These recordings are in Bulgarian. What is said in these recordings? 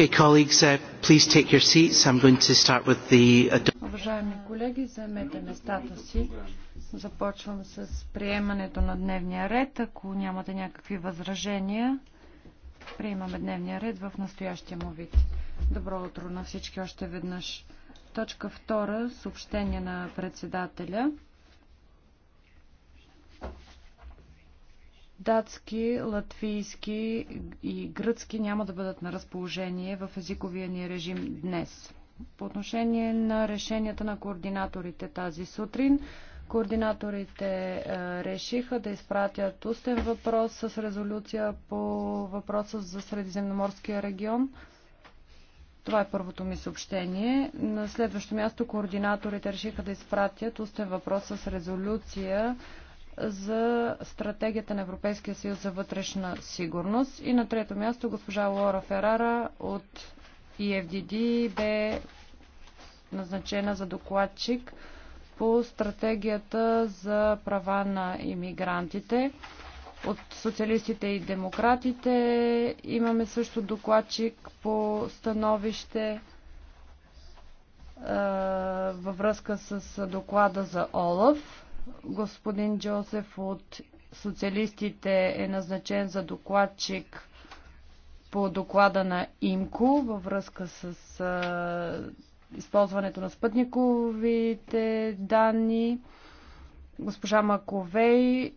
Okay, colleagues, uh, please take your seats. I'm going to start with the... Uh, Уважаеми колеги, заемете местата си. Започвам с приемането на дневния ред. Ако нямате някакви възражения, приемаме дневния ред в настоящия му вид. Добро утро на всички още веднъж. Точка втора, съобщение на председателя. датски, латвийски и гръцки няма да бъдат на разположение в езиковия ни режим днес. По отношение на решенията на координаторите тази сутрин, координаторите е, решиха да изпратят устен въпрос с резолюция по въпроса за Средиземноморския регион. Това е първото ми съобщение. На следващо място координаторите решиха да изпратят устен въпрос с резолюция за стратегията на Европейския съюз за вътрешна сигурност. И на трето място госпожа Лора Ферара от EFDD бе назначена за докладчик по стратегията за права на иммигрантите. От социалистите и демократите имаме също докладчик по становище във връзка с доклада за ОЛАФ господин Джозеф от социалистите е назначен за докладчик по доклада на ИМКО във връзка с а, използването на спътниковите данни. Госпожа Маковей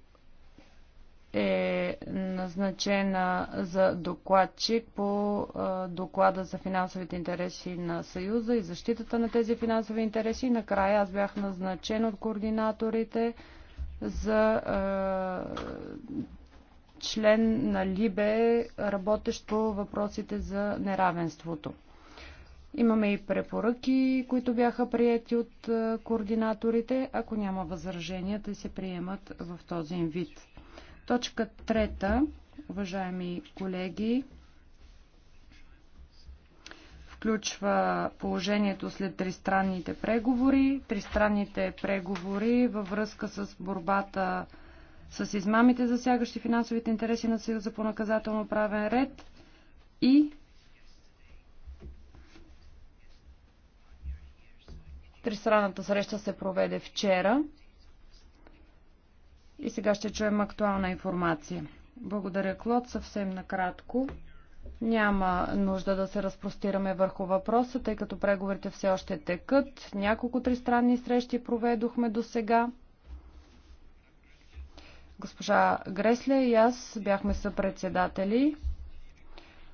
е назначена за докладчик по доклада за финансовите интереси на Съюза и защитата на тези финансови интереси. накрая аз бях назначен от координаторите за член на Либе, работещ по въпросите за неравенството. Имаме и препоръки, които бяха приети от координаторите. Ако няма възражения, те се приемат в този им вид. Точка трета, уважаеми колеги, включва положението след тристранните преговори. Тристранните преговори във връзка с борбата с измамите, засягащи финансовите интереси на Съюза по наказателно правен ред и тристранната среща се проведе вчера. И сега ще чуем актуална информация. Благодаря, Клод. Съвсем накратко. Няма нужда да се разпростираме върху въпроса, тъй като преговорите все още текат. Няколко тристранни срещи проведохме до сега. Госпожа Гресле и аз бяхме съпредседатели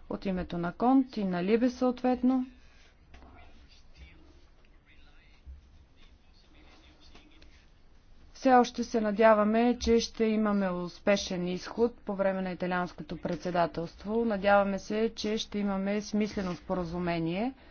от името на Конт и на Либе съответно. Все още се надяваме, че ще имаме успешен изход по време на италианското председателство. Надяваме се, че ще имаме смислено споразумение –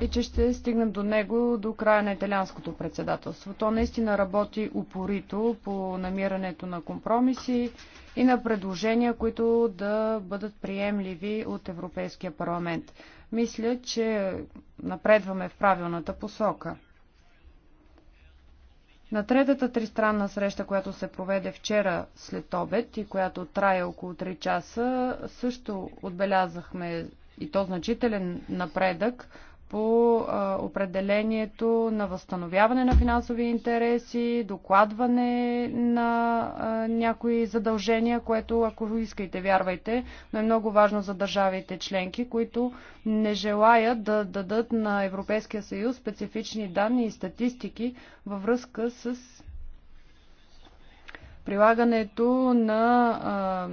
И че ще стигнем до него до края на италианското председателство. То наистина работи упорито по намирането на компромиси и на предложения, които да бъдат приемливи от Европейския парламент. Мисля, че напредваме в правилната посока. На третата тристранна среща, която се проведе вчера след обед и която трае около 3 часа, също отбелязахме и то значителен напредък по определението на възстановяване на финансови интереси, докладване на някои задължения, което ако искате, вярвайте, но е много важно за държавите членки, които не желаят да дадат на Европейския съюз специфични данни и статистики във връзка с прилагането на а,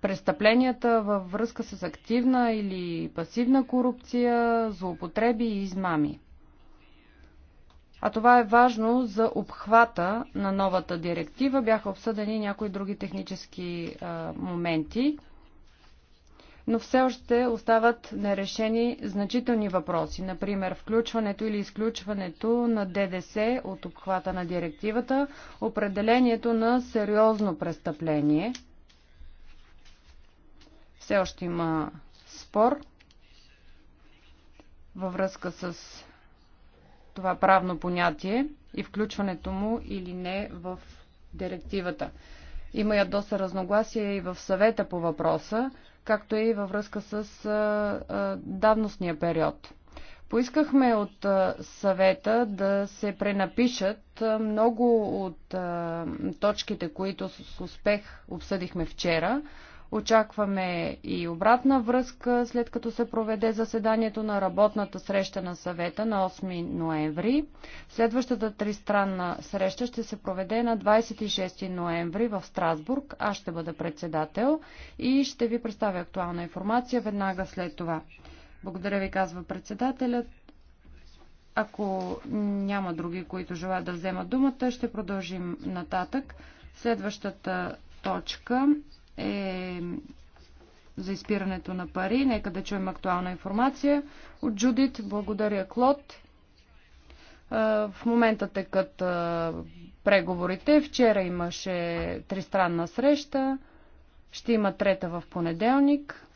престъпленията във връзка с активна или пасивна корупция, злоупотреби и измами. А това е важно за обхвата на новата директива. Бяха обсъдени някои други технически а, моменти но все още остават нерешени значителни въпроси, например включването или изключването на ДДС от обхвата на директивата, определението на сериозно престъпление. Все още има спор във връзка с това правно понятие и включването му или не в директивата. Има я доста разногласия и в съвета по въпроса както и във връзка с давностния период. Поискахме от съвета да се пренапишат много от точките, които с успех обсъдихме вчера, Очакваме и обратна връзка, след като се проведе заседанието на работната среща на съвета на 8 ноември. Следващата тристранна среща ще се проведе на 26 ноември в Страсбург. Аз ще бъда председател и ще ви представя актуална информация веднага след това. Благодаря ви, казва председателят. Ако няма други, които желаят да вземат думата, ще продължим нататък. Следващата точка е за изпирането на пари. Нека да чуем актуална информация от Джудит. Благодаря, Клод. В момента текат преговорите. Вчера имаше тристранна среща. Ще има трета в понеделник.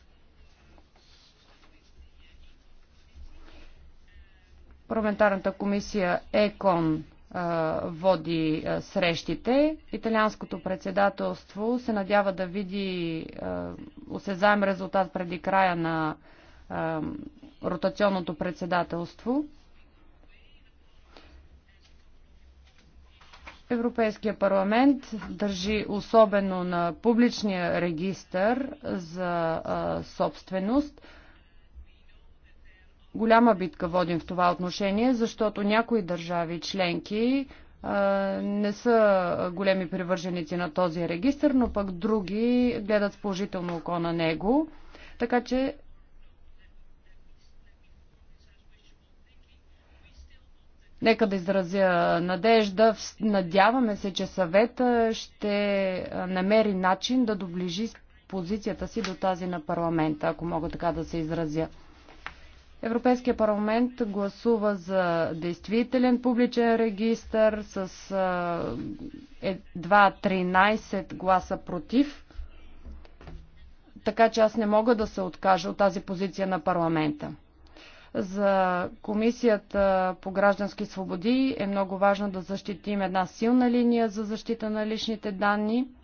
Парламентарната комисия ЕКОН води срещите. Италианското председателство се надява да види осезаем резултат преди края на ротационното председателство. Европейския парламент държи особено на публичния регистър за собственост – голяма битка водим в това отношение, защото някои държави членки не са големи привърженици на този регистр, но пък други гледат с положително око на него. Така че Нека да изразя надежда. Надяваме се, че съвета ще намери начин да доближи позицията си до тази на парламента, ако мога така да се изразя. Европейския парламент гласува за действителен публичен регистр с едва 13 гласа против. Така че аз не мога да се откажа от тази позиция на парламента. За Комисията по граждански свободи е много важно да защитим една силна линия за защита на личните данни –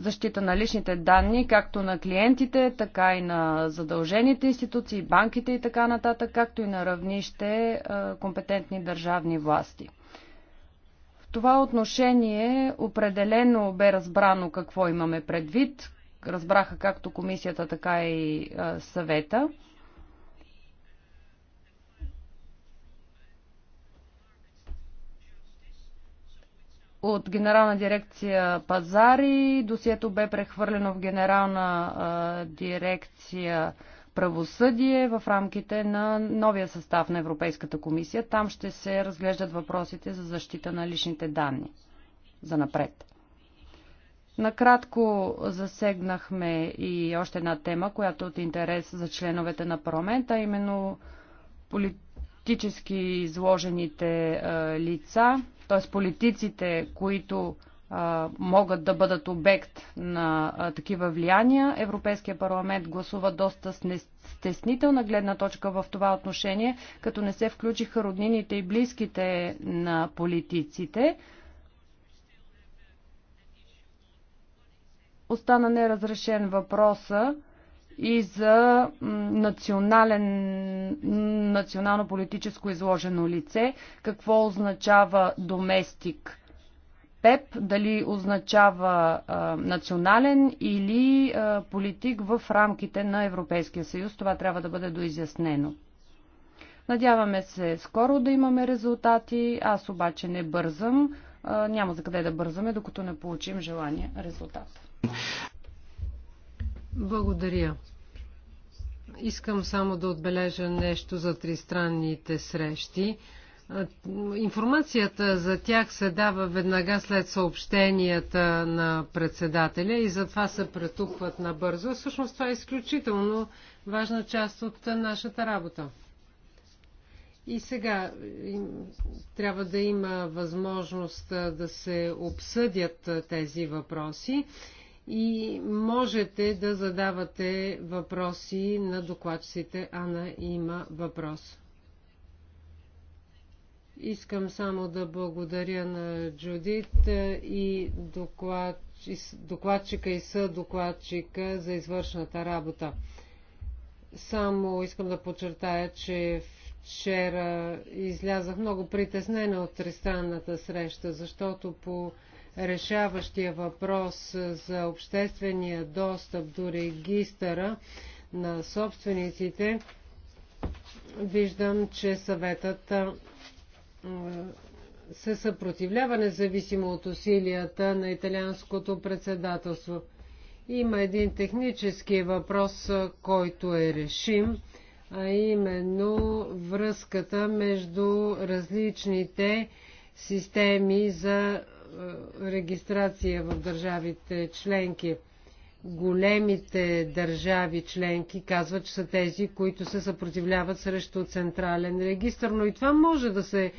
защита на личните данни, както на клиентите, така и на задължените институции, банките и така нататък, както и на равнище е, компетентни държавни власти. В това отношение определено бе разбрано какво имаме предвид. Разбраха както комисията, така и е, съвета. от Генерална дирекция пазари. Досието бе прехвърлено в Генерална а, дирекция правосъдие в рамките на новия състав на Европейската комисия. Там ще се разглеждат въпросите за защита на личните данни за напред. Накратко засегнахме и още една тема, която е от интерес за членовете на парламента, именно политически изложените лица т.е. политиците, които могат да бъдат обект на такива влияния. Европейския парламент гласува доста стеснителна гледна точка в това отношение, като не се включиха роднините и близките на политиците. Остана неразрешен въпроса и за национален, национално политическо изложено лице. Какво означава доместик ПЕП? Дали означава а, национален или а, политик в рамките на Европейския съюз? Това трябва да бъде доизяснено. Надяваме се скоро да имаме резултати. Аз обаче не бързам. А, няма за къде да бързаме, докато не получим желания резултат. Благодаря. Искам само да отбележа нещо за тристранните срещи. Информацията за тях се дава веднага след съобщенията на председателя и затова се претупват набързо. Всъщност това е изключително важна част от нашата работа. И сега трябва да има възможност да се обсъдят тези въпроси и можете да задавате въпроси на докладчиците. Ана има въпрос. Искам само да благодаря на Джудит и доклад, докладчика и съдокладчика за извършната работа. Само искам да подчертая, че вчера излязах много притеснена от тристранната среща, защото по решаващия въпрос за обществения достъп до регистъра на собствениците, виждам, че съветът се съпротивлява независимо от усилията на италианското председателство. Има един технически въпрос, който е решим, а именно връзката между различните системи за е, регистрация в държавите членки. Големите държави членки казват, че са тези, които се съпротивляват срещу централен регистр, но и това може да се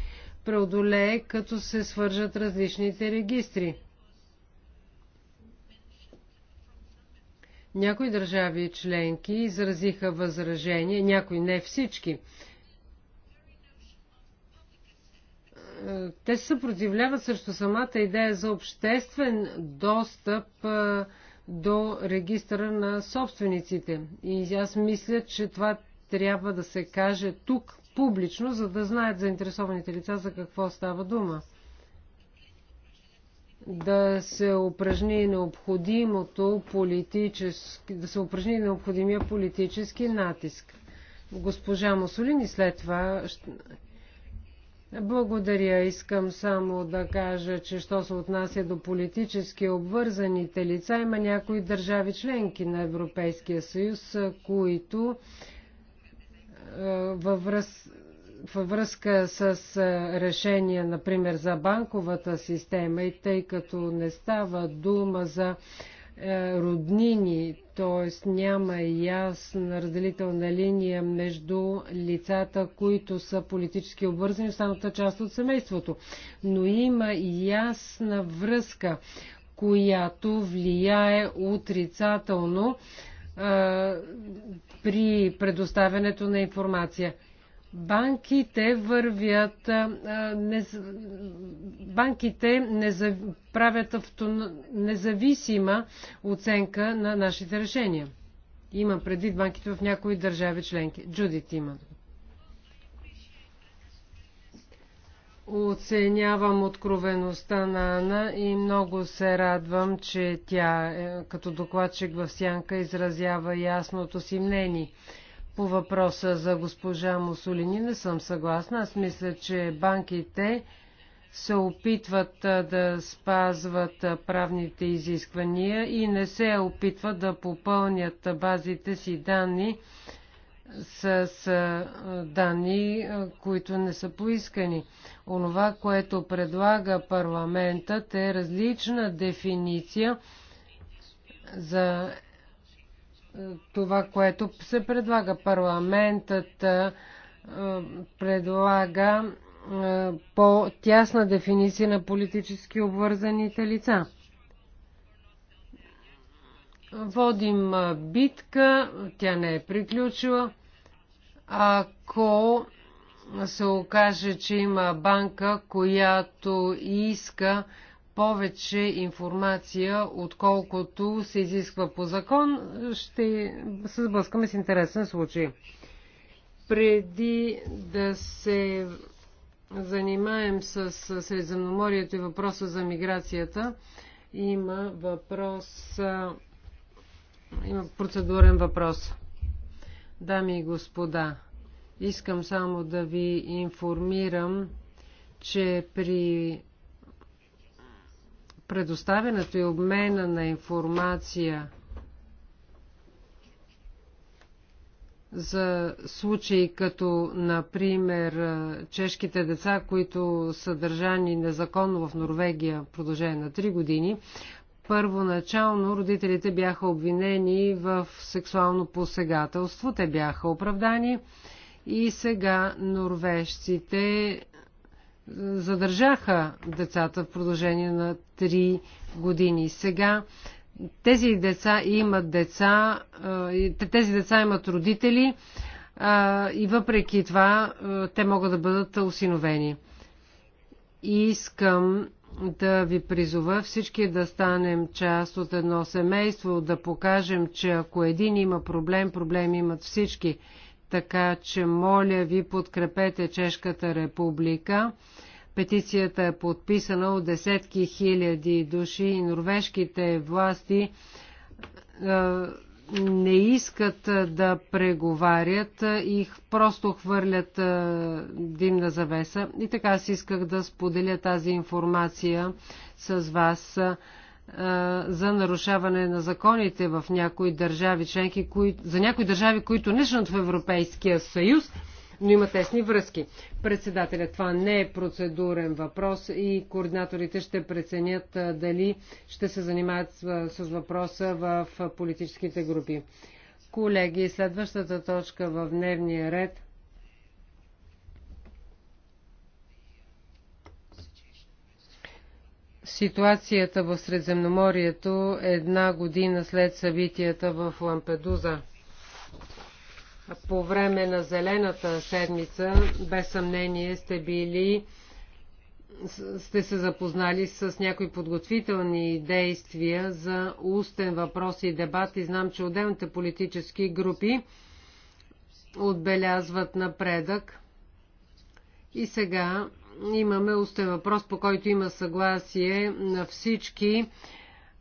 преодолее, като се свържат различните регистри. Някои държави членки изразиха възражение, някои не всички, те се съпротивляват срещу самата идея за обществен достъп до регистъра на собствениците. И аз мисля, че това трябва да се каже тук публично, за да знаят заинтересованите лица за какво става дума. Да се упражни необходимото политически, да се упражни необходимия политически натиск. Госпожа Мусолини след това благодаря. Искам само да кажа, че що се отнася до политически обвързаните лица, има някои държави членки на Европейския съюз, които е, във, връз... във връзка с е, решение, например, за банковата система и тъй като не става дума за е, роднини, т.е. няма ясна разделителна линия между лицата, които са политически обвързани, останата част от семейството. Но има ясна връзка, която влияе отрицателно е, при предоставянето на информация. Банките вървят, не, банките не за, правят авто, независима оценка на нашите решения. Има предвид банките в някои държави членки. Джудит има. Оценявам откровеността на Ана и много се радвам, че тя е, като докладчик в Сянка изразява ясното си мнение. По въпроса за госпожа Мусолини не съм съгласна. Аз мисля, че банките се опитват да спазват правните изисквания и не се опитват да попълнят базите си данни с данни, които не са поискани. Онова, което предлага парламентът е различна дефиниция за това, което се предлага. Парламентът предлага по-тясна дефиниция на политически обвързаните лица. Водим битка, тя не е приключила. Ако се окаже, че има банка, която иска повече информация, отколкото се изисква по закон, ще се сблъскаме с интересен случай. Преди да се занимаем с Средиземноморието и въпроса за миграцията, има въпрос, има процедурен въпрос. Дами и господа, искам само да ви информирам, че при предоставянето и обмена на информация за случаи като, например, чешките деца, които са държани незаконно в Норвегия в продължение на 3 години, първоначално родителите бяха обвинени в сексуално посегателство, те бяха оправдани и сега норвежците задържаха децата в продължение на 3 години. Сега тези деца имат деца, тези деца имат родители и въпреки това те могат да бъдат осиновени. И искам да ви призова всички да станем част от едно семейство, да покажем, че ако един има проблем, проблем имат всички така че моля ви подкрепете Чешката република. Петицията е подписана от десетки хиляди души и норвежките власти е, не искат да преговарят и просто хвърлят е, димна завеса. И така си исках да споделя тази информация с вас за нарушаване на законите в някои държави членки, кои, за някои държави, които не членят в Европейския съюз, но има тесни връзки. Председателя, това не е процедурен въпрос и координаторите ще преценят дали ще се занимават с, с въпроса в политическите групи. Колеги, следващата точка в дневния ред ситуацията в Средземноморието една година след събитията в Лампедуза. По време на Зелената седмица, без съмнение, сте били сте се запознали с някои подготвителни действия за устен въпрос и дебат и знам, че отделните политически групи отбелязват напредък. И сега имаме устен въпрос, по който има съгласие на всички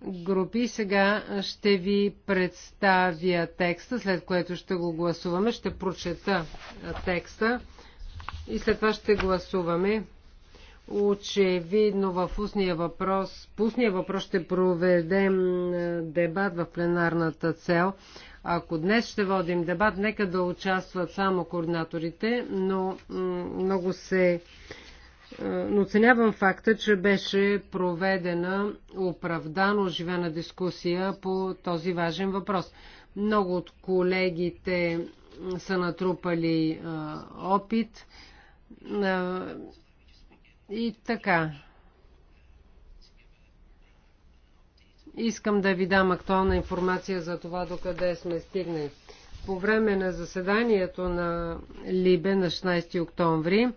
групи. Сега ще ви представя текста, след което ще го гласуваме. Ще прочета текста и след това ще гласуваме. Очевидно в устния въпрос, по устния въпрос ще проведем е, дебат в пленарната цел. Ако днес ще водим дебат, нека да участват само координаторите, но много се е, но оценявам факта, че беше проведена оправдано живена дискусия по този важен въпрос. Много от колегите са натрупали е, опит е, и така. Искам да ви дам актуална информация за това докъде сме стигнали. По време на заседанието на Либе на 16 октомври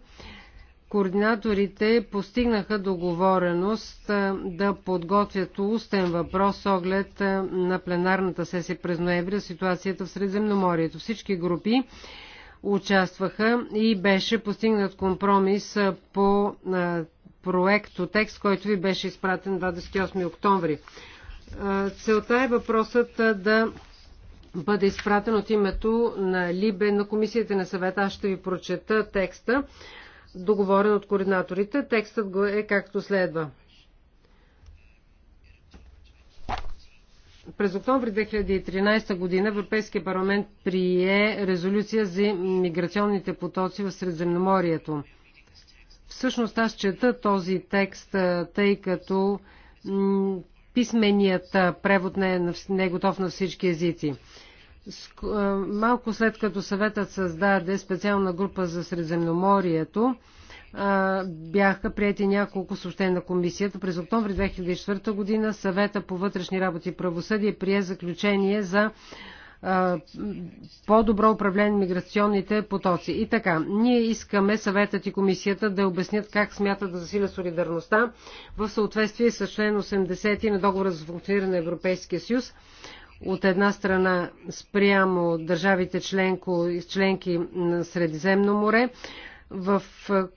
Координаторите постигнаха договореност да подготвят устен въпрос с оглед на пленарната сесия през ноември ситуацията в Средиземноморието. Всички групи участваха и беше постигнат компромис по проекто текст, който ви беше изпратен 28 октомври. Целта е въпросът да бъде изпратен от името на Либе на Комисията на съвета. Аз ще ви прочета текста договорен от координаторите. Текстът го е както следва. През октомври 2013 година Европейския парламент прие резолюция за миграционните потоци в Средземноморието. Всъщност аз чета този текст, тъй като писменият превод не е, не е готов на всички езици. Малко след като съветът създаде специална група за Средземноморието, бяха прияти няколко съобщения на комисията. През октомври 2004 година съвета по вътрешни работи и правосъдие прие заключение за по-добро управление на миграционните потоци. И така, ние искаме съветът и комисията да обяснят как смятат да засилят солидарността в съответствие с член 80 на договора за функциониране на Европейския съюз от една страна спрямо държавите членко, членки на Средиземно море, в,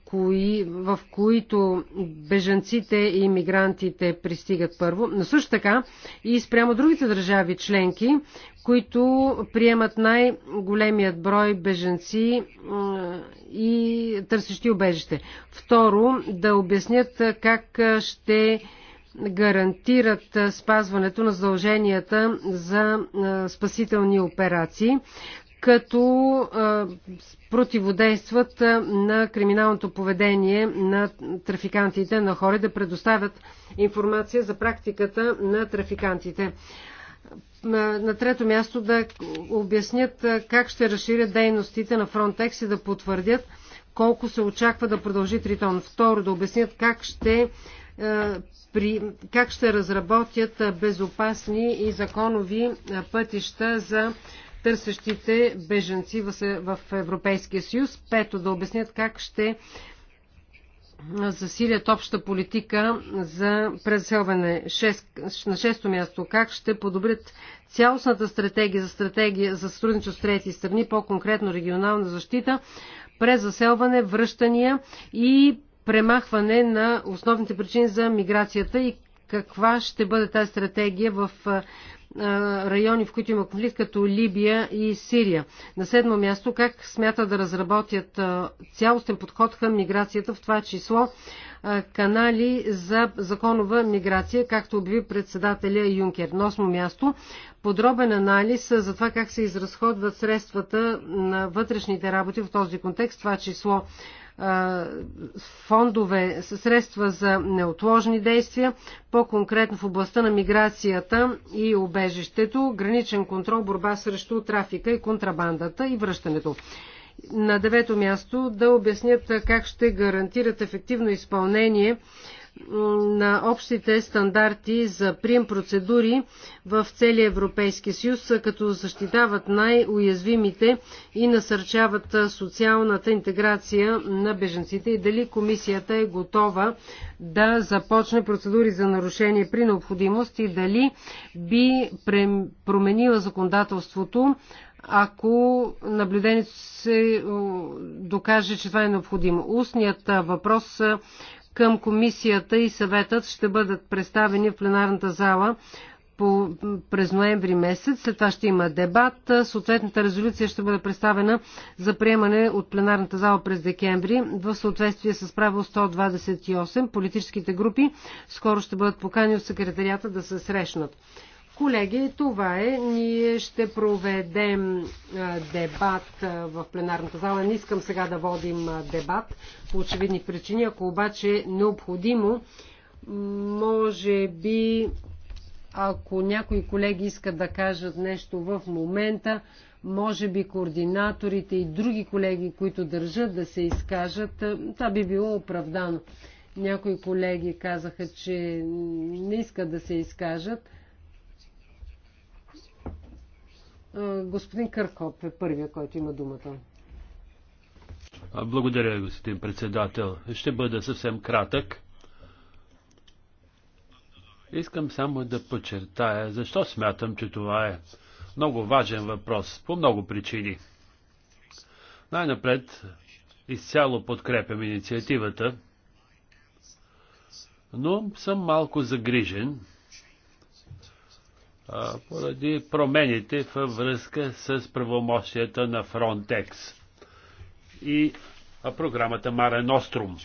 кои, в които бежанците и мигрантите пристигат първо, но също така и спрямо другите държави членки, които приемат най-големият брой бежанци и търсещи убежище. Второ, да обяснят как ще гарантират спазването на задълженията за спасителни операции, като противодействат на криминалното поведение на трафикантите на хора да предоставят информация за практиката на трафикантите. На трето място да обяснят как ще разширят дейностите на Frontex и да потвърдят колко се очаква да продължи Тритон. Второ, да обяснят как ще е, при, как ще разработят безопасни и законови е, пътища за търсещите беженци в Европейския съюз. Пето, да обяснят как ще е, засилят обща политика за презаселване. Шест, на шесто място, как ще подобрят цялостната стратегия за стратегия за сътрудничество с трети страни, по-конкретно регионална защита, презаселване, връщания и премахване на основните причини за миграцията и каква ще бъде тази стратегия в райони, в които има конфликт, като Либия и Сирия. На седмо място, как смята да разработят цялостен подход към миграцията, в това число канали за законова миграция, както обяви председателя Юнкер. На осмо място, подробен анализ за това как се изразходват средствата на вътрешните работи в този контекст, това число фондове, средства за неотложни действия, по-конкретно в областта на миграцията и обежището, граничен контрол, борба срещу трафика и контрабандата и връщането. На девето място да обяснят как ще гарантират ефективно изпълнение на общите стандарти за прием процедури в целия Европейски съюз, като защитават най-уязвимите и насърчават социалната интеграция на беженците и дали комисията е готова да започне процедури за нарушение при необходимост и дали би променила законодателството ако наблюдението се докаже, че това е необходимо. Устният въпрос към комисията и съветът ще бъдат представени в пленарната зала по, през ноември месец. След това ще има дебат. Съответната резолюция ще бъде представена за приемане от пленарната зала през декември. В съответствие с право 128 политическите групи скоро ще бъдат покани от секретарията да се срещнат. Колеги, това е. Ние ще проведем дебат в пленарната зала. Не искам сега да водим дебат по очевидни причини. Ако обаче е необходимо, може би, ако някои колеги искат да кажат нещо в момента, може би координаторите и други колеги, които държат да се изкажат, това би било оправдано. Някои колеги казаха, че не искат да се изкажат. Господин Къркоп е първия, който има думата. Благодаря, господин председател. Ще бъда съвсем кратък. Искам само да подчертая, защо смятам, че това е много важен въпрос, по много причини. Най-напред, изцяло подкрепям инициативата, но съм малко загрижен, поради промените във връзка с правомощията на Frontex и програмата Мара Нострум.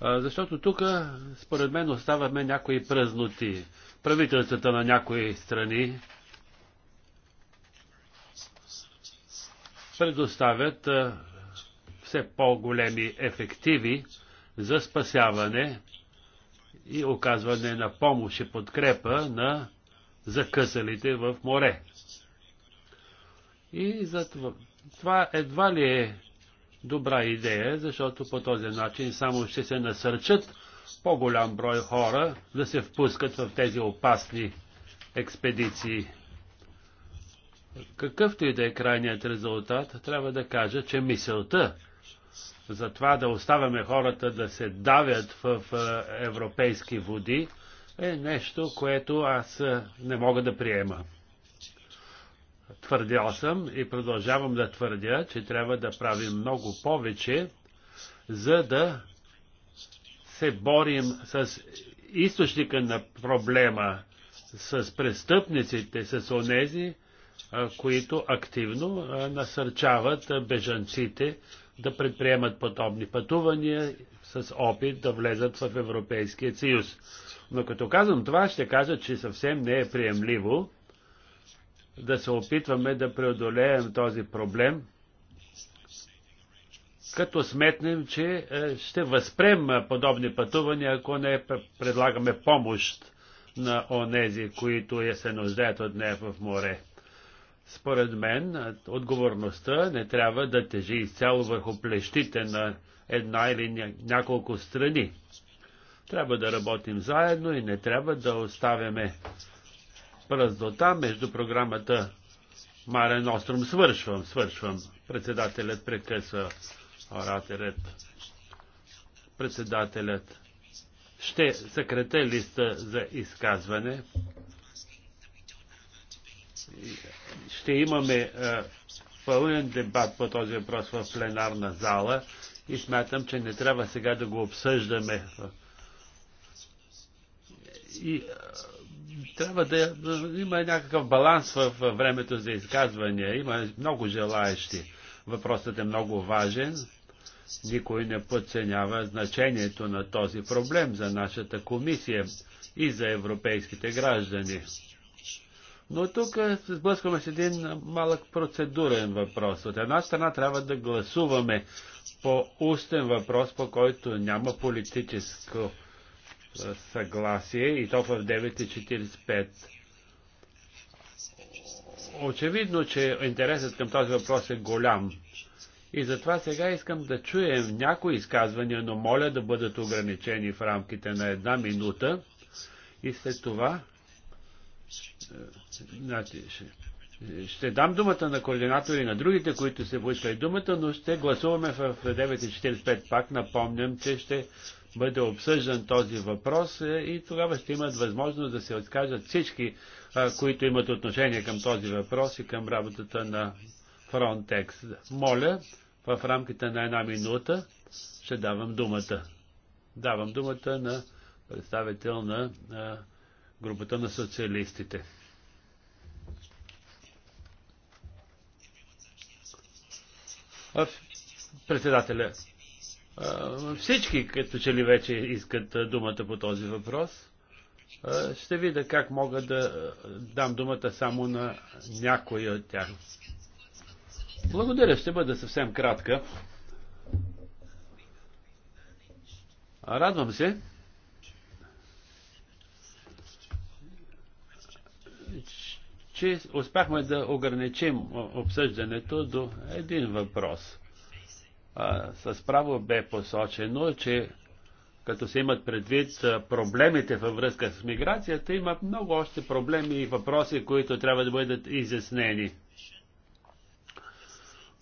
Защото тук, според мен, оставаме някои празноти. Правителствата на някои страни предоставят все по-големи ефективи за спасяване и оказване на помощ и подкрепа на закъсалите в море. И затова това едва ли е добра идея, защото по този начин само ще се насърчат по-голям брой хора да се впускат в тези опасни експедиции. Какъвто и да е крайният резултат, трябва да кажа, че мисълта за това да оставяме хората да се давят в е, европейски води, е нещо, което аз е, не мога да приема. Твърдял съм и продължавам да твърдя, че трябва да правим много повече, за да се борим с източника на проблема, с престъпниците, с онези, които активно насърчават бежанците да предприемат подобни пътувания с опит да влезат в Европейския съюз. Но като казвам това, ще кажа, че съвсем не е приемливо да се опитваме да преодолеем този проблем, като сметнем, че е, ще възпрем подобни пътувания, ако не предлагаме помощ на онези, които я е, се нуждаят от нея в море. Според мен, отговорността не трябва да тежи изцяло върху плещите на една или няколко страни. Трябва да работим заедно и не трябва да оставяме празнота между програмата Марен Остром. Свършвам, свършвам. Председателят прекъсва ораторът. Председателят ще съкрете листа за изказване ще имаме е, пълен дебат по този въпрос в пленарна зала и смятам, че не трябва сега да го обсъждаме. И е, трябва да има някакъв баланс в времето за изказвания. Има много желаещи. Въпросът е много важен. Никой не подценява значението на този проблем за нашата комисия и за европейските граждани. Но тук се сблъскваме с един малък процедурен въпрос. От една страна трябва да гласуваме по устен въпрос, по който няма политическо е, съгласие и то в 9.45. Очевидно, че интересът към този въпрос е голям. И затова сега искам да чуем някои изказвания, но моля да бъдат ограничени в рамките на една минута. И след това Значи, ще, ще дам думата на координатори на другите, които се поискали думата, но ще гласуваме в 9.45. Пак напомням, че ще бъде обсъждан този въпрос е, и тогава ще имат възможност да се откажат всички, които имат отношение към този въпрос и към работата на Frontex. Моля, в рамките на една минута ще давам думата. Давам думата на представител на групата на социалистите. Председателя, всички като че ли вече искат думата по този въпрос. Ще видя как мога да дам думата само на някой от тях. Благодаря, ще бъда съвсем кратка. Радвам се, че успяхме да ограничим обсъждането до един въпрос. А, с право бе посочено, че като се имат предвид проблемите във връзка с миграцията, има много още проблеми и въпроси, които трябва да бъдат изяснени.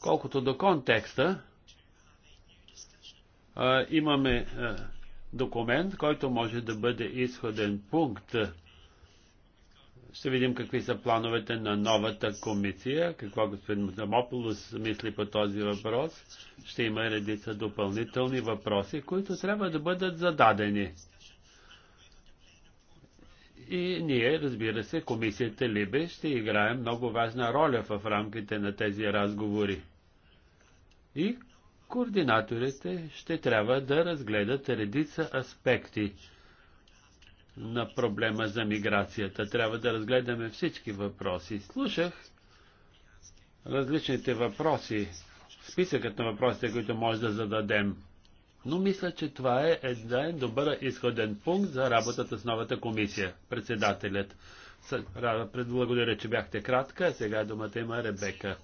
Колкото до контекста, а, имаме а, документ, който може да бъде изходен пункт ще видим какви са плановете на новата комисия, какво господин Замополос мисли по този въпрос. Ще има редица допълнителни въпроси, които трябва да бъдат зададени. И ние, разбира се, комисията Либе ще играем много важна роля в рамките на тези разговори. И координаторите ще трябва да разгледат редица аспекти на проблема за миграцията. Трябва да разгледаме всички въпроси. Слушах различните въпроси, списъкът на въпросите, които може да зададем. Но мисля, че това е един добър изходен пункт за работата с новата комисия, председателят. Благодаря, че бяхте кратка. Сега думата има Ребека.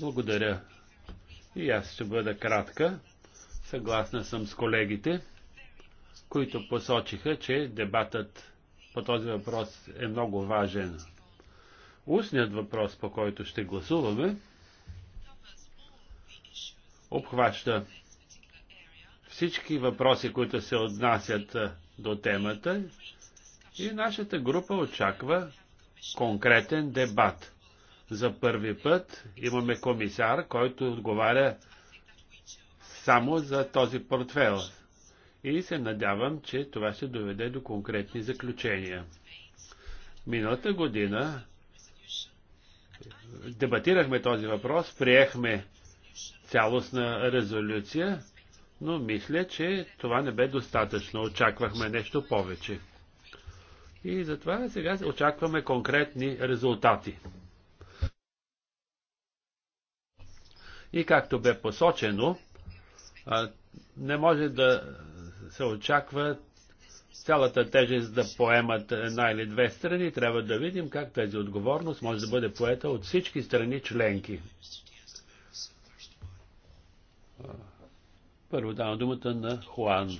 Благодаря. И аз ще бъда кратка. Съгласна съм с колегите които посочиха, че дебатът по този въпрос е много важен. Устният въпрос, по който ще гласуваме, обхваща всички въпроси, които се отнасят до темата и нашата група очаква конкретен дебат. За първи път имаме комисар, който отговаря само за този портфел, и се надявам, че това ще доведе до конкретни заключения. Миналата година дебатирахме този въпрос, приехме цялостна резолюция, но мисля, че това не бе достатъчно. Очаквахме нещо повече. И затова сега очакваме конкретни резултати. И както бе посочено, не може да се очаква цялата тежест да поемат една или две страни. Трябва да видим как тази отговорност може да бъде поета от всички страни членки. Първо давам думата на Хуан.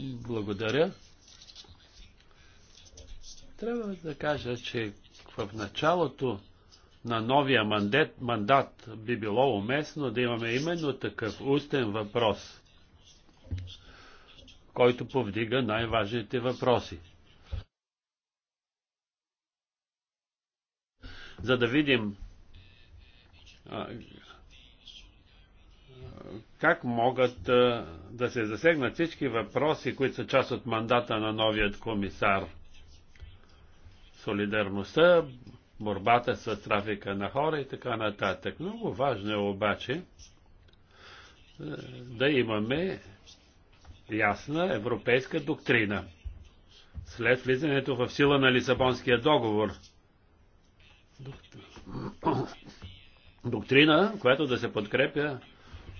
Благодаря. Трябва да кажа, че в началото на новия мандат, мандат би било уместно да имаме именно такъв устен въпрос който повдига най-важните въпроси. За да видим как могат да се засегнат всички въпроси, които са част от мандата на новият комисар. Солидарността, борбата с трафика на хора и така нататък. Много важно е обаче да имаме ясна европейска доктрина. След влизането в сила на Лисабонския договор. Доктрина, която да се подкрепя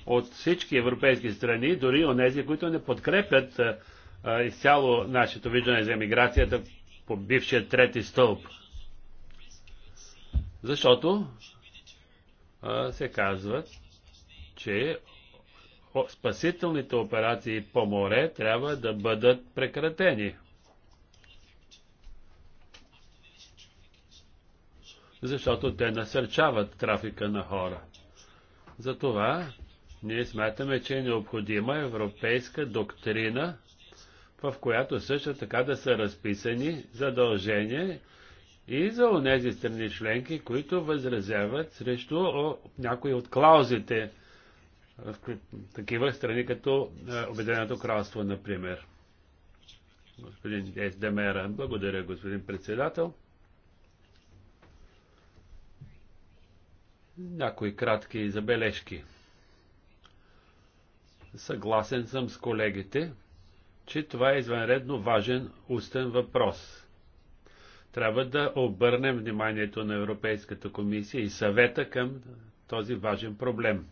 от всички европейски страни, дори от тези, които не подкрепят а, изцяло нашето виждане за емиграцията по бившия трети стълб. Защото а, се казва, че спасителните операции по море трябва да бъдат прекратени. Защото те насърчават трафика на хора. Затова ние смятаме, че е необходима европейска доктрина, в която също така да са разписани задължения и за онези страни членки, които възразяват срещу някои от клаузите в такива страни като е, Обединеното кралство, например. Господин Демера, благодаря, господин председател. Някои кратки забележки. Съгласен съм с колегите, че това е извънредно важен устен въпрос. Трябва да обърнем вниманието на Европейската комисия и съвета към този важен проблем.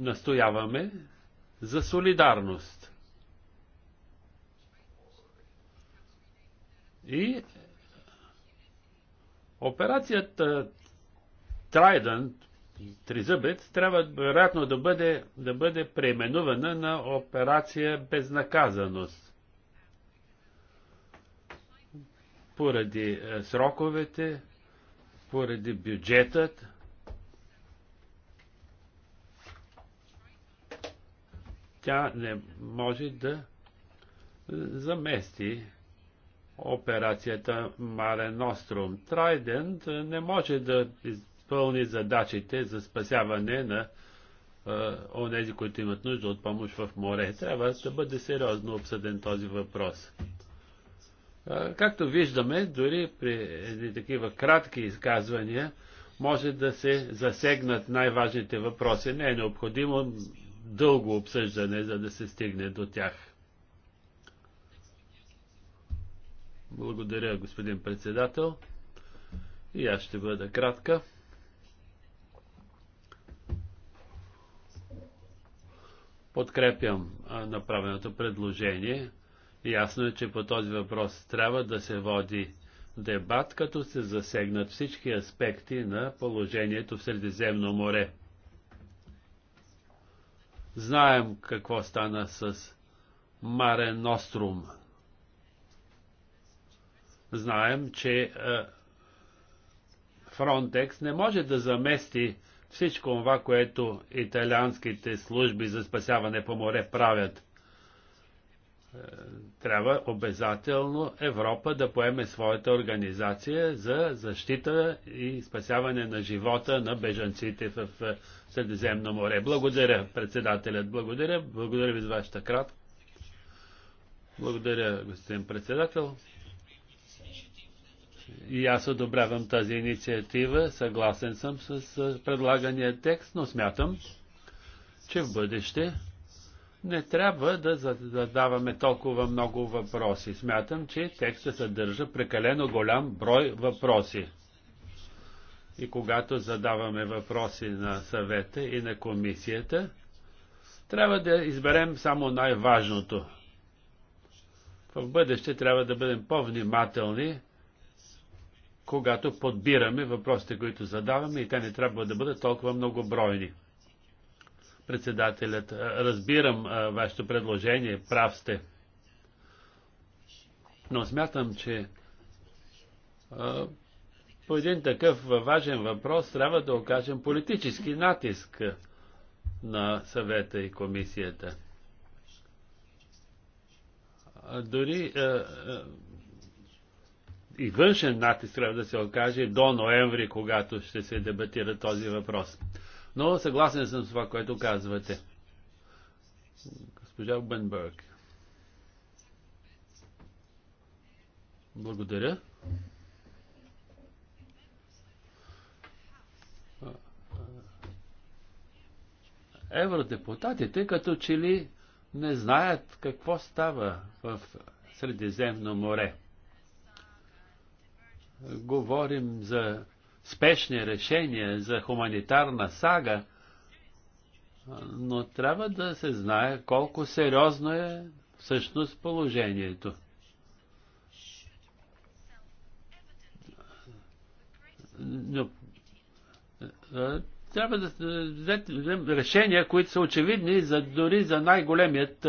настояваме за солидарност. И операцията Trident, тризъбец, трябва вероятно да бъде, да бъде преименувана на операция безнаказаност. Поради е, сроковете, поради бюджетът, тя не може да е, замести операцията Маре Ностром. Трайдент е, не може да изпълни задачите за спасяване на е, онези, които имат нужда от помощ в море. Трябва да бъде сериозно обсъден този въпрос. както виждаме, дори при едни такива кратки изказвания може да се засегнат най-важните въпроси. Не е необходимо дълго обсъждане, за да се стигне до тях. Благодаря, господин председател. И аз ще бъда кратка. Подкрепям направеното предложение. Ясно е, че по този въпрос трябва да се води дебат, като се засегнат всички аспекти на положението в Средиземно море. Знаем какво стана с Маре Нострум. Знаем, че Фронтекс не може да замести всичко това, което италианските служби за спасяване по море правят трябва обязателно Европа да поеме своята организация за защита и спасяване на живота на бежанците в Средиземно море. Благодаря, председателят. Благодаря. Благодаря ви за вашата крат. Благодаря, господин председател. И аз одобрявам тази инициатива. Съгласен съм с предлагания текст, но смятам, че в бъдеще не трябва да задаваме толкова много въпроси. Смятам, че текста съдържа прекалено голям брой въпроси. И когато задаваме въпроси на съвета и на комисията, трябва да изберем само най-важното. В бъдеще трябва да бъдем по-внимателни, когато подбираме въпросите, които задаваме и те не трябва да бъдат толкова многобройни. Председателят, разбирам вашето предложение, прав сте. Но смятам, че а, по един такъв важен въпрос трябва да окажем политически натиск на съвета и комисията. А, дори а, и външен натиск трябва да се окаже до ноември, когато ще се дебатира този въпрос но съгласен съм с това, което казвате. Госпожа Бенбърг. Благодаря. евродепутатите като че ли не знаят какво става в Средиземно море. Говорим за спешни решения, за хуманитарна сага, но трябва да се знае колко сериозно е всъщност положението. Но, трябва да вземем решения, които са очевидни за, дори за най-големият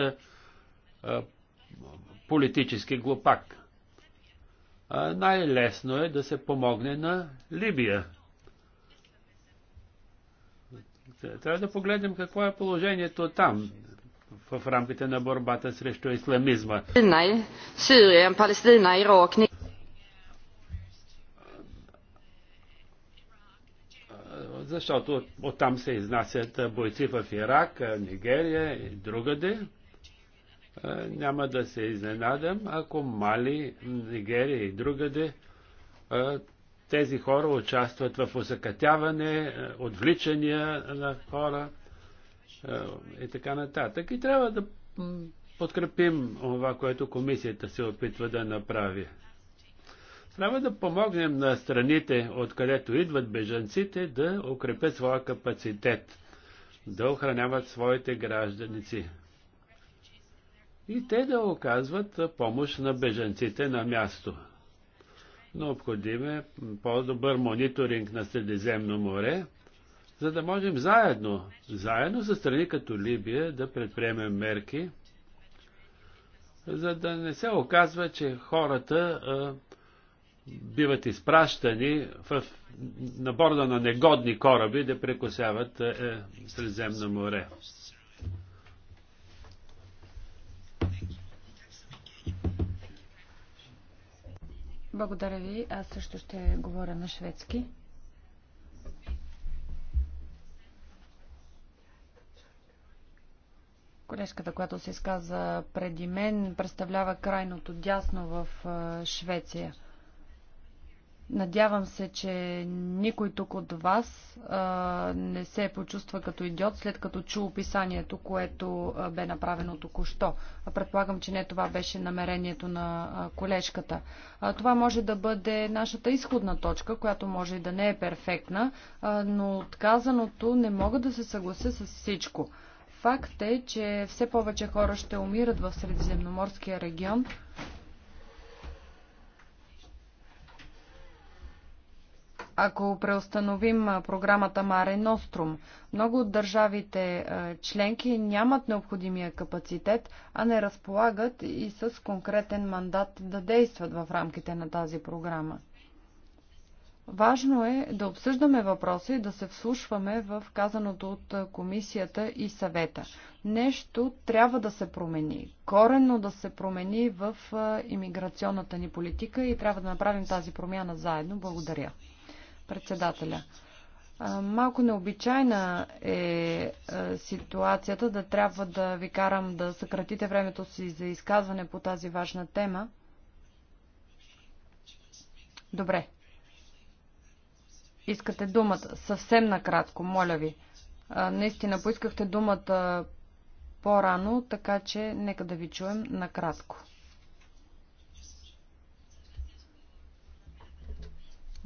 политически глупак най-лесно е да се помогне на Либия. Трябва да погледнем какво е положението там в рамките на борбата срещу исламизма. Сирия, Палестина, Ирак. Защото оттам се изнасят бойци в Ирак, Нигерия и другаде. Е, няма да се изненадам, ако Мали, Нигерия и другаде е, тези хора участват в усъкътяване, е, отвличания на хора и така нататък. И трябва да подкрепим това, което комисията се опитва да направи. Трябва да помогнем на страните, откъдето идват бежанците, да укрепят своя капацитет, да охраняват своите гражданици и те да оказват помощ на беженците на място. Необходим е по-добър мониторинг на Средиземно море, за да можем заедно, заедно с страни като Либия, да предприемем мерки, за да не се оказва, че хората а, биват изпращани в, на борда на негодни кораби да прекусяват е, Средиземно море. Благодаря ви. Аз също ще говоря на шведски. Колежката, която се изказа преди мен, представлява крайното дясно в Швеция. Надявам се, че никой тук от вас а, не се почувства като идиот, след като чу описанието, което а, бе направено току-що. Предполагам, че не това беше намерението на а, колежката. А, това може да бъде нашата изходна точка, която може и да не е перфектна, а, но отказаното не мога да се съглася с всичко. Факт е, че все повече хора ще умират в Средиземноморския регион, ако преустановим програмата Маре Ностром. Много от държавите членки нямат необходимия капацитет, а не разполагат и с конкретен мандат да действат в рамките на тази програма. Важно е да обсъждаме въпроса и да се вслушваме в казаното от комисията и съвета. Нещо трябва да се промени, коренно да се промени в имиграционната ни политика и трябва да направим тази промяна заедно. Благодаря. Председателя. Малко необичайна е ситуацията да трябва да ви карам да съкратите времето си за изказване по тази важна тема. Добре. Искате думата съвсем накратко, моля ви. Наистина поискахте думата по-рано, така че нека да ви чуем накратко.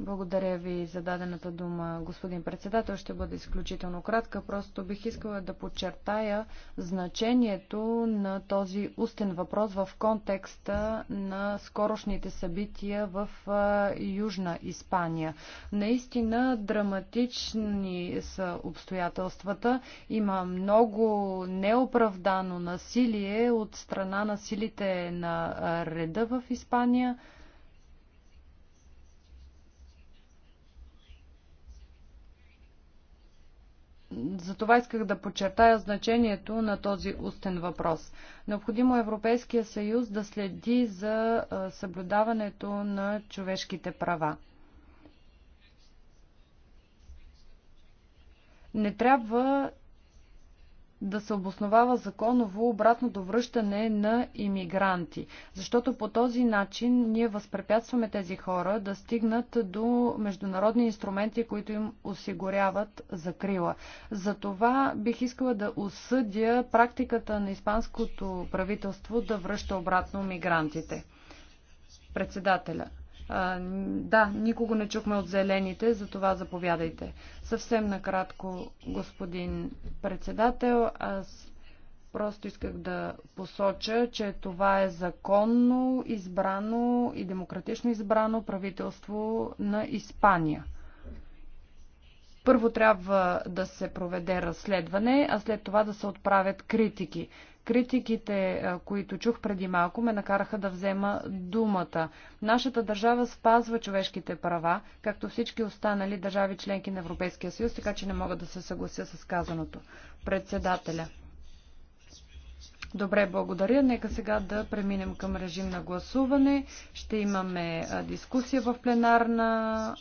Благодаря ви за дадената дума, господин председател. Ще бъде изключително кратка. Просто бих искала да подчертая значението на този устен въпрос в контекста на скорошните събития в Южна Испания. Наистина драматични са обстоятелствата. Има много неоправдано насилие от страна на силите на реда в Испания. Затова исках да подчертая значението на този устен въпрос. Необходимо е Европейския съюз да следи за съблюдаването на човешките права. Не трябва да се обосновава законово обратното връщане на иммигранти, защото по този начин ние възпрепятстваме тези хора да стигнат до международни инструменти, които им осигуряват закрила. За това бих искала да осъдя практиката на испанското правителство да връща обратно мигрантите. Председателя, да, никого не чухме от зелените, за това заповядайте. Съвсем накратко, господин председател, аз просто исках да посоча, че това е законно избрано и демократично избрано правителство на Испания. Първо трябва да се проведе разследване, а след това да се отправят критики. Критиките, които чух преди малко, ме накараха да взема думата. Нашата държава спазва човешките права, както всички останали държави членки на Европейския съюз, така че не мога да се съглася с казаното. Председателя. Добре, благодаря. Нека сега да преминем към режим на гласуване. Ще имаме дискусия в пленарна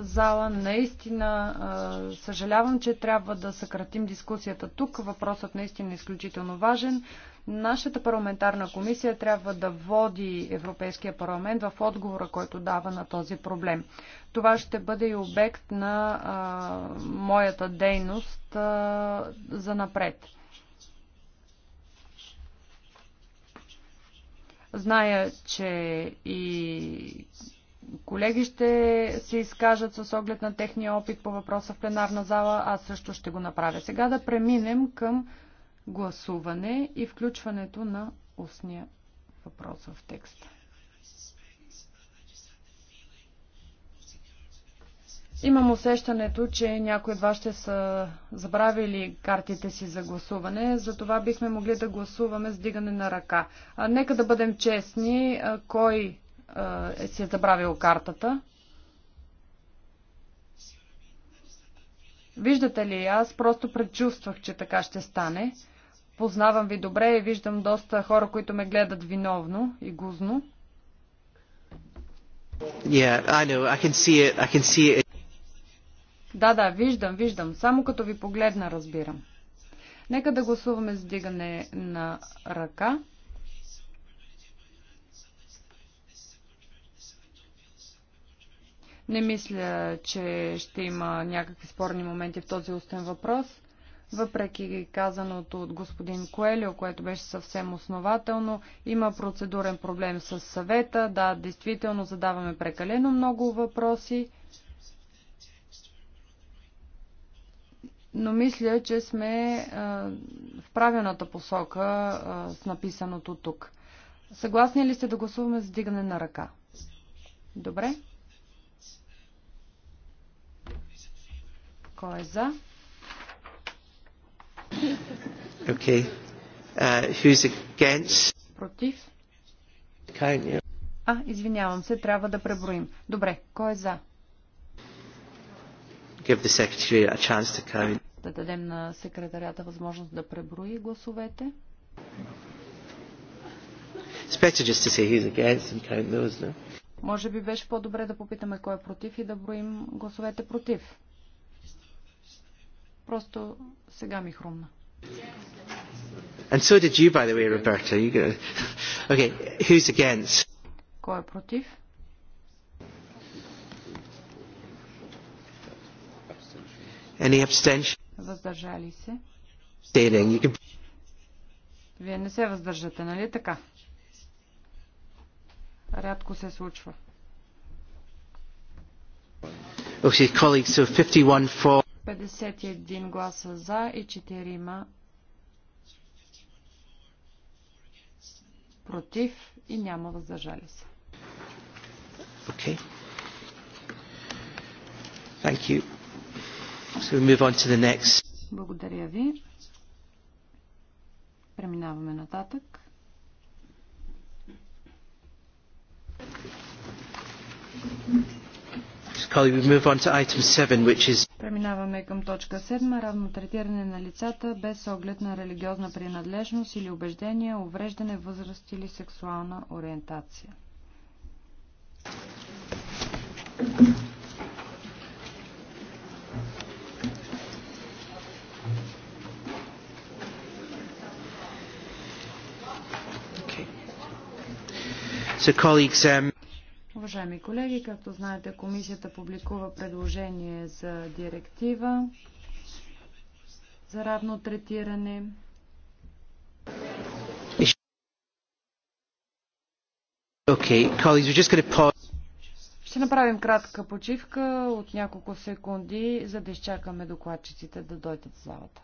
зала. Наистина съжалявам, че трябва да съкратим дискусията тук. Въпросът наистина е изключително важен. Нашата парламентарна комисия трябва да води Европейския парламент в отговора, който дава на този проблем. Това ще бъде и обект на а, моята дейност а, за напред. Зная, че и колеги ще се изкажат с оглед на техния опит по въпроса в пленарна зала. Аз също ще го направя. Сега да преминем към гласуване и включването на устния въпрос в текста. Имам усещането, че някои от вас ще са забравили картите си за гласуване, затова бихме могли да гласуваме с дигане на ръка. А, нека да бъдем честни, а, кой е си е забравил картата. Виждате ли, аз просто предчувствах, че така ще стане. Познавам ви добре и виждам доста хора, които ме гледат виновно и гузно. Да, да, виждам, виждам. Само като ви погледна, разбирам. Нека да гласуваме с дигане на ръка. Не мисля, че ще има някакви спорни моменти в този устен въпрос. Въпреки казаното от господин Коелио, което беше съвсем основателно, има процедурен проблем с съвета. Да, действително задаваме прекалено много въпроси. но мисля, че сме в правилната посока с написаното тук. Съгласни ли сте да гласуваме с дигане на ръка? Добре. Кой е за? Okay. Uh, who's against? Против? yeah. А, извинявам се, трябва да преброим. Добре, кой е за? Give the secretary a chance to count. Да дадем на секретарята възможност да преброи гласовете. It's better just to say who's against and count those, no? Може би беше по-добре да попитаме кой е против и да броим гласовете против. Просто сега ми хрумна. And so did you, by the way, Roberta. You go. Okay, who's against? Кой е против? Any abstention? Въздържали се. Stating. You can... Вие не се въздържате, нали така? Рядко се случва. Oh, she's colleagues, so 51 for... 51 гласа за и 4 против и няма въздържали се. Okay. Thank you. So we move on to the next. Благодаря ви. Преминаваме нататък. Colleague, we move on to item 7, which is Преминаваме към точка 7. Равно третиране на лицата без оглед на религиозна принадлежност или убеждения, увреждане, възраст или сексуална ориентация. Okay. So colleagues, um... Уважаеми колеги, както знаете, комисията публикува предложение за директива за равно третиране. Ще направим кратка почивка от няколко секунди, за да изчакаме докладчиците да дойдат в залата.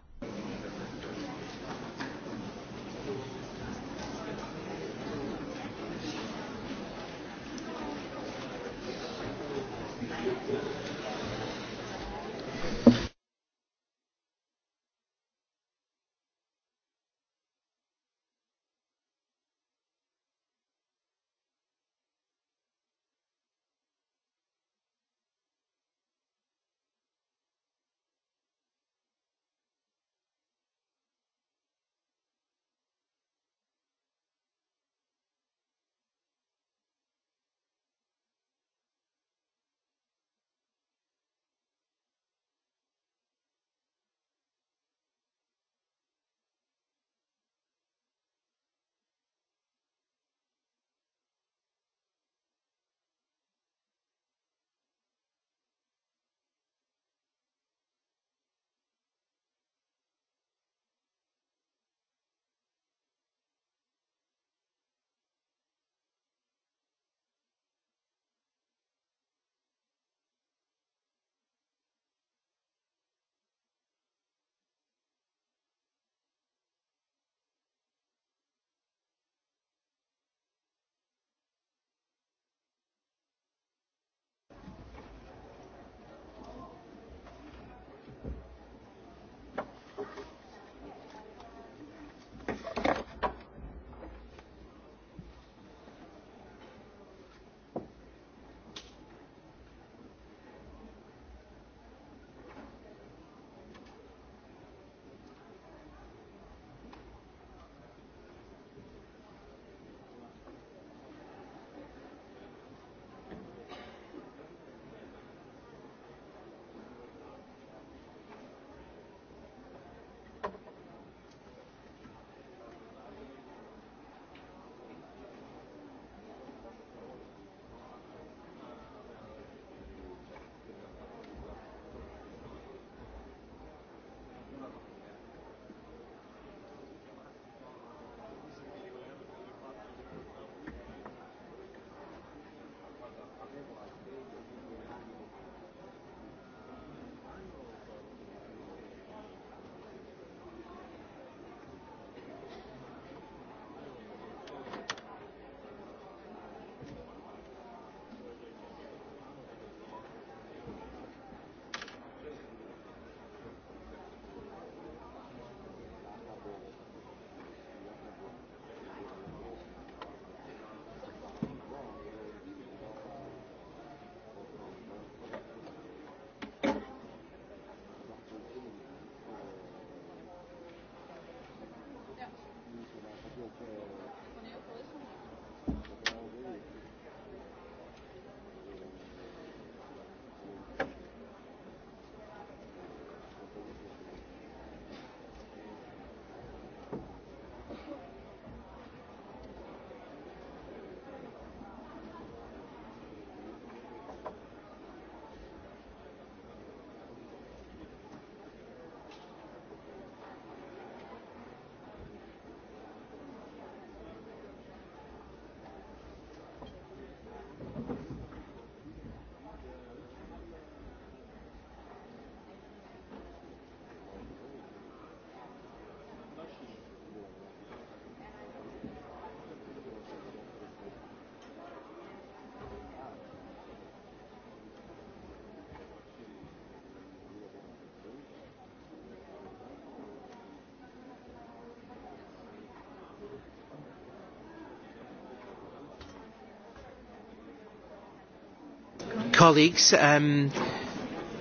Colleagues, um,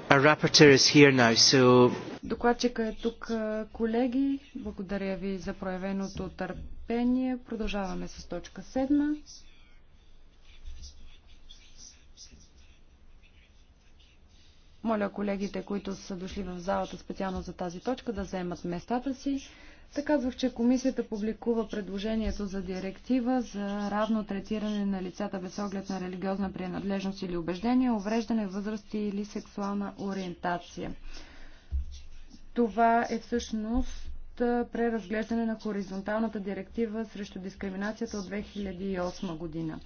our rapporteur is here now, so... Докладчика е тук, колеги. Благодаря ви за проявеното търпение. Продължаваме с точка 7. Моля колегите, които са дошли в залата специално за тази точка, да вземат местата си. Та казвах, че комисията публикува предложението за директива за равно третиране на лицата без оглед на религиозна принадлежност или убеждение, увреждане, възраст или сексуална ориентация. Това е всъщност преразглеждане на хоризонталната директива срещу дискриминацията от 2008 година.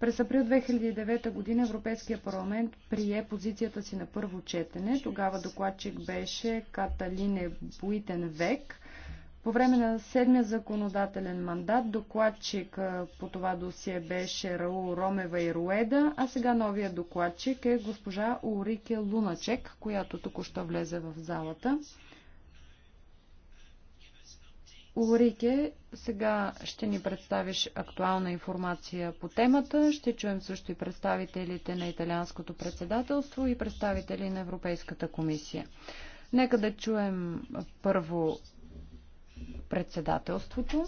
През април 2009 година Европейския парламент прие позицията си на първо четене. Тогава докладчик беше Каталине Буитен Век – по време на седмия законодателен мандат докладчик по това досие беше Раул Ромева и Руеда, а сега новия докладчик е госпожа Урике Луначек, която току-що влезе в залата. Урике, сега ще ни представиш актуална информация по темата. Ще чуем също и представителите на италианското председателство и представители на Европейската комисия. Нека да чуем първо председателството.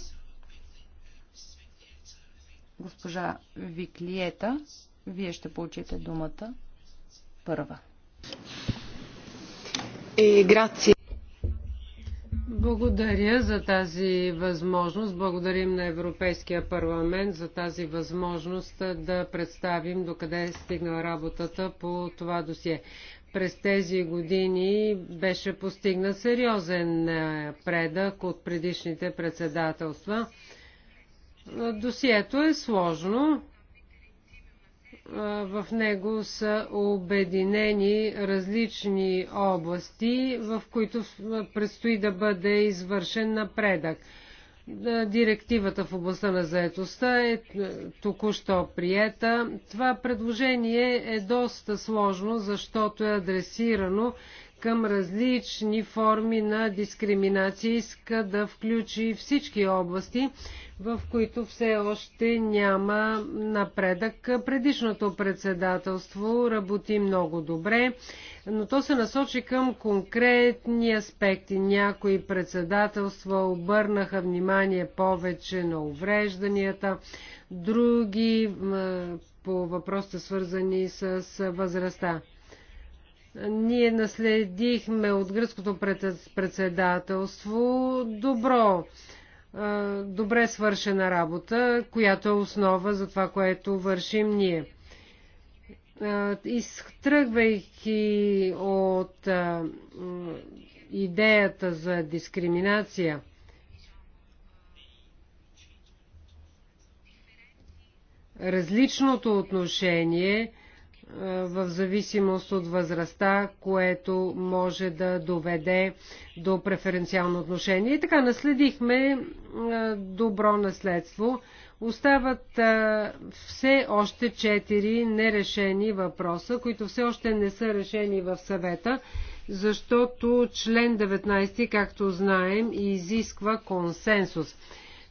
Госпожа Виклиета, вие ще получите думата първа. И е, грация. Благодаря за тази възможност. Благодарим на Европейския парламент за тази възможност да представим докъде е стигнала работата по това досие. През тези години беше постигнат сериозен е, предък от предишните председателства. Досието е сложно. Е, в него са обединени различни области, в които е, предстои да бъде извършен напредък. Директивата в областта на заетостта е, е току-що приета. Това предложение е доста сложно, защото е адресирано към различни форми на дискриминация, иска да включи всички области, в които все още няма напредък. Предишното председателство работи много добре, но то се насочи към конкретни аспекти. Някои председателства обърнаха внимание повече на уврежданията, други по въпросите свързани с възрастта. Ние наследихме от гръцкото председателство добро, добре свършена работа, която е основа за това, което вършим ние. Изтръгвайки от идеята за дискриминация, различното отношение е, в зависимост от възрастта, което може да доведе до преференциално отношение. И така наследихме е, добро наследство. Остават е, все още четири нерешени въпроса, които все още не са решени в съвета, защото член 19, както знаем, изисква консенсус.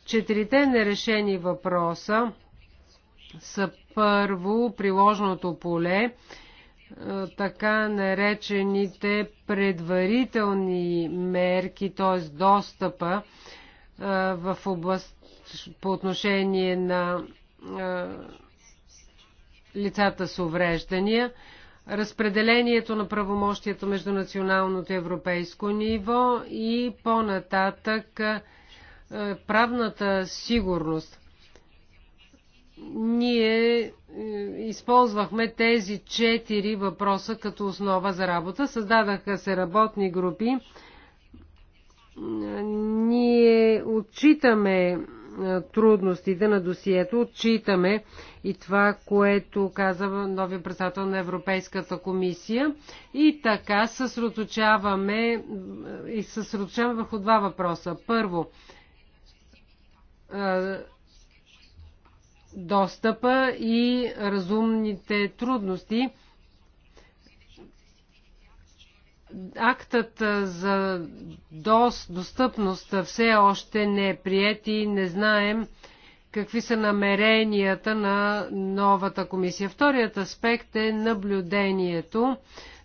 Четирите нерешени въпроса са първо, приложното поле, е, така наречените предварителни мерки, т.е. достъпа е, в област по отношение на е, лицата с увреждания, разпределението на правомощията между националното и европейско ниво и по-нататък правната сигурност ние е, използвахме тези четири въпроса като основа за работа. Създадаха се работни групи. Е, ние отчитаме е, трудностите на досието, отчитаме и това, което каза новия председател на Европейската комисия и така съсредоточаваме и съсредоточаваме върху два въпроса. Първо, достъпа и разумните трудности. Актът за достъпност все още не е прият и не знаем какви са намеренията на новата комисия. Вторият аспект е наблюдението,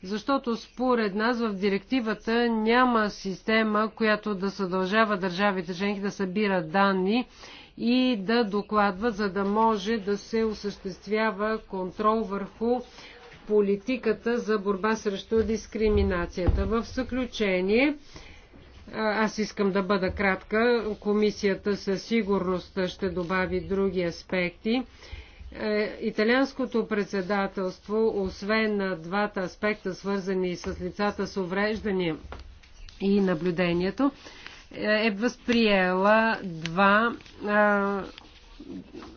защото според нас в директивата няма система, която да съдължава държавите членки да събират данни и да докладва, за да може да се осъществява контрол върху политиката за борба срещу дискриминацията. В заключение, аз искам да бъда кратка, комисията със сигурност ще добави други аспекти. Е, италианското председателство, освен на двата аспекта, свързани с лицата с увреждания и наблюдението, е възприела два,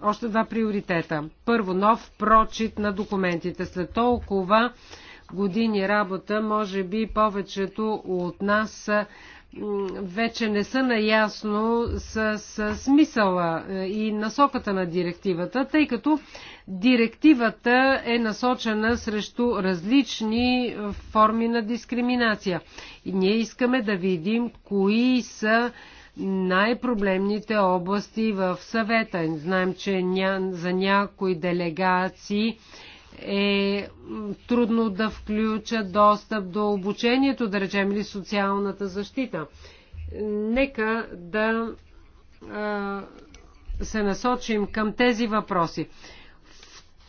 още два приоритета. Първо, нов прочит на документите. След толкова години работа, може би повечето от нас вече не са наясно с, с смисъла е, и насоката на директивата, тъй като директивата е насочена срещу различни форми на дискриминация. И ние искаме да видим кои са най-проблемните области в съвета. Знаем, че ня... за някои делегации е трудно да включат достъп до обучението, да речем, или социалната защита. Нека да се насочим към тези въпроси.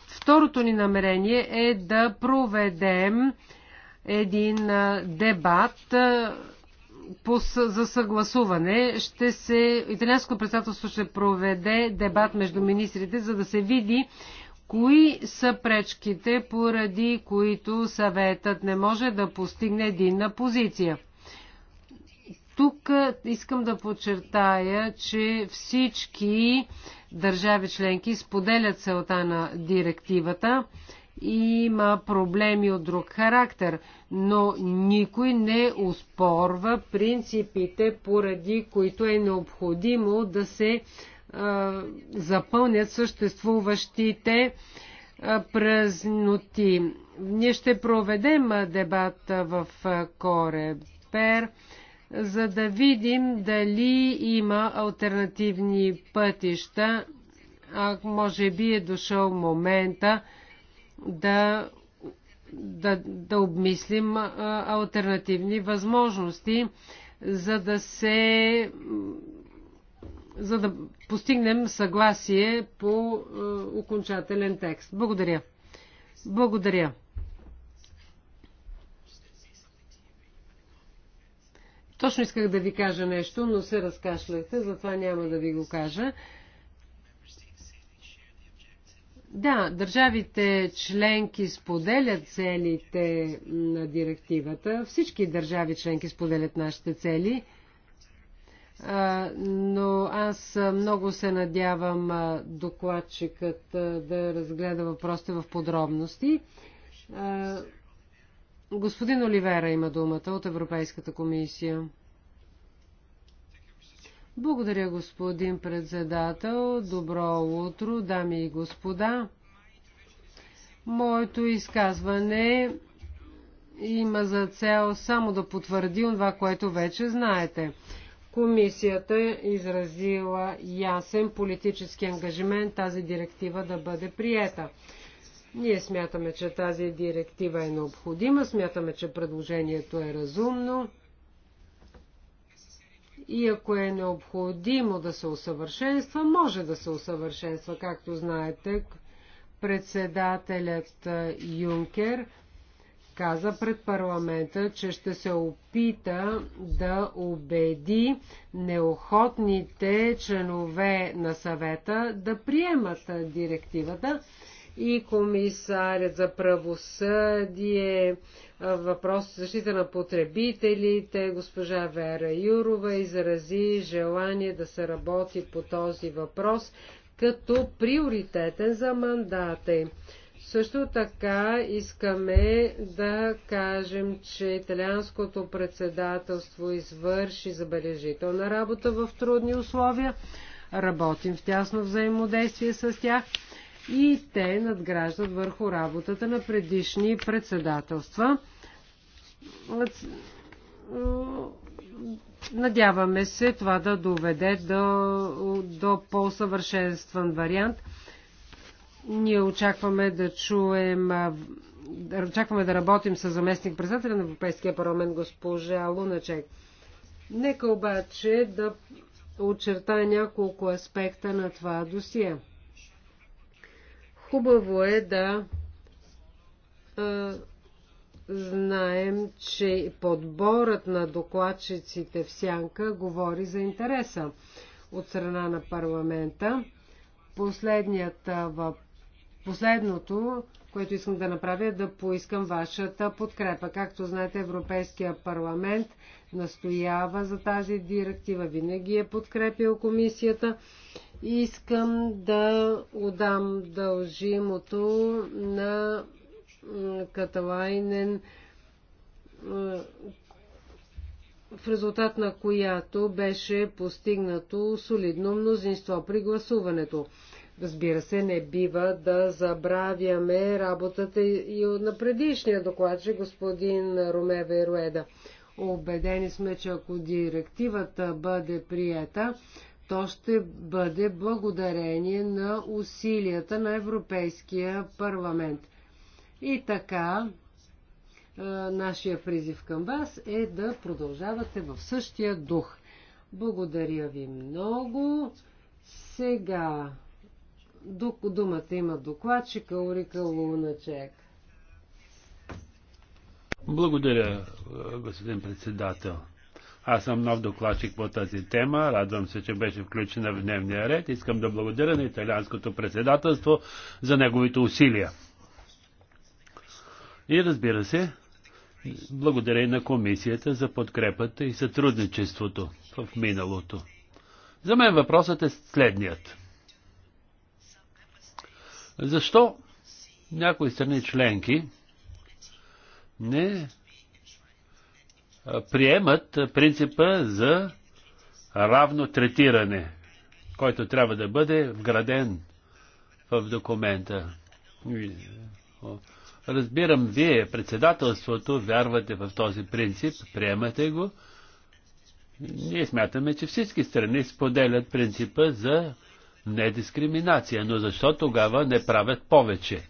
Второто ни намерение е да проведем един дебат за съгласуване. Ще се, италянско председателство ще проведе дебат между министрите, за да се види Кои са пречките, поради които съветът не може да постигне единна позиция? Тук искам да подчертая, че всички държави членки споделят целта на директивата. Има проблеми от друг характер, но никой не успорва принципите, поради които е необходимо да се запълнят съществуващите празноти. Ние ще проведем дебат в Корепер, за да видим дали има альтернативни пътища. А може би е дошъл момента да, да, да обмислим альтернативни възможности, за да се за да постигнем съгласие по е, окончателен текст. Благодаря. Благодаря. Точно исках да ви кажа нещо, но се разкашляхте, затова няма да ви го кажа. Да, държавите членки споделят целите на директивата. Всички държави членки споделят нашите цели но аз много се надявам докладчикът да разгледа въпросите в подробности. Господин Оливера има думата от Европейската комисия. Благодаря, господин председател. Добро утро, дами и господа. Моето изказване има за цел само да потвърди това, което вече знаете. Комисията е изразила ясен политически ангажимент тази директива да бъде приета. Ние смятаме, че тази директива е необходима, смятаме, че предложението е разумно и ако е необходимо да се усъвършенства, може да се усъвършенства, както знаете, председателят Юнкер – каза пред парламента, че ще се опита да убеди неохотните членове на съвета да приемат директивата и комисарят за правосъдие, въпрос за защита на потребителите, госпожа Вера Юрова изрази желание да се работи по този въпрос като приоритетен за мандата също така искаме да кажем, че италианското председателство извърши забележителна работа в трудни условия. Работим в тясно взаимодействие с тях и те надграждат върху работата на предишни председателства. Надяваме се това да доведе до, до по-съвършенстван вариант – ние очакваме да чуем, очакваме да работим с заместник председателя на Европейския парламент госпожа Луначек. Нека обаче да очертая няколко аспекта на това досие. Хубаво е да а, знаем, че подборът на докладчиците в сянка говори за интереса от страна на парламента. Последният въпрос Последното, което искам да направя, е да поискам вашата подкрепа. Както знаете, Европейския парламент настоява за тази директива, винаги е подкрепил комисията. Искам да отдам дължимото на Каталайнен, в резултат на която беше постигнато солидно мнозинство при гласуването. Разбира се, не бива да забравяме работата и на предишния доклад, че господин и Руеда. Обедени сме, че ако директивата бъде приета, то ще бъде благодарение на усилията на Европейския парламент. И така, нашия призив към вас е да продължавате в същия дух. Благодаря ви много. Сега Думата има докладчика Аурика Луначек. Благодаря, е, господин председател. Аз съм нов докладчик по тази тема. Радвам се, че беше включена в дневния ред. Искам да благодаря на италианското председателство за неговите усилия. И разбира се, благодаря и на комисията за подкрепата и сътрудничеството в миналото. За мен въпросът е следният. Защо някои страни членки не приемат принципа за равно третиране, който трябва да бъде вграден в документа. Разбирам, вие, председателството, вярвате в този принцип, приемате го. Ние смятаме, че всички страни споделят принципа за не дискриминация, но защо тогава не правят повече?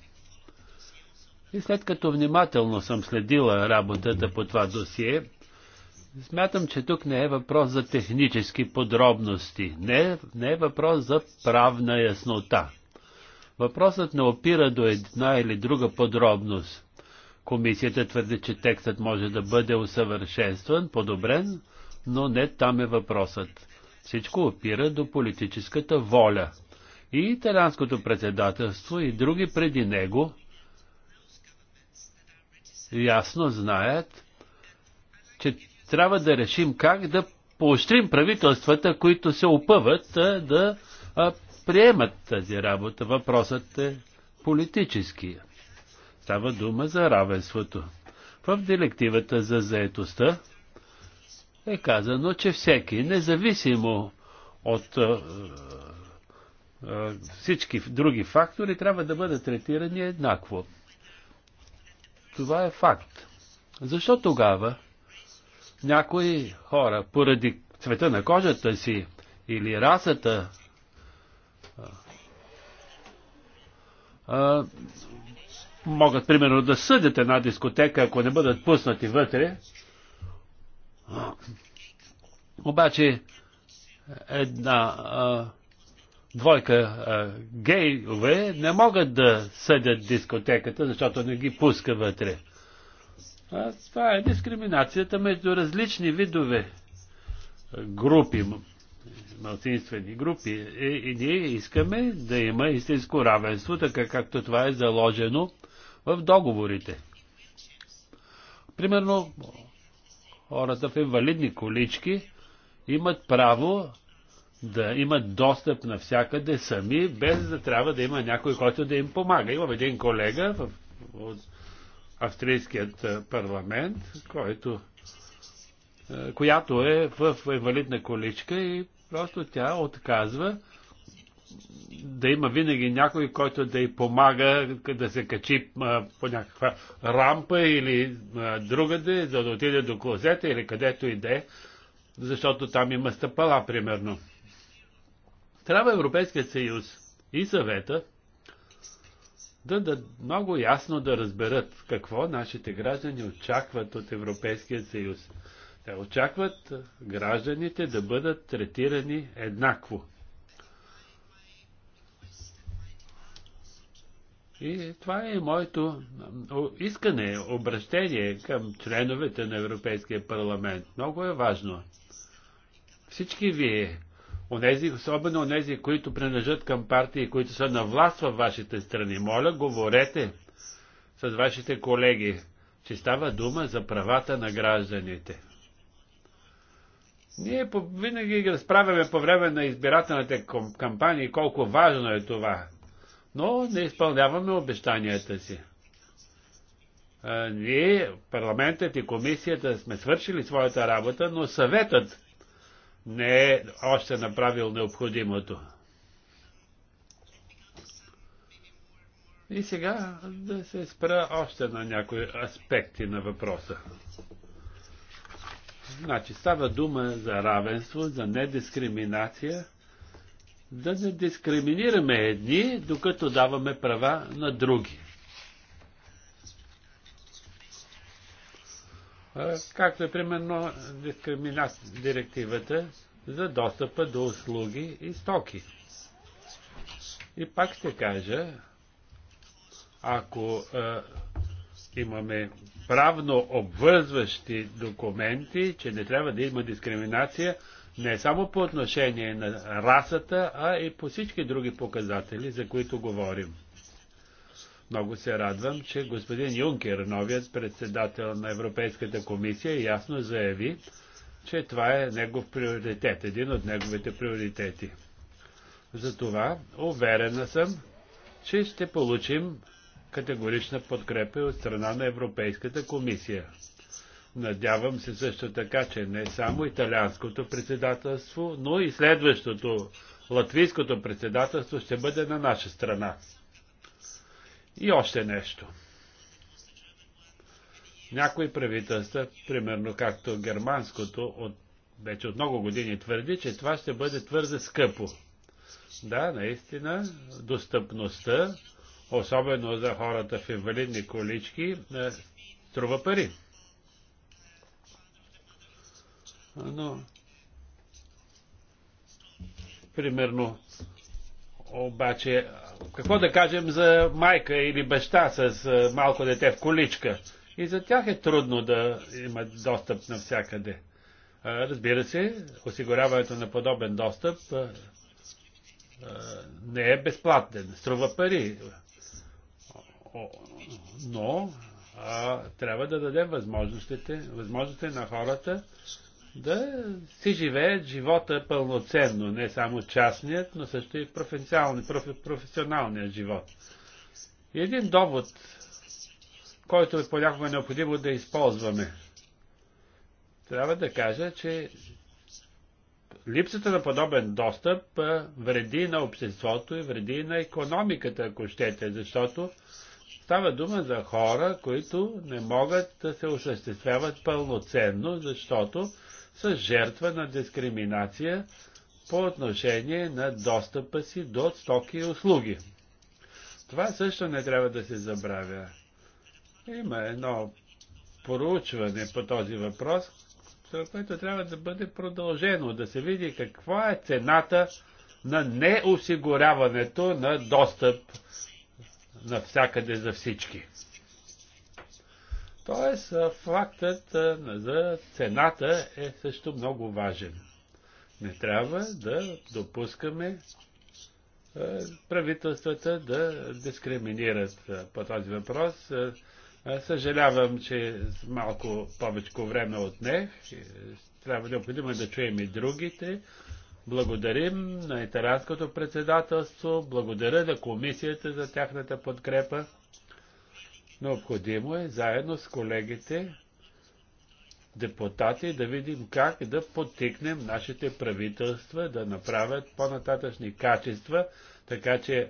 И след като внимателно съм следила работата по това досие, смятам, че тук не е въпрос за технически подробности, не е, не е въпрос за правна яснота. Въпросът не опира до една или друга подробност. Комисията твърди, че текстът може да бъде усъвършенстван, подобрен, но не там е въпросът. Всичко опира до политическата воля. И италянското председателство и други преди него ясно знаят, че трябва да решим как да поощрим правителствата, които се опъват да приемат тази работа. Въпросът е политически. Става дума за равенството. В директивата за заетостта е казано, че всеки, независимо от а, е, а, е, всички други фактори, трябва да бъдат третирани еднакво. Това е факт. Защо тогава някои хора, поради цвета на кожата си или расата, е, могат примерно да съдят една дискотека, ако не бъдат пуснати вътре, обаче една а, двойка а, гейове не могат да съдят дискотеката, защото не ги пуска вътре. А, това е дискриминацията между различни видове групи, малцинствени групи. И, и ние искаме да има истинско равенство, така както това е заложено в договорите. Примерно хората в инвалидни колички имат право да имат достъп навсякъде сами, без да трябва да има някой, който да им помага. Имам един колега в, от австрийският парламент, който, която е в инвалидна количка и просто тя отказва да има винаги някой, който да й помага да се качи а, по някаква рампа или а, другаде, за да отиде до клозета или където и да е, защото там има стъпала, примерно. Трябва Европейският съюз и съвета да, да много ясно да разберат какво нашите граждани очакват от Европейския съюз. Те очакват гражданите да бъдат третирани еднакво. И това е моето искане, обращение към членовете на Европейския парламент. Много е важно. Всички вие, онези, особено онези, които принадлежат към партии, които са на власт във вашите страни, моля, говорете с вашите колеги, че става дума за правата на гражданите. Ние винаги разправяме по време на избирателните кампании колко важно е това но не изпълняваме обещанията си. А, ние, парламентът и комисията, сме свършили своята работа, но съветът не е още направил необходимото. И сега да се спра още на някои аспекти на въпроса. Значи става дума за равенство, за недискриминация – да не дискриминираме едни, докато даваме права на други. Както е примерно директивата за достъпа до услуги и стоки. И пак ще кажа, ако е, имаме правно обвързващи документи, че не трябва да има дискриминация, не само по отношение на расата, а и по всички други показатели, за които говорим. Много се радвам, че господин Юнкер, новият председател на Европейската комисия, ясно заяви, че това е негов приоритет, един от неговите приоритети. Затова уверена съм, че ще получим категорична подкрепа от страна на Европейската комисия. Надявам се също така, че не само италианското председателство, но и следващото латвийското председателство ще бъде на наша страна. И още нещо. Някои правителства, примерно както германското, от, вече от много години твърди, че това ще бъде твърде скъпо. Да, наистина, достъпността, особено за хората в инвалидни колички, е, струва пари. Но, примерно, обаче, какво да кажем за майка или баща с малко дете в количка? И за тях е трудно да имат достъп навсякъде. Разбира се, осигуряването на подобен достъп не е безплатен, струва пари. Но а, трябва да дадем възможностите, възможностите на хората да си живеят живота пълноценно, не само частният, но също и професионалният живот. И един довод, който е понякога необходимо да използваме. Трябва да кажа, че липсата на подобен достъп вреди на обществото и вреди на економиката, ако щете, защото става дума за хора, които не могат да се осъществяват пълноценно, защото са жертва на дискриминация по отношение на достъпа си до стоки и услуги. Това също не трябва да се забравя. Има едно проучване по този въпрос, което трябва да бъде продължено, да се види каква е цената на неосигуряването на достъп навсякъде за всички. Тоест, фактът за цената е също много важен. Не трябва да допускаме правителствата да дискриминират по този въпрос. Съжалявам, че малко повече време отнех. Трябва необходимо е да чуем и другите. Благодарим на италянското председателство, благодаря на комисията за тяхната подкрепа. Необходимо е заедно с колегите депутати да видим как да потикнем нашите правителства да направят по-нататъчни качества, така че е,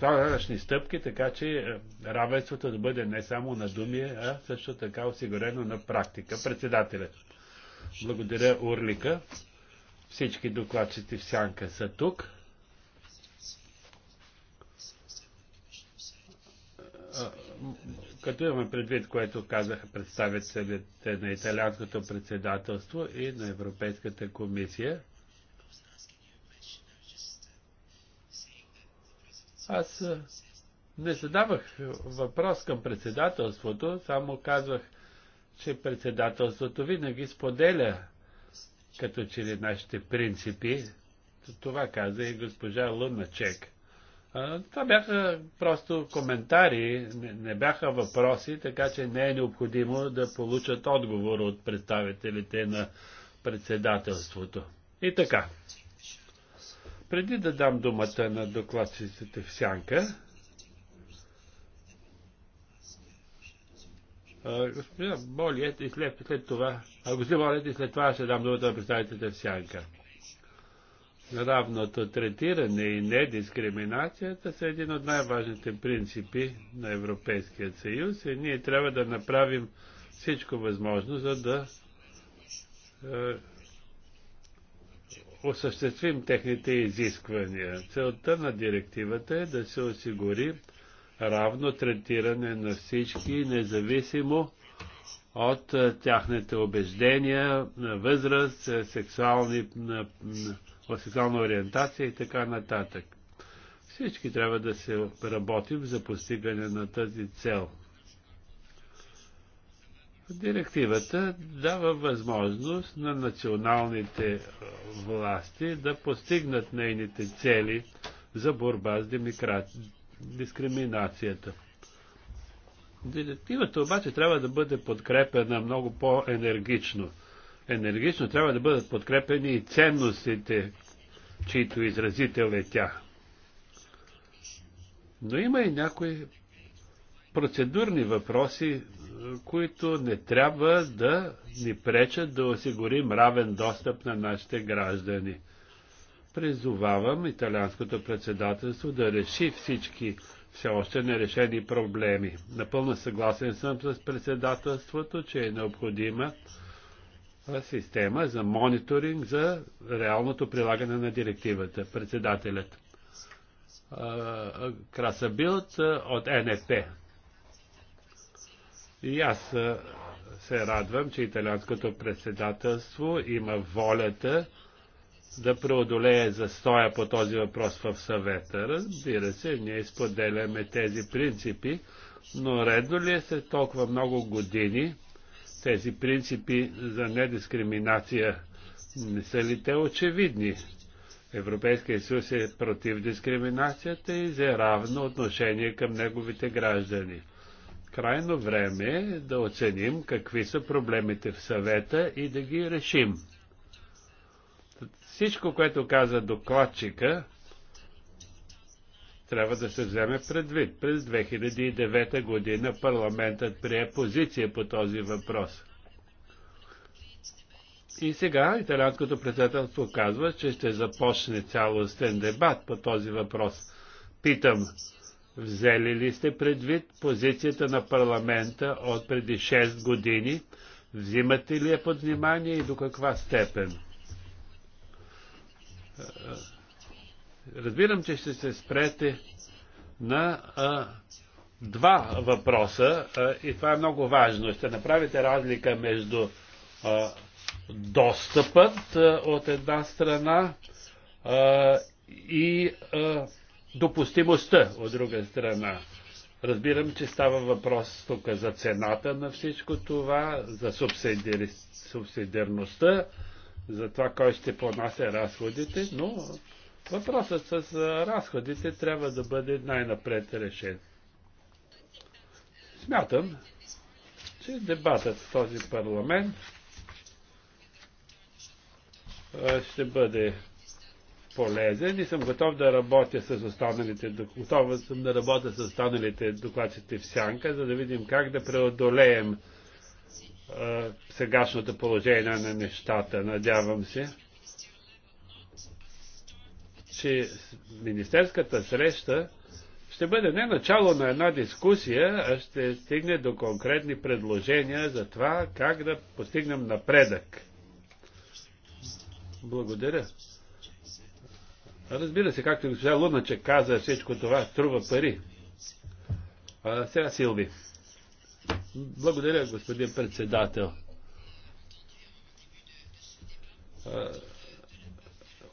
по-нататъчни стъпки, така че е, равенството да бъде не само на думи, а също така осигурено на практика. Председателят. Благодаря Урлика. Всички докладчици в сянка са тук. като имаме предвид, което казаха представителите на италианското председателство и на Европейската комисия, аз не задавах въпрос към председателството, само казвах, че председателството винаги споделя като че ли нашите принципи. Това каза и госпожа Луначек. Това бяха просто коментари, не бяха въпроси, така че не е необходимо да получат отговор от представителите на председателството. И така. Преди да дам думата на докладчиците в сянка, господин Болият и след, след това, а господин Болият и след това ще дам думата на представителите в сянка равното третиране и недискриминацията са един от най-важните принципи на Европейския съюз и ние трябва да направим всичко възможно, за да е, осъществим техните изисквания. Целта на директивата е да се осигури равно третиране на всички, независимо от е, тяхните убеждения, възраст, е, сексуални сексуална ориентация и така нататък. Всички трябва да се работим за постигане на тази цел. Директивата дава възможност на националните власти да постигнат нейните цели за борба с демикра... дискриминацията. Директивата обаче трябва да бъде подкрепена много по-енергично – енергично трябва да бъдат подкрепени и ценностите, чието изразител е тя. Но има и някои процедурни въпроси, е, които не трябва да ни пречат да осигурим равен достъп на нашите граждани. Призовавам италианското председателство да реши всички все още нерешени проблеми. Напълно съгласен съм с председателството, че е необходима система за мониторинг за реалното прилагане на директивата. Председателят Краса от НФП. И аз се радвам, че италианското председателство има волята да преодолее застоя по този въпрос в съвета. Разбира се, ние споделяме тези принципи, но редно ли е след толкова много години тези принципи за недискриминация? Не са ли те очевидни? Европейския съюз е против дискриминацията и за равно отношение към неговите граждани. Крайно време е да оценим какви са проблемите в съвета и да ги решим. Всичко, което каза докладчика, трябва да се вземе предвид. През 2009 година парламентът прие позиция по този въпрос. И сега италианското председателство казва, че ще започне цялостен дебат по този въпрос. Питам, взели ли сте предвид позицията на парламента от преди 6 години? Взимате ли я под внимание и до каква степен? Разбирам, че ще се спрете на а, два въпроса а, и това е много важно. Ще направите разлика между а, достъпът а, от една страна а, и а, допустимостта от друга страна. Разбирам, че става въпрос тук за цената на всичко това, за субсидиарността, за това кой ще понася разходите, но Въпросът с разходите трябва да бъде най-напред решен. Смятам, че дебатът в този парламент ще бъде полезен и съм готов да работя с останалите, готов съм да работя с останалите докладчите в сянка, за да видим как да преодолеем сегашното положение на нещата, надявам се че министерската среща ще бъде не начало на една дискусия, а ще стигне до конкретни предложения за това как да постигнем напредък. Благодаря. Разбира се, както госпожа Луначе каза, всичко това струва пари. А сега Силви. Благодаря, господин председател.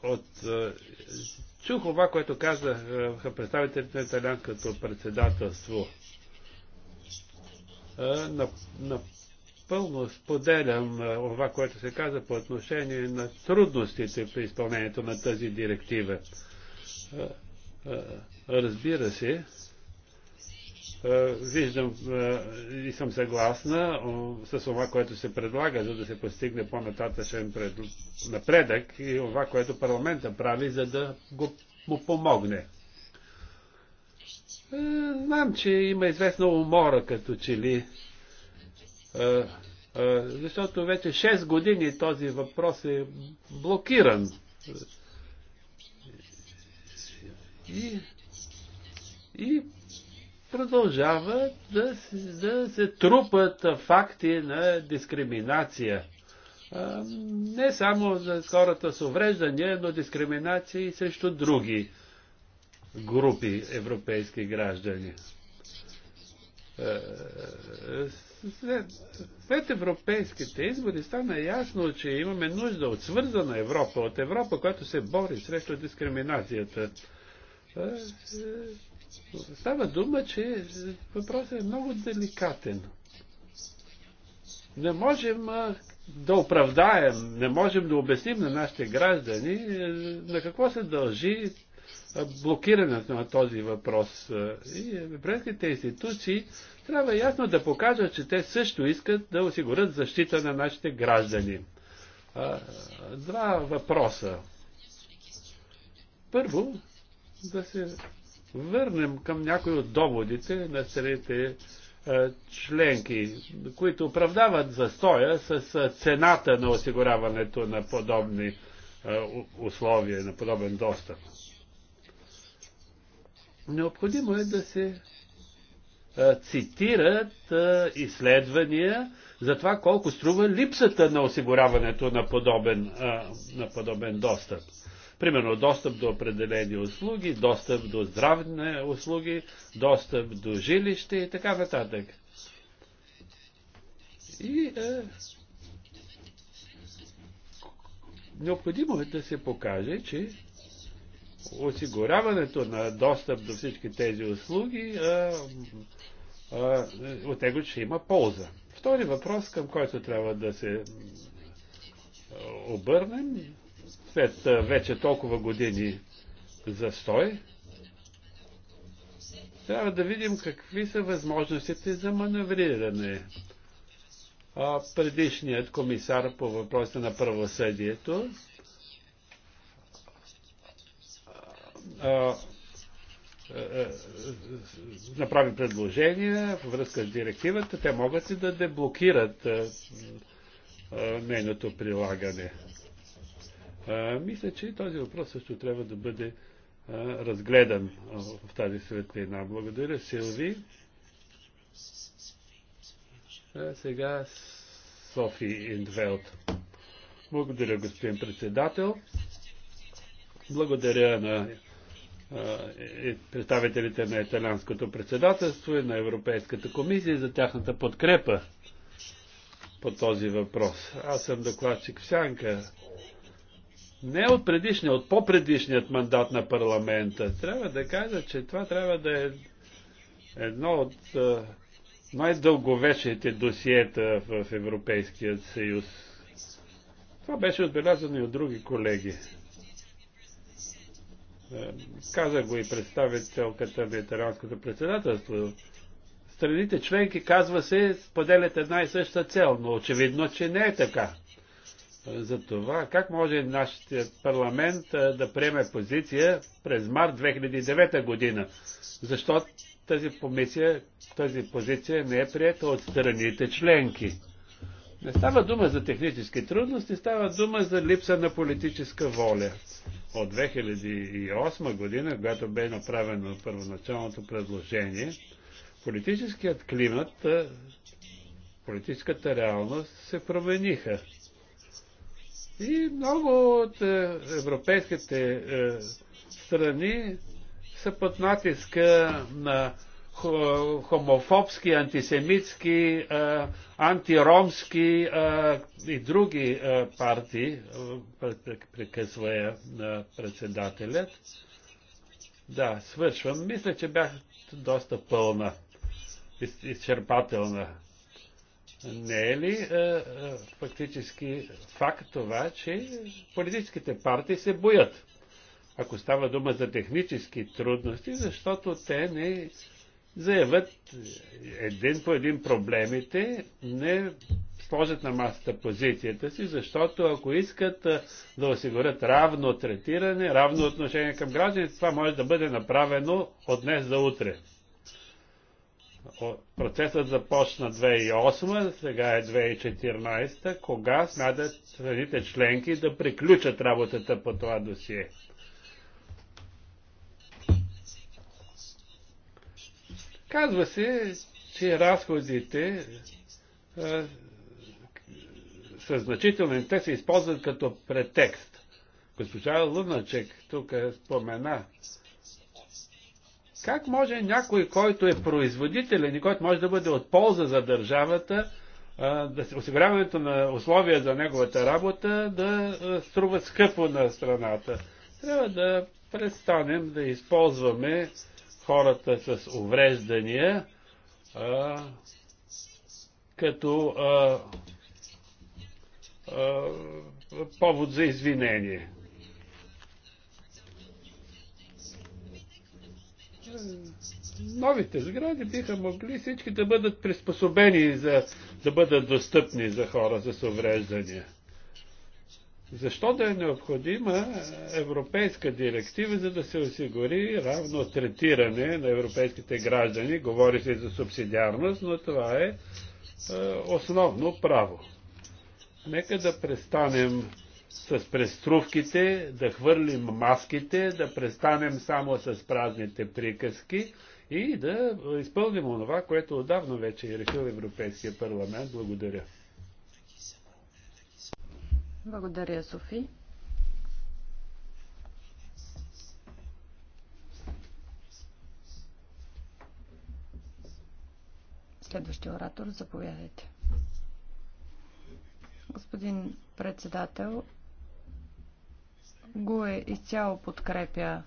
От чух това, което казаха е, представителите на италянското председателство. Е, Напълно споделям е, това, което се каза по отношение на трудностите при изпълнението на тази директива. Разбира се, е, виждам е, и съм съгласна с това, което се предлага, за да се постигне по-нататъчен напредък и това, което парламента прави, за да го, му помогне. Е, знам, че има известна умора като че ли, защото вече 6 години този въпрос е блокиран. И, и продължават да, да се трупат факти на дискриминация. Не само за хората с увреждания, но дискриминация и срещу други групи европейски граждани. След, след европейските избори стана ясно, че имаме нужда от свързана Европа, от Европа, която се бори срещу дискриминацията. Става дума, че въпросът е много деликатен. Не можем да оправдаем, не можем да обясним на нашите граждани е, на какво се дължи е, блокирането на този въпрос. Е, и европейските институции трябва ясно да покажат, че те също искат да осигурят защита на нашите граждани. Два въпроса. Първо, да се върнем към някои от доводите на страните е, членки, които оправдават застоя с е, цената на осигуряването на подобни е, условия, на подобен достъп. Необходимо е да се цитират изследвания за това колко струва липсата на осигуряването на подобен, на подобен достъп. Примерно достъп до определени услуги, достъп до здравни услуги, достъп до жилище и така нататък. И е, необходимо е да се покаже, че осигуряването на достъп до всички тези услуги, е, е, от него ще има полза. Втори въпрос, към който трябва да се е, обърнем, след вече толкова години застой, трябва да видим какви са възможностите за маневриране. А, предишният комисар по въпроса на правосъдието а, а, направи предложения във връзка с директивата, те могат ли да деблокират нейното прилагане. Мисля, че този въпрос също трябва да бъде разгледан в тази светлина. Благодаря, Силви. Сега Софи Индвелт. Благодаря, господин председател. Благодаря на представителите на италянското председателство и на Европейската комисия за тяхната подкрепа по този въпрос. Аз съм докладчик в Сянка не от предишния, от по-предишният мандат на парламента. Трябва да кажа, че това трябва да е едно от най-дълговечните досиета в Европейския съюз. Това беше отбелязано и от други колеги. Каза го и представителката на италианското председателство. Страните членки, казва се, споделят една и съща цел, но очевидно, че не е така за това как може нашия парламент да приеме позиция през март 2009 година. Защо тази, комисия, тази позиция не е приета от страните членки? Не става дума за технически трудности, става дума за липса на политическа воля. От 2008 година, когато бе направено първоначалното предложение, политическият климат, политическата реалност се промениха. И много от е, европейските е, страни са под натиска на хомофобски, антисемитски, е, антиромски и други партии, прекъсва я председателят. Да, свършвам. Мисля, че бях доста пълна, изчерпателна. Не е ли а, е, е, фактически факт това, че политическите партии се боят? Ако става дума за технически трудности, защото те не заявят един по един проблемите, не сложат на масата позицията си, защото ако искат е, да осигурят равно третиране, равно отношение към гражданите, това може да бъде направено от днес за утре. Процесът започна 2008, сега е 2014. Кога смятат страните членки да приключат работата по това досие? Казва се, че разходите а, са значителни. Те се използват като претекст. Госпожа Луначек тук спомена как може някой, който е производителен и който може да бъде от полза за държавата, да осигуряването на условия за неговата работа да струва скъпо на страната? Трябва да престанем да използваме хората с увреждания а, като а, а, повод за извинение. новите сгради биха могли всички да бъдат приспособени за да бъдат достъпни за хора с увреждания. Защо да е необходима европейска директива, за да се осигури равно третиране на европейските граждани? Говори се за субсидиарност, но това е, е основно право. Нека да престанем с преструвките, да хвърлим маските, да престанем само с празните приказки и да изпълним онова, което отдавна вече е решил Европейския парламент. Благодаря. Благодаря, Софи. Следващия оратор, заповядайте. Господин председател, ГУЕ изцяло подкрепя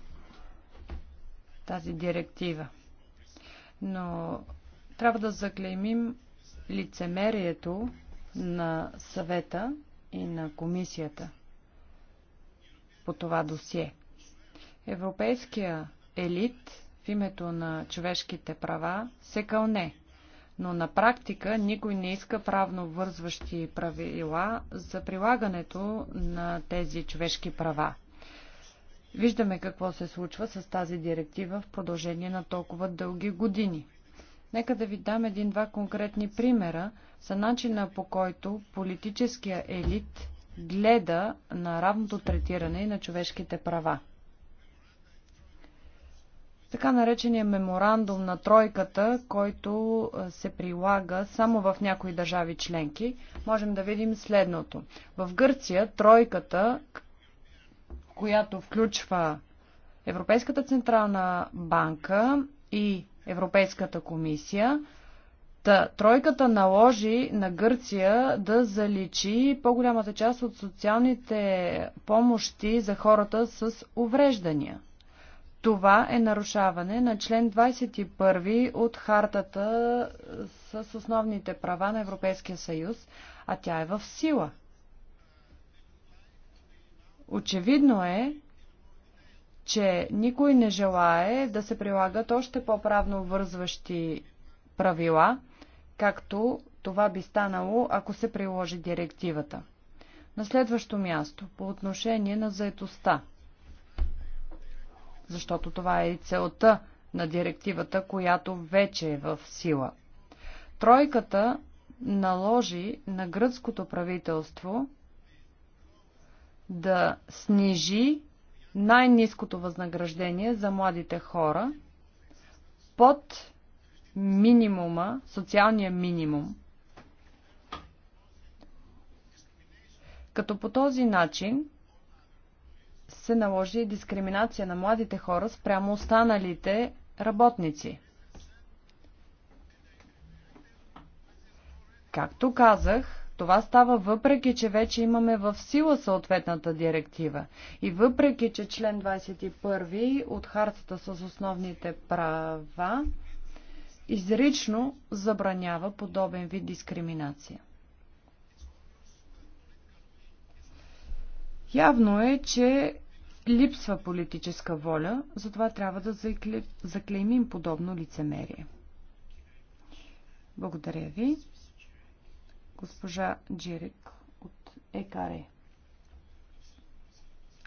тази директива. Но трябва да заклеймим лицемерието на съвета и на комисията по това досие. Европейския елит в името на човешките права се кълне – но на практика никой не иска правно вързващи правила за прилагането на тези човешки права. Виждаме какво се случва с тази директива в продължение на толкова дълги години. Нека да ви дам един-два конкретни примера за начина по който политическия елит гледа на равното третиране и на човешките права така наречения меморандум на тройката, който се прилага само в някои държави членки, можем да видим следното. В Гърция тройката, която включва Европейската централна банка и Европейската комисия, Та, тройката наложи на Гърция да заличи по-голямата част от социалните помощи за хората с увреждания. Това е нарушаване на член 21 от хартата с основните права на Европейския съюз, а тя е в сила. Очевидно е, че никой не желае да се прилагат още по-правно вързващи правила, както това би станало, ако се приложи директивата. На следващо място, по отношение на заетостта защото това е и целта на директивата, която вече е в сила. Тройката наложи на гръцкото правителство да снижи най-низкото възнаграждение за младите хора под минимума, социалния минимум, като по този начин се наложи дискриминация на младите хора спрямо останалите работници. Както казах, това става въпреки, че вече имаме в сила съответната директива и въпреки, че член 21 от хартата с основните права изрично забранява подобен вид дискриминация. Явно е, че липсва политическа воля, затова трябва да заклеймим подобно лицемерие. Благодаря ви. Госпожа Джирик от ЕКАРЕ.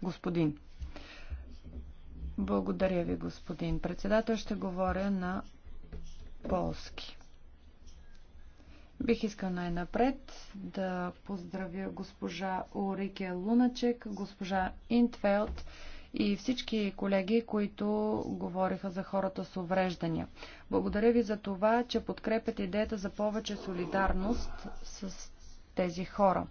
Господин. Благодаря ви, господин председател. Ще говоря на полски. Бих искал най-напред да поздравя госпожа Орике Луначек, госпожа Интфелд и всички колеги, които говориха за хората с увреждания. Благодаря ви за това, че подкрепят идеята за повече солидарност с тези хора.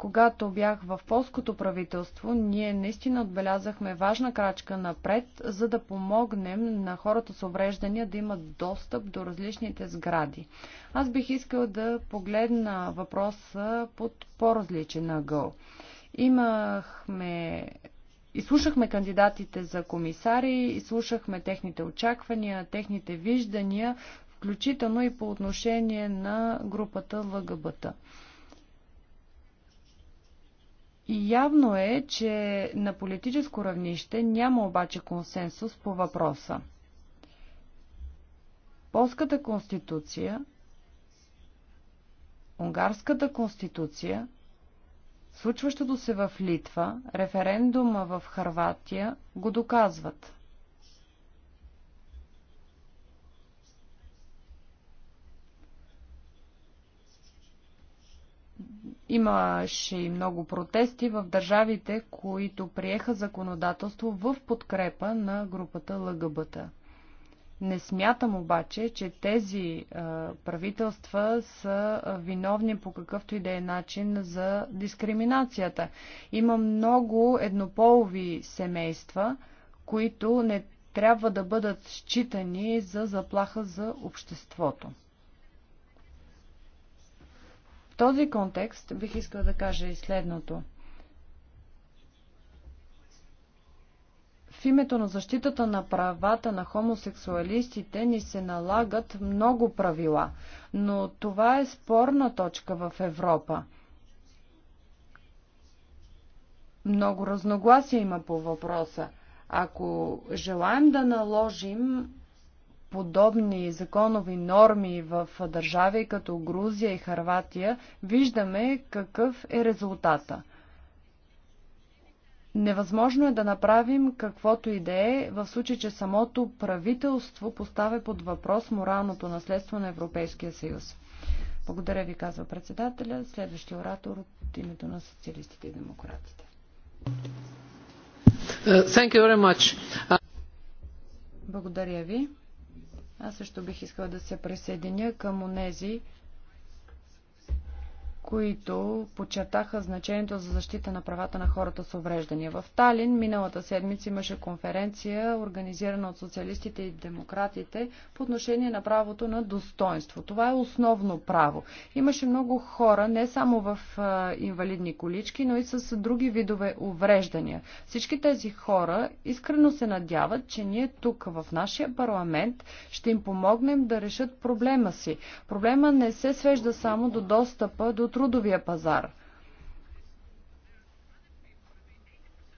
Когато бях в полското правителство, ние наистина отбелязахме важна крачка напред, за да помогнем на хората с увреждания да имат достъп до различните сгради. Аз бих искал да погледна въпроса под по-различен ъгъл. Имахме Изслушахме кандидатите за комисари, изслушахме техните очаквания, техните виждания, включително и по отношение на групата ЛГБТ. Явно е, че на политическо равнище няма обаче консенсус по въпроса. Полската конституция, унгарската конституция, случващото се в Литва, референдума в Харватия го доказват – Имаше и много протести в държавите, които приеха законодателство в подкрепа на групата ЛГБТ. Не смятам обаче, че тези правителства са виновни по какъвто и да е начин за дискриминацията. Има много еднополови семейства, които не трябва да бъдат считани за заплаха за обществото този контекст бих искал да кажа и следното. В името на защитата на правата на хомосексуалистите ни се налагат много правила, но това е спорна точка в Европа. Много разногласия има по въпроса. Ако желаем да наложим подобни законови норми в държави като Грузия и Харватия, виждаме какъв е резултата. Невъзможно е да направим каквото и да е, в случай, че самото правителство поставя под въпрос моралното наследство на Европейския съюз. Благодаря ви, казва председателя. Следващия оратор от името на социалистите и демократите. Uh, uh, Благодаря ви. Аз също бих искала да се присъединя към онези, които подчертаха значението за защита на правата на хората с увреждания. В Талин миналата седмица имаше конференция, организирана от социалистите и демократите по отношение на правото на достоинство. Това е основно право. Имаше много хора, не само в инвалидни колички, но и с други видове увреждания. Всички тези хора искрено се надяват, че ние тук в нашия парламент ще им помогнем да решат проблема си. Проблема не се свежда само до достъпа до трудовия пазар.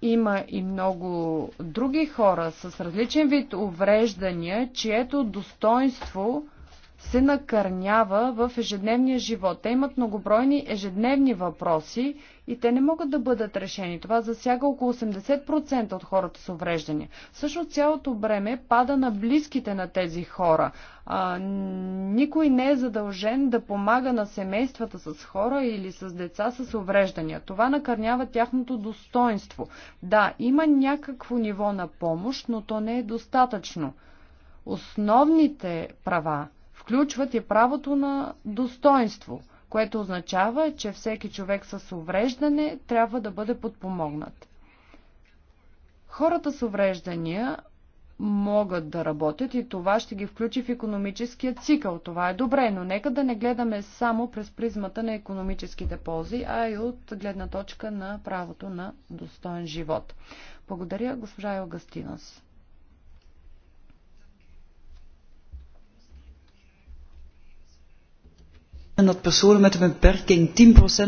Има и много други хора с различен вид увреждания, чието достоинство се накърнява в ежедневния живот. Те имат многобройни ежедневни въпроси и те не могат да бъдат решени. Това засяга около 80% от хората с увреждания. Също цялото бреме пада на близките на тези хора. А, никой не е задължен да помага на семействата с хора или с деца с увреждания. Това накърнява тяхното достоинство. Да, има някакво ниво на помощ, но то не е достатъчно. Основните права, включват и правото на достоинство, което означава, че всеки човек с увреждане трябва да бъде подпомогнат. Хората с увреждания могат да работят и това ще ги включи в економическия цикъл. Това е добре, но нека да не гледаме само през призмата на економическите ползи, а и от гледна точка на правото на достоен живот. Благодаря, госпожа Елгастинас. En dat personen met een beperking 10%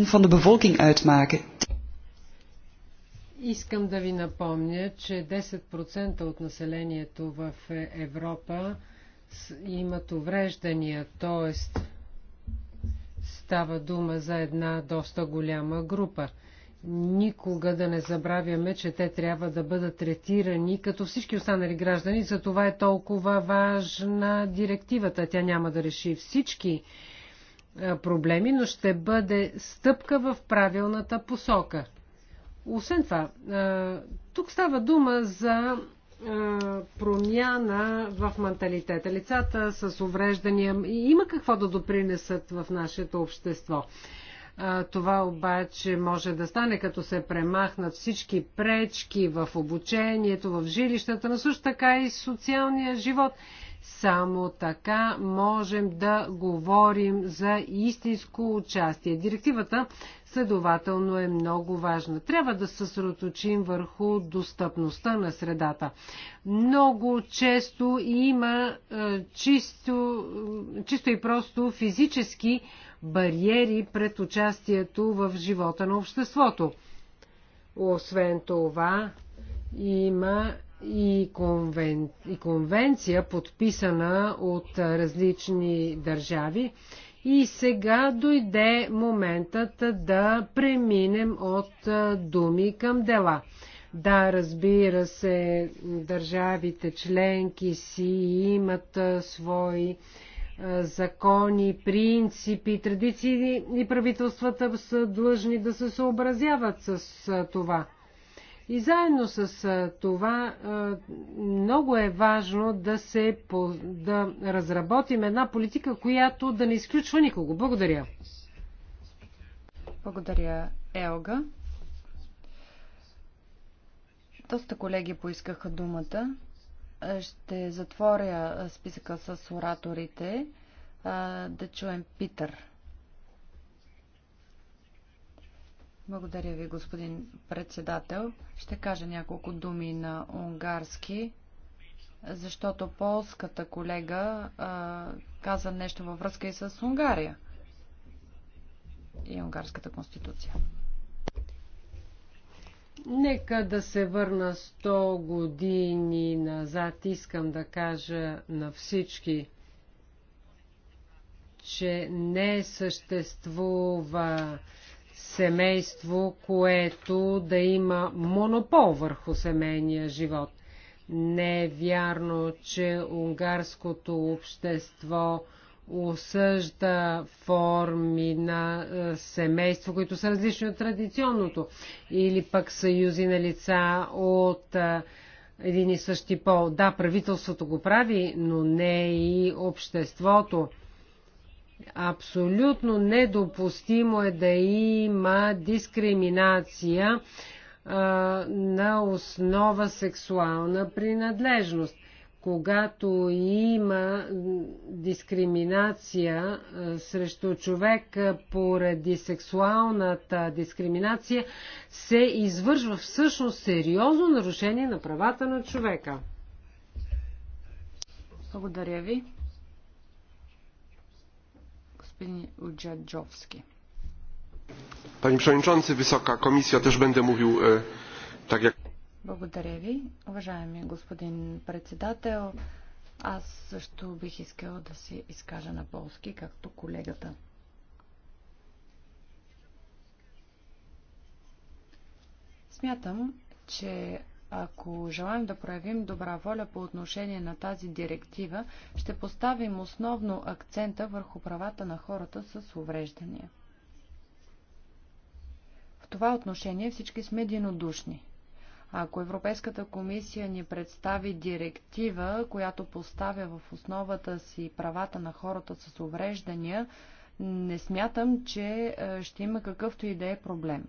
van de bevolking uitmaken. Искам да ви напомня, че 10% от населението в Европа имат увреждания, т.е. става дума за една доста голяма група. Никога да не забравяме, че те трябва да бъдат третирани като всички останали граждани, за това е толкова важна директивата. Тя няма да реши всички е, проблеми, но ще бъде стъпка в правилната посока. Освен това, е, тук става дума за е, промяна в менталитета. Лицата с увреждания има какво да допринесат в нашето общество. Това обаче може да стане, като се премахнат всички пречки в обучението, в жилищата, но също така и социалния живот. Само така можем да говорим за истинско участие. Директивата следователно е много важна. Трябва да се съсредоточим върху достъпността на средата. Много често има е, чисто, чисто и просто физически бариери пред участието в живота на обществото. Освен това, има и, конвен... и конвенция, подписана от различни държави. И сега дойде моментът да преминем от думи към дела. Да, разбира се, държавите членки си имат свои закони, принципи, традиции и правителствата са длъжни да се съобразяват с това. И заедно с това много е важно да, се, да разработим една политика, която да не изключва никого. Благодаря. Благодаря, Елга. Доста колеги поискаха думата. Ще затворя списъка с ораторите. Да чуем Питър. Благодаря ви, господин председател. Ще кажа няколко думи на унгарски, защото полската колега а, каза нещо във връзка и с Унгария и унгарската конституция. Нека да се върна 100 години назад. Искам да кажа на всички, че не съществува семейство, което да има монопол върху семейния живот. Не е вярно, че унгарското общество осъжда форми на е, семейство, които са различни от традиционното, или пък съюзи на лица от е, един и същи пол. Да, правителството го прави, но не и обществото. Абсолютно недопустимо е да има дискриминация а, на основа сексуална принадлежност. Когато има дискриминация а, срещу човек а, поради сексуалната дискриминация, се извършва всъщност сериозно нарушение на правата на човека. Благодаря ви господин Уджаджовски. Panie Przewodniczący, Wysoka Komisja, też będę mówił e, tak jak... Благодаря ви, уважаеми господин председател. Аз също бих искала да се изкажа на полски, както колегата. Смятам, че ако желаем да проявим добра воля по отношение на тази директива, ще поставим основно акцента върху правата на хората с увреждания. В това отношение всички сме единодушни. Ако Европейската комисия ни представи директива, която поставя в основата си правата на хората с увреждания, не смятам, че е, ще има какъвто и да е проблем.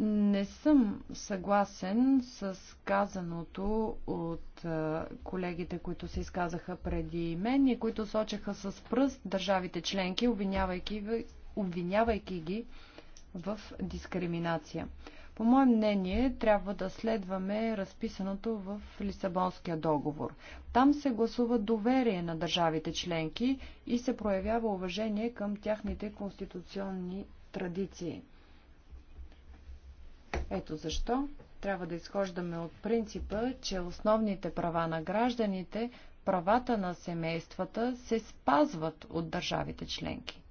Не съм съгласен с казаното от колегите, които се изказаха преди мен и които сочеха с пръст държавите членки, обвинявайки, обвинявайки ги в дискриминация. По мое мнение, трябва да следваме разписаното в Лисабонския договор. Там се гласува доверие на държавите членки и се проявява уважение към тяхните конституционни традиции. Ето защо трябва да изхождаме от принципа, че основните права на гражданите, правата на семействата се спазват от държавите членки.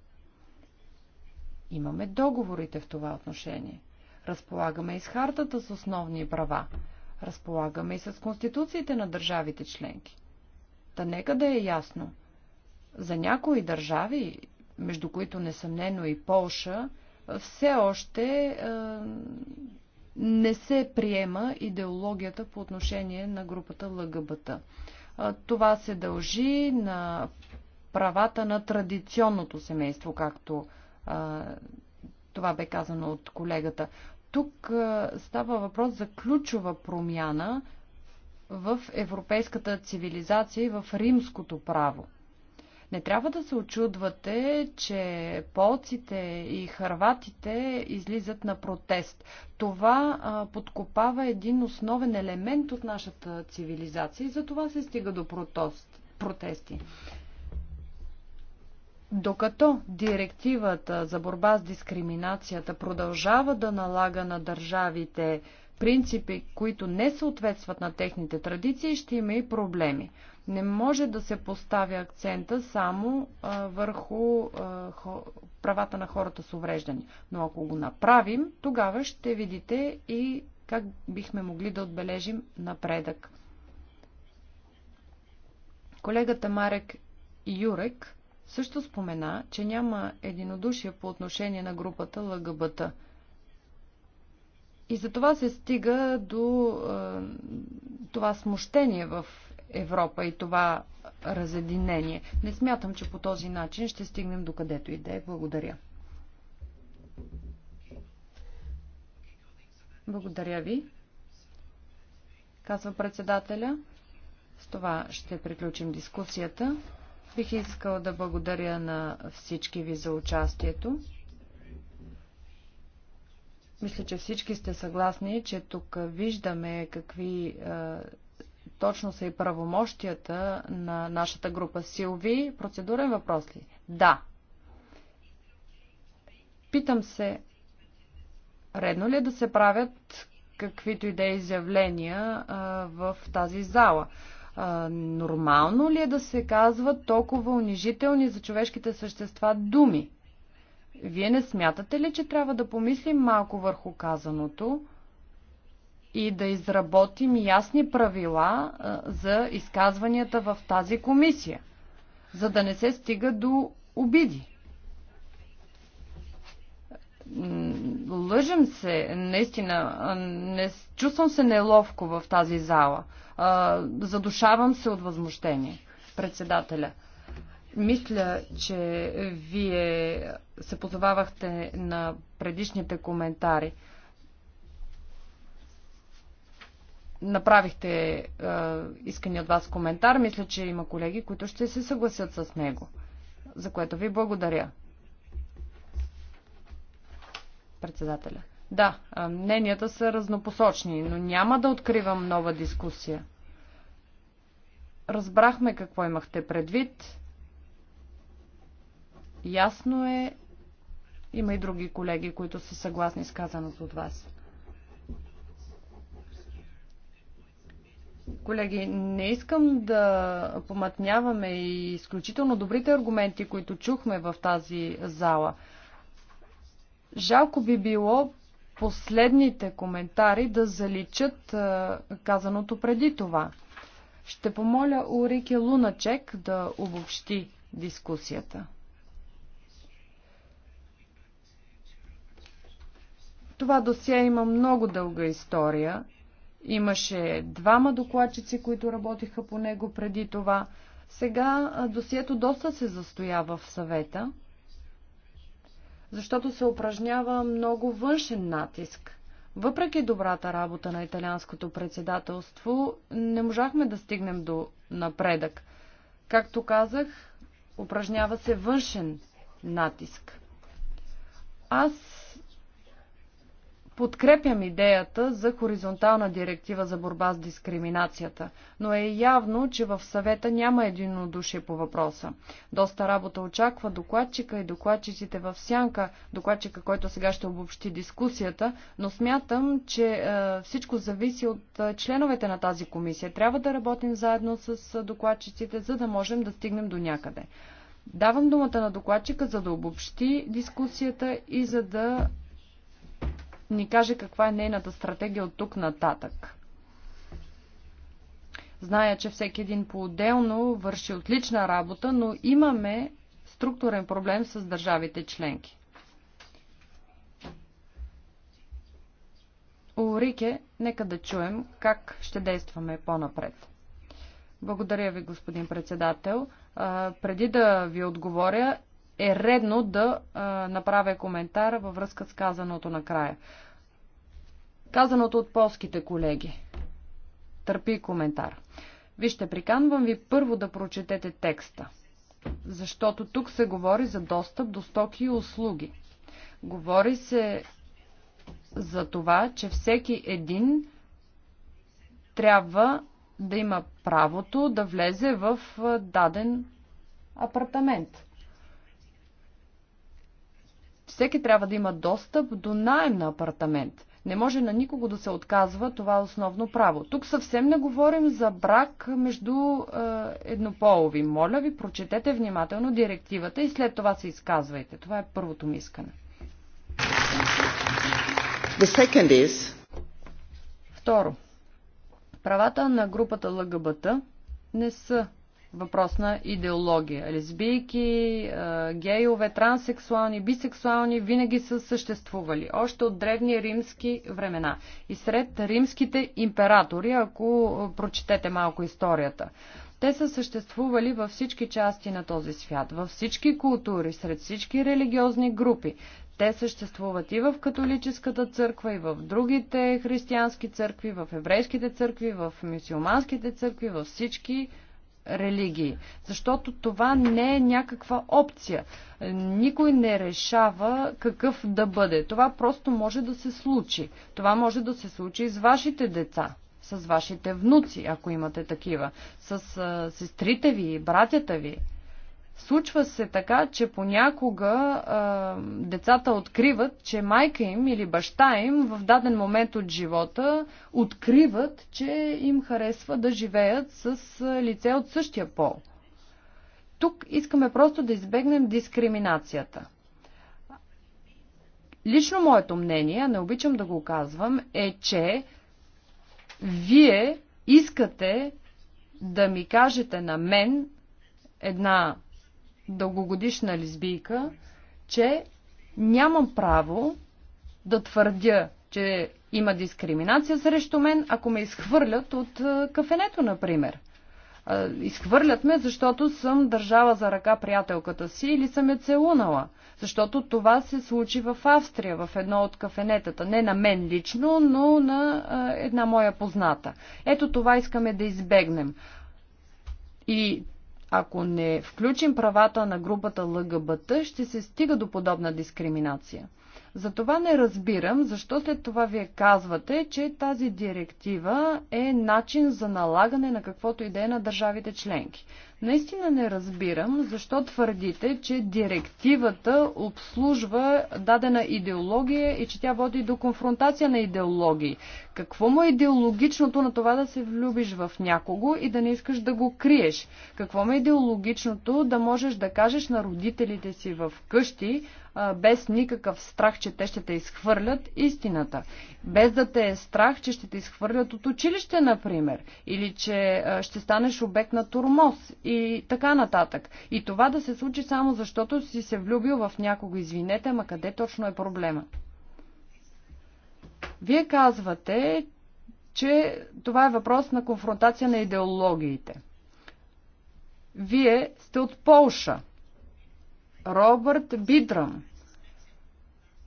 Имаме договорите в това отношение. Разполагаме и с хартата с основни права. Разполагаме и с конституциите на държавите членки. Та нека да е ясно. За някои държави, между които несъмнено и Полша, все още е, не се приема идеологията по отношение на групата ЛГБТ. Това се дължи на правата на традиционното семейство, както това бе казано от колегата. Тук става въпрос за ключова промяна в европейската цивилизация и в римското право. Не трябва да се очудвате, че полците и харватите излизат на протест. Това а, подкопава един основен елемент от нашата цивилизация и за това се стига до протост, протести. Докато директивата за борба с дискриминацията продължава да налага на държавите принципи, които не съответстват на техните традиции, ще има и проблеми. Не може да се поставя акцента само а, върху а, хо, правата на хората с увреждане. Но ако го направим, тогава ще видите и как бихме могли да отбележим напредък. Колегата Марек Юрек също спомена, че няма единодушие по отношение на групата ЛГБТ. И за това се стига до е, това смущение в Европа и това разединение. Не смятам, че по този начин ще стигнем до където и да е. Благодаря. Благодаря ви, казва председателя. С това ще приключим дискусията. Бих искал да благодаря на всички ви за участието. Мисля, че всички сте съгласни, че тук виждаме какви точно са и правомощията на нашата група. Силви, процедурен въпрос ли? Да. Питам се, редно ли е да се правят каквито и да е изявления а, в тази зала? А, нормално ли е да се казват толкова унижителни за човешките същества думи? Вие не смятате ли, че трябва да помислим малко върху казаното? и да изработим ясни правила за изказванията в тази комисия, за да не се стига до обиди. Лъжим се, наистина. Не, чувствам се неловко в тази зала. Задушавам се от възмущение. Председателя мисля, че вие се позовавахте на предишните коментари. направихте а, искания от вас коментар. Мисля, че има колеги, които ще се съгласят с него, за което ви благодаря. Председателя. Да, мненията са разнопосочни, но няма да откривам нова дискусия. Разбрахме какво имахте предвид. Ясно е. Има и други колеги, които са съгласни с казаното от вас. Колеги, не искам да помътняваме и изключително добрите аргументи, които чухме в тази зала. Жалко би било последните коментари да заличат е, казаното преди това. Ще помоля Урике Луначек да обобщи дискусията. Това досие има много дълга история – Имаше двама докладчици, които работиха по него преди това. Сега досието доста се застоява в съвета, защото се упражнява много външен натиск. Въпреки добрата работа на италианското председателство, не можахме да стигнем до напредък. Както казах, упражнява се външен натиск. Аз Подкрепям идеята за хоризонтална директива за борба с дискриминацията, но е явно, че в съвета няма единодушие по въпроса. Доста работа очаква докладчика и докладчиците в сянка, докладчика, който сега ще обобщи дискусията, но смятам, че е, всичко зависи от е, членовете на тази комисия. Трябва да работим заедно с е, докладчиците, за да можем да стигнем до някъде. Давам думата на докладчика, за да обобщи дискусията и за да ни каже каква е нейната стратегия от тук нататък. Зная, че всеки един по-отделно върши отлична работа, но имаме структурен проблем с държавите членки. Урике, нека да чуем как ще действаме по-напред. Благодаря ви, господин председател. А, преди да ви отговоря, е редно да а, направя коментар във връзка с казаното накрая. Казаното от полските колеги. Търпи коментар. Вижте, приканвам ви първо да прочетете текста, защото тук се говори за достъп до стоки и услуги. Говори се за това, че всеки един трябва да има правото да влезе в даден апартамент. Всеки трябва да има достъп до найем на апартамент. Не може на никого да се отказва това е основно право. Тук съвсем не говорим за брак между е, еднополови. Моля ви, прочетете внимателно директивата и след това се изказвайте. Това е първото ми искане. The second is... Второ. Правата на групата ЛГБТ не са въпрос на идеология. Лесбийки, гейове, транссексуални, бисексуални винаги са съществували. Още от древни римски времена. И сред римските императори, ако прочетете малко историята. Те са съществували във всички части на този свят, във всички култури, сред всички религиозни групи. Те съществуват и в католическата църква, и в другите християнски църкви, в еврейските църкви, в мюсюлманските църкви, във всички религии. Защото това не е някаква опция. Никой не решава какъв да бъде. Това просто може да се случи. Това може да се случи и с вашите деца, с вашите внуци, ако имате такива, с сестрите ви, братята ви. Случва се така, че понякога а, децата откриват, че майка им или баща им в даден момент от живота откриват, че им харесва да живеят с лице от същия пол. Тук искаме просто да избегнем дискриминацията. Лично моето мнение, не обичам да го казвам, е, че вие искате да ми кажете на мен една дългогодишна лесбийка, че нямам право да твърдя, че има дискриминация срещу мен, ако ме изхвърлят от кафенето, например. Изхвърлят ме, защото съм държала за ръка приятелката си или съм я целунала. Защото това се случи в Австрия, в едно от кафенетата. Не на мен лично, но на една моя позната. Ето това искаме да избегнем. И ако не включим правата на групата ЛГБТ, ще се стига до подобна дискриминация. Затова не разбирам защо след това вие казвате, че тази директива е начин за налагане на каквото и да е на държавите членки. Наистина не разбирам защо твърдите, че директивата обслужва дадена идеология и че тя води до конфронтация на идеологии. Какво му е идеологичното на това да се влюбиш в някого и да не искаш да го криеш? Какво му е идеологичното да можеш да кажеш на родителите си в къщи, без никакъв страх, че те ще те изхвърлят истината. Без да те е страх, че ще те изхвърлят от училище, например, или че ще станеш обект на турмоз и така нататък. И това да се случи само защото си се влюбил в някого, извинете, ама къде точно е проблема? Вие казвате, че това е въпрос на конфронтация на идеологиите. Вие сте от Полша. Робърт Бидрам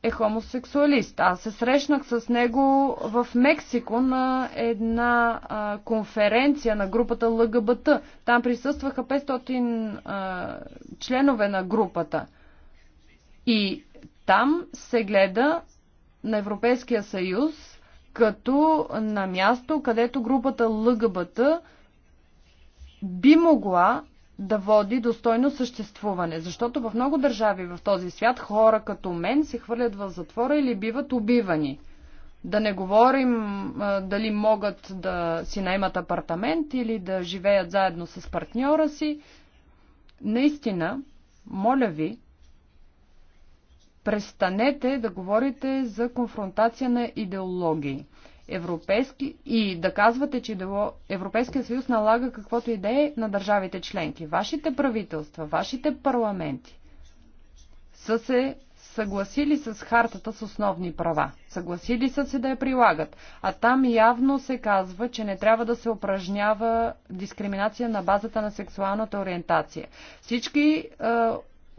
е хомосексуалист. Аз се срещнах с него в Мексико на една а, конференция на групата ЛГБТ. Там присъстваха 500 а, членове на групата. И там се гледа на Европейския съюз като на място, където групата ЛГБТ би могла да води достойно съществуване. Защото в много държави в този свят хора като мен се хвърлят в затвора или биват убивани. Да не говорим а, дали могат да си наймат апартамент или да живеят заедно с партньора си. Наистина, моля ви, престанете да говорите за конфронтация на идеологии европейски и да казвате, че Европейския съюз налага каквото и да е на държавите членки. Вашите правителства, вашите парламенти са се съгласили с хартата с основни права. Съгласили са се да я прилагат. А там явно се казва, че не трябва да се упражнява дискриминация на базата на сексуалната ориентация. Всички е,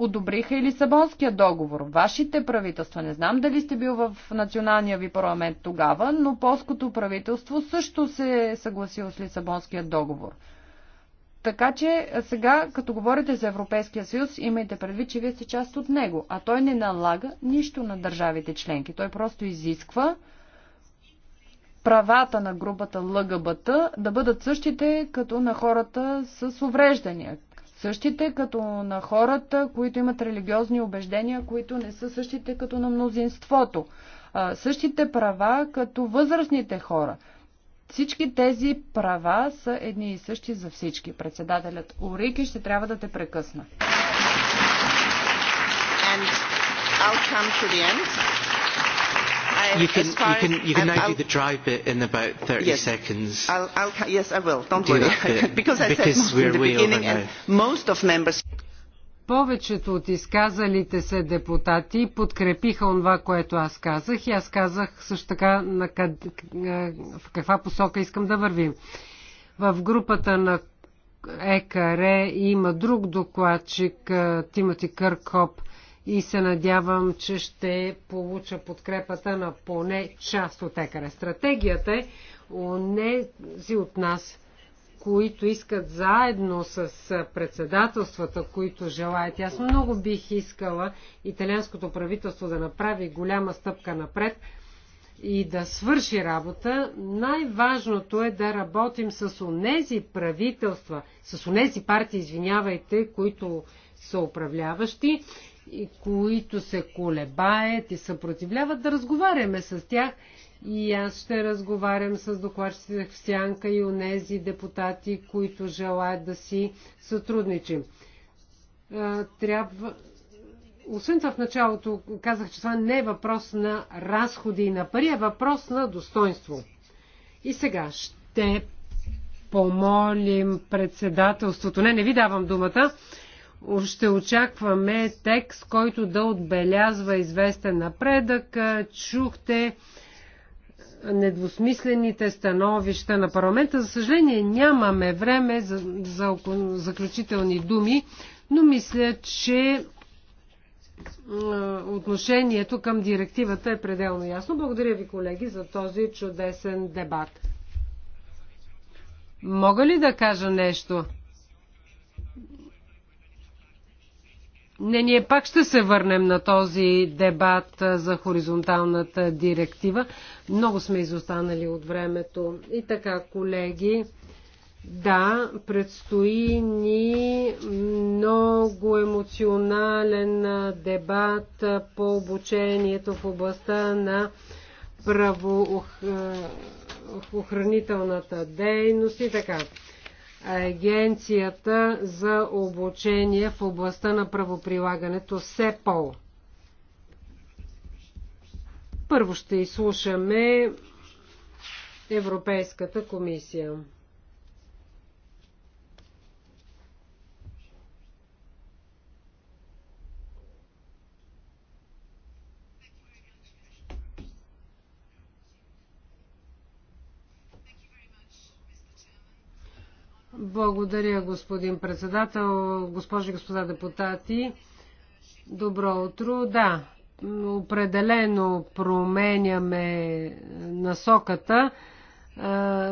одобриха и Лисабонския договор. Вашите правителства, не знам дали сте бил в националния ви парламент тогава, но полското правителство също се е съгласило с Лисабонския договор. Така че сега, като говорите за Европейския съюз, имайте предвид, че вие сте част от него, а той не налага нищо на държавите членки. Той просто изисква правата на групата ЛГБТ да бъдат същите като на хората с увреждания, същите като на хората, които имат религиозни убеждения, които не са същите като на мнозинството. Същите права като възрастните хора. Всички тези права са едни и същи за всички. Председателят Орики ще трябва да те прекъсна. And I'll come to the end you can, as far you can, you can now I'll, do the dry bit in about 30 yes, seconds. I'll, I'll, yes, I will. Don't do worry. because I because said we're in the beginning and most of members... Повечето от изказалите се депутати подкрепиха това, което аз казах и аз казах също така на къд, в каква посока искам да вървим. В групата на ЕКР има друг докладчик Тимоти Къркоп, и се надявам, че ще получа подкрепата на поне част от екаре. Стратегията е нези от нас, които искат заедно с председателствата, които желаят. Аз много бих искала италианското правителство да направи голяма стъпка напред и да свърши работа. Най-важното е да работим с онези правителства, с онези партии, извинявайте, които са управляващи и които се колебаят и съпротивляват, да разговаряме с тях. И аз ще разговарям с докладчиците в Сянка и онези депутати, които желаят да си сътрудничим. Трябва... Освен това в началото казах, че това не е въпрос на разходи и на пари, а е въпрос на достоинство. И сега ще помолим председателството. Не, не ви давам думата ще очакваме текст, който да отбелязва известен напредък. Чухте недвусмислените становища на парламента. За съжаление нямаме време за, за заключителни думи, но мисля, че отношението към директивата е пределно ясно. Благодаря ви, колеги, за този чудесен дебат. Мога ли да кажа нещо? Не, ние пак ще се върнем на този дебат за хоризонталната директива. Много сме изостанали от времето. И така, колеги, да, предстои ни много емоционален дебат по обучението в областта на правоохранителната дейност и така. Агенцията за обучение в областта на правоприлагането СЕПОЛ. Първо ще изслушаме Европейската комисия. Благодаря, господин председател, госпожи и господа депутати. Добро утро. Да, определено променяме насоката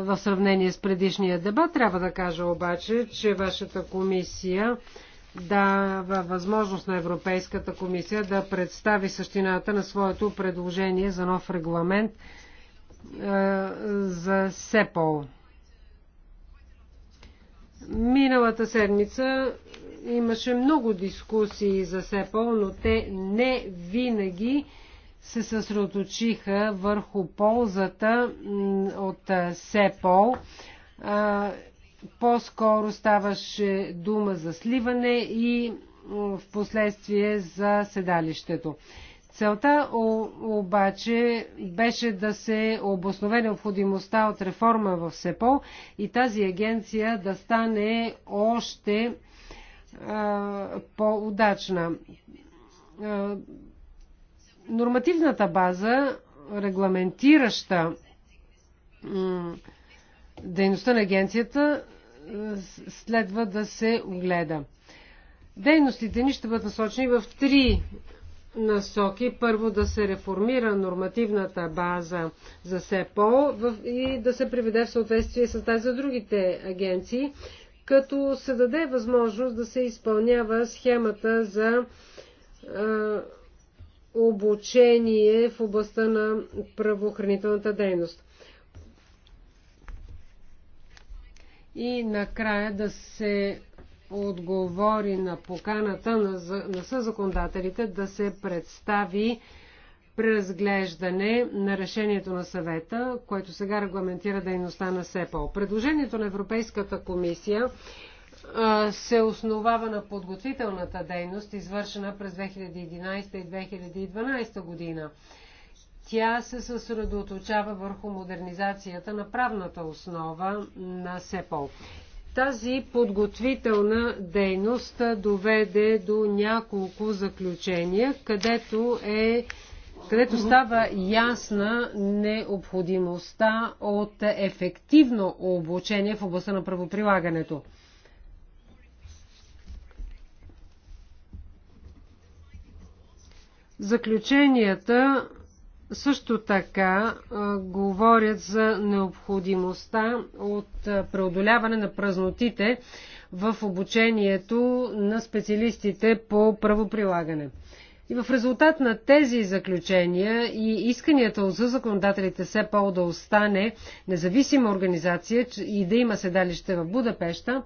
в сравнение с предишния дебат. Трябва да кажа обаче, че вашата комисия дава възможност на Европейската комисия да представи същината на своето предложение за нов регламент за СЕПОЛ. Миналата седмица имаше много дискусии за СЕПОЛ, но те не винаги се съсредоточиха върху ползата от СЕПОЛ. По-скоро ставаше дума за сливане и в последствие за седалището. Целта обаче беше да се обоснове необходимостта от реформа в СЕПО и тази агенция да стане още по-удачна. Нормативната база, регламентираща дейността на агенцията, следва да се огледа. Дейностите ни ще бъдат насочени в три насоки. Първо да се реформира нормативната база за СЕПО и да се приведе в съответствие с тази за другите агенции, като се даде възможност да се изпълнява схемата за а, обучение в областта на правоохранителната дейност. И накрая да се отговори на поканата на, на съзаконодателите да се представи преразглеждане на решението на съвета, което сега регламентира дейността на СЕПО. Предложението на Европейската комисия се основава на подготвителната дейност, извършена през 2011 и 2012 година. Тя се съсредоточава върху модернизацията на правната основа на СЕПОЛ. Тази подготвителна дейност доведе до няколко заключения, където, е, където става ясна необходимостта от ефективно обучение в областта на правоприлагането. Заключенията също така говорят за необходимостта от преодоляване на празнотите в обучението на специалистите по правоприлагане. И в резултат на тези заключения и исканията за законодателите все по да остане независима организация и да има седалище в Будапешта,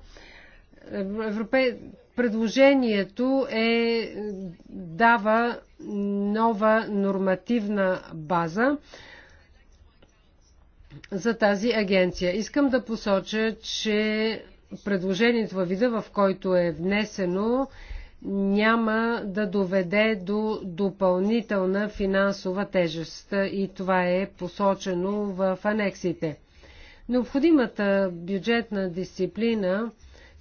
е, Европе... Предложението е, дава нова нормативна база за тази агенция. Искам да посоча, че предложението във вида, в който е внесено, няма да доведе до допълнителна финансова тежест и това е посочено в анексите. Необходимата бюджетна дисциплина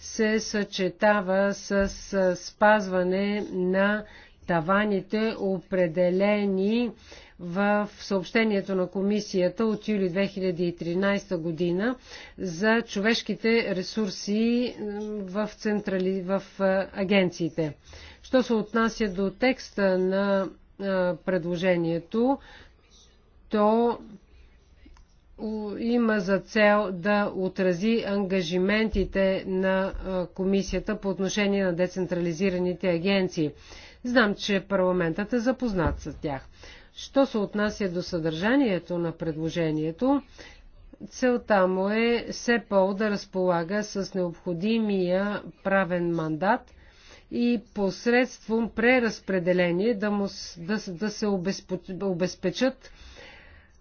се съчетава с спазване на таваните, определени в съобщението на комисията от юли 2013 година за човешките ресурси в, централи... в агенциите. Що се отнася до текста на предложението, то има за цел да отрази ангажиментите на комисията по отношение на децентрализираните агенции. Знам, че парламентът е запознат с тях. Що се отнася до съдържанието на предложението, целта му е все по да разполага с необходимия правен мандат и посредством преразпределение да, му, да, да се обезпечат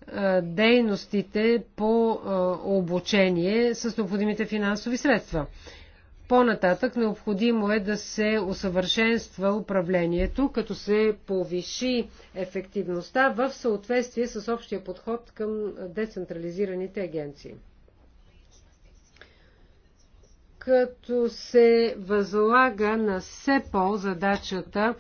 е, дейностите по е, обучение с необходимите финансови средства. По-нататък необходимо е да се усъвършенства управлението, като се повиши ефективността в съответствие с общия подход към децентрализираните агенции. Като се възлага на СЕПО задачата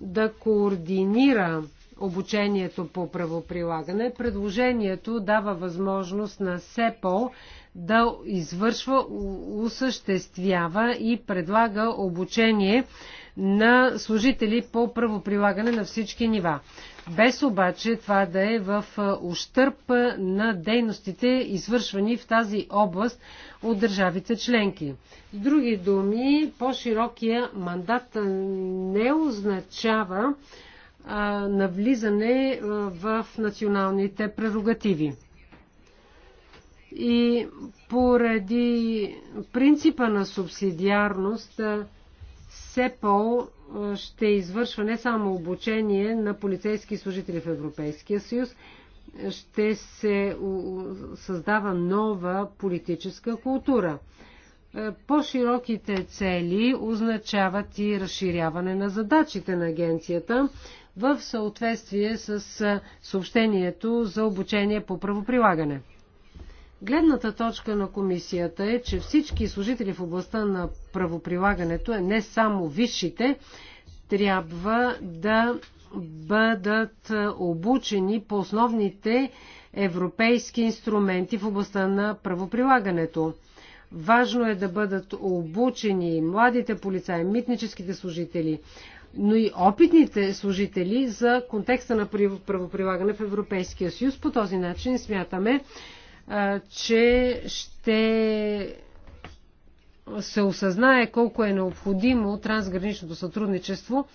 да координира обучението по правоприлагане. Предложението дава възможност на СЕПО да извършва, осъществява и предлага обучение на служители по правоприлагане на всички нива. Без обаче това да е в ущърп на дейностите, извършвани в тази област от държавите членки. С други думи, по-широкия мандат не означава, навлизане в националните прерогативи. И поради принципа на субсидиарност, СЕПОЛ ще извършва не само обучение на полицейски служители в Европейския съюз, ще се създава нова политическа култура. По-широките цели означават и разширяване на задачите на агенцията, в съответствие с съобщението за обучение по правоприлагане. Гледната точка на комисията е, че всички служители в областта на правоприлагането, не само висшите, трябва да бъдат обучени по основните европейски инструменти в областта на правоприлагането. Важно е да бъдат обучени младите полицаи, митническите служители, но и опитните служители за контекста на правоприлагане в Европейския съюз. По този начин смятаме, че ще се осъзнае колко е необходимо трансграничното сътрудничество,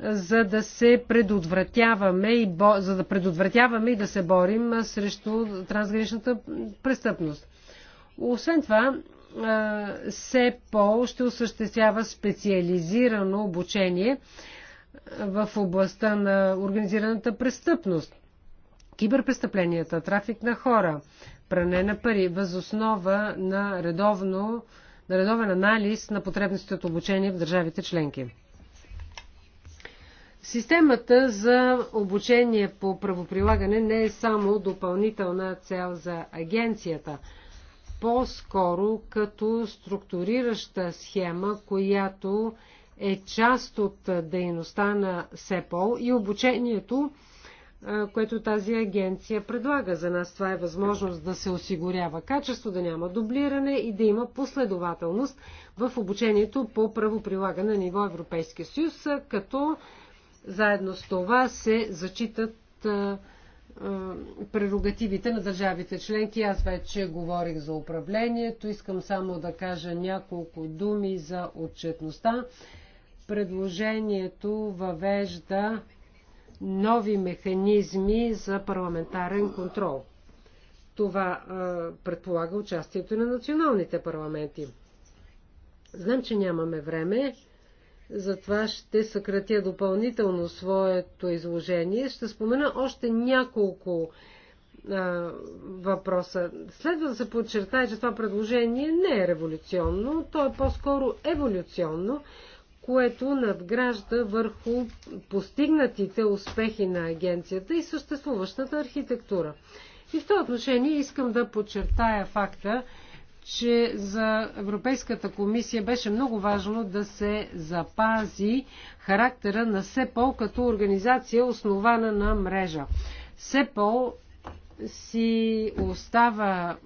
за да се предотвратяваме и, бо, за да, предотвратяваме и да се борим срещу трансграничната престъпност. Освен това, по ще осъществява специализирано обучение в областта на организираната престъпност, киберпрестъпленията, трафик на хора, пране на пари, възоснова на, редовно, на редовен анализ на потребностите от обучение в държавите членки. Системата за обучение по правоприлагане не е само допълнителна цел за агенцията – по-скоро като структурираща схема, която е част от дейността на СЕПОЛ и обучението, което тази агенция предлага. За нас това е възможност да се осигурява качество, да няма дублиране и да има последователност в обучението по правоприлагане на ниво Европейския съюз, като заедно с това се зачитат е, прерогативите на държавите членки. Аз вече говорих за управлението. Искам само да кажа няколко думи за отчетността. Предложението въвежда нови механизми за парламентарен контрол. Това а, е, предполага участието на националните парламенти. Знам, че нямаме време затова ще съкратя допълнително своето изложение. Ще спомена още няколко а, въпроса. Следва да се подчертае, че това предложение не е революционно, то е по-скоро еволюционно, което надгражда върху постигнатите успехи на агенцията и съществуващата архитектура. И в това отношение искам да подчертая факта, че за Европейската комисия беше много важно да се запази характера на СЕПОЛ като организация основана на мрежа. СЕПОЛ си остава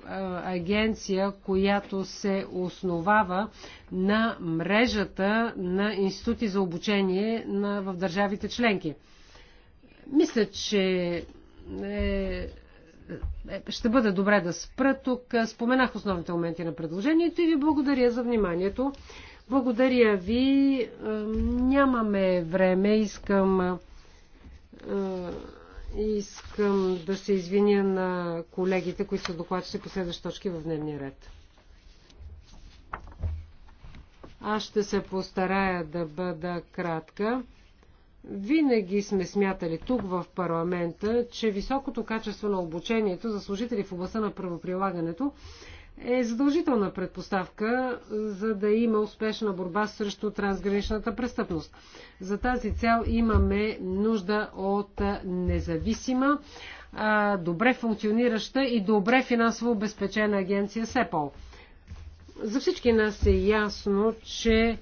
агенция, която се основава на мрежата на институти за обучение в държавите членки. Мисля, че е е, ще бъде добре да спра тук. Споменах основните моменти на предложението и ви благодаря за вниманието. Благодаря ви. Е, нямаме време. Искам, е, искам да се извиня на колегите, които са докладчици по следващи точки в дневния ред. Аз ще се постарая да бъда кратка. Винаги сме смятали тук в парламента, че високото качество на обучението за служители в областта на правоприлагането е задължителна предпоставка, за да има успешна борба срещу трансграничната престъпност. За тази цел имаме нужда от независима, добре функционираща и добре финансово обезпечена агенция СЕПОЛ. За всички нас е ясно, че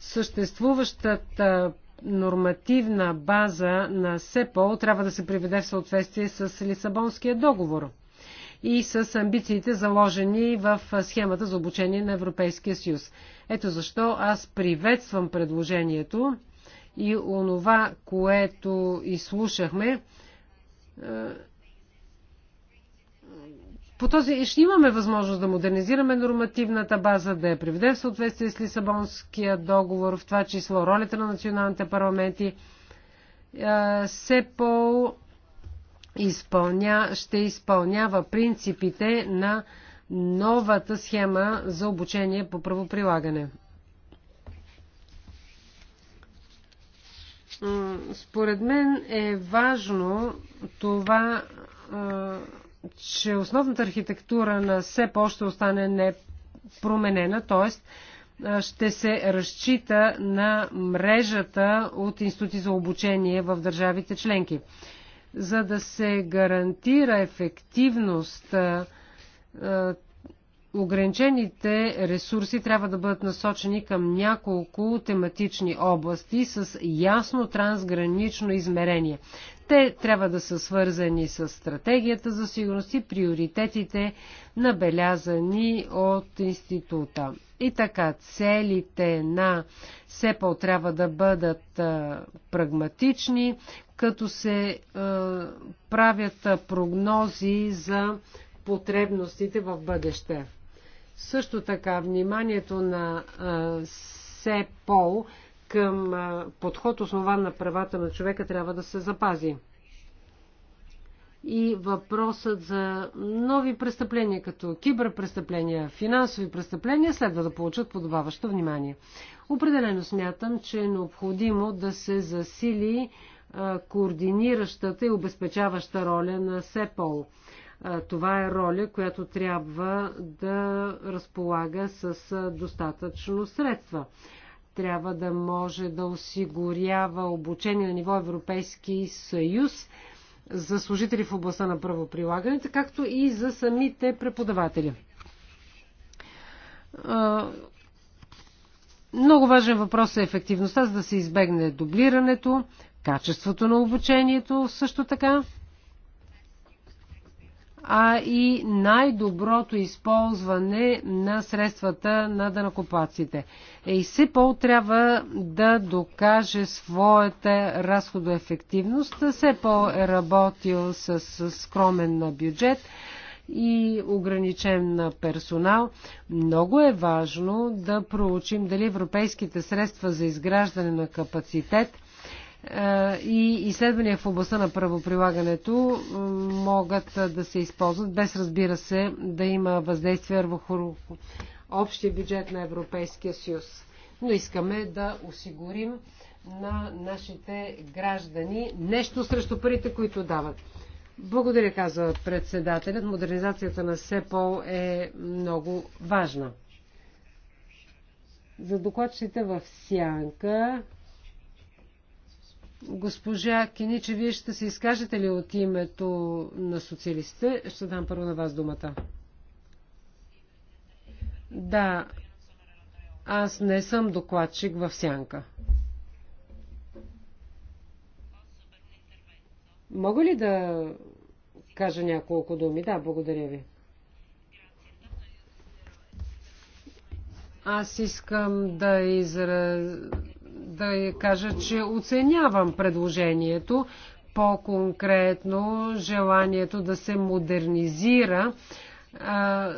съществуващата нормативна база на СЕПОЛ трябва да се приведе в съответствие с Лисабонския договор и с амбициите заложени в схемата за обучение на Европейския съюз. Ето защо аз приветствам предложението и онова, което изслушахме, по този ще имаме възможност да модернизираме нормативната база, да я приведе в съответствие с Лисабонския договор, в това число ролята на националните парламенти. Е, СЕПОЛ изпълня, ще изпълнява принципите на новата схема за обучение по правоприлагане. Според мен е важно това е, че основната архитектура на СЕП ще остане непроменена, т.е. ще се разчита на мрежата от институти за обучение в държавите членки. За да се гарантира ефективност, ограничените ресурси трябва да бъдат насочени към няколко тематични области с ясно трансгранично измерение. Те трябва да са свързани с стратегията за сигурност и приоритетите, набелязани от института. И така, целите на СЕПО трябва да бъдат а, прагматични, като се а, правят а, прогнози за потребностите в бъдеще. Също така вниманието на СЕПОЛ към подход основан на правата на човека трябва да се запази. И въпросът за нови престъпления, като киберпрестъпления, финансови престъпления, следва да получат подобаващо внимание. Определено смятам, че е необходимо да се засили координиращата и обезпечаваща роля на СЕПОЛ – това е роля, която трябва да разполага с достатъчно средства. Трябва да може да осигурява обучение на ниво Европейски съюз за служители в областта на правоприлагането, както и за самите преподаватели. Много важен въпрос е ефективността, за да се избегне дублирането, качеството на обучението също така а и най-доброто използване на средствата на все по трябва да докаже своята разходоефективност. по е работил с скромен бюджет и ограничен на персонал. Много е важно да проучим дали европейските средства за изграждане на капацитет – е, и изследвания в областта на правоприлагането могат да се използват, без разбира се да има въздействие върху общия бюджет на Европейския съюз. Но искаме да осигурим на нашите граждани нещо срещу парите, които дават. Благодаря, казва председателят. Модернизацията на СЕПОЛ е много важна. За докладчите в Сянка Госпожа Киниче, вие ще се изкажете ли от името на социалистите? Ще дам първо на вас думата. Да, аз не съм докладчик в сянка. Мога ли да кажа няколко думи? Да, благодаря ви. Аз искам да изразя да кажа, че оценявам предложението, по-конкретно желанието да се модернизира а,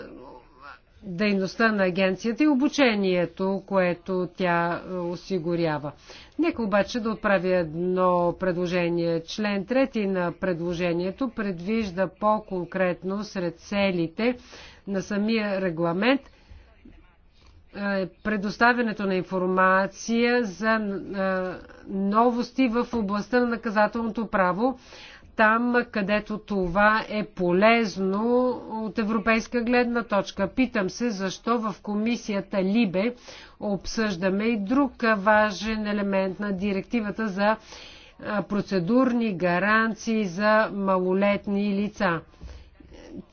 дейността на агенцията и обучението, което тя осигурява. Нека обаче да отправя едно предложение. Член 3 на предложението предвижда по-конкретно сред целите на самия регламент е, предоставянето на информация за е, новости в областта на наказателното право, там където това е полезно от европейска гледна точка. Питам се защо в комисията Либе обсъждаме и друг важен елемент на директивата за е, процедурни гаранции за малолетни лица.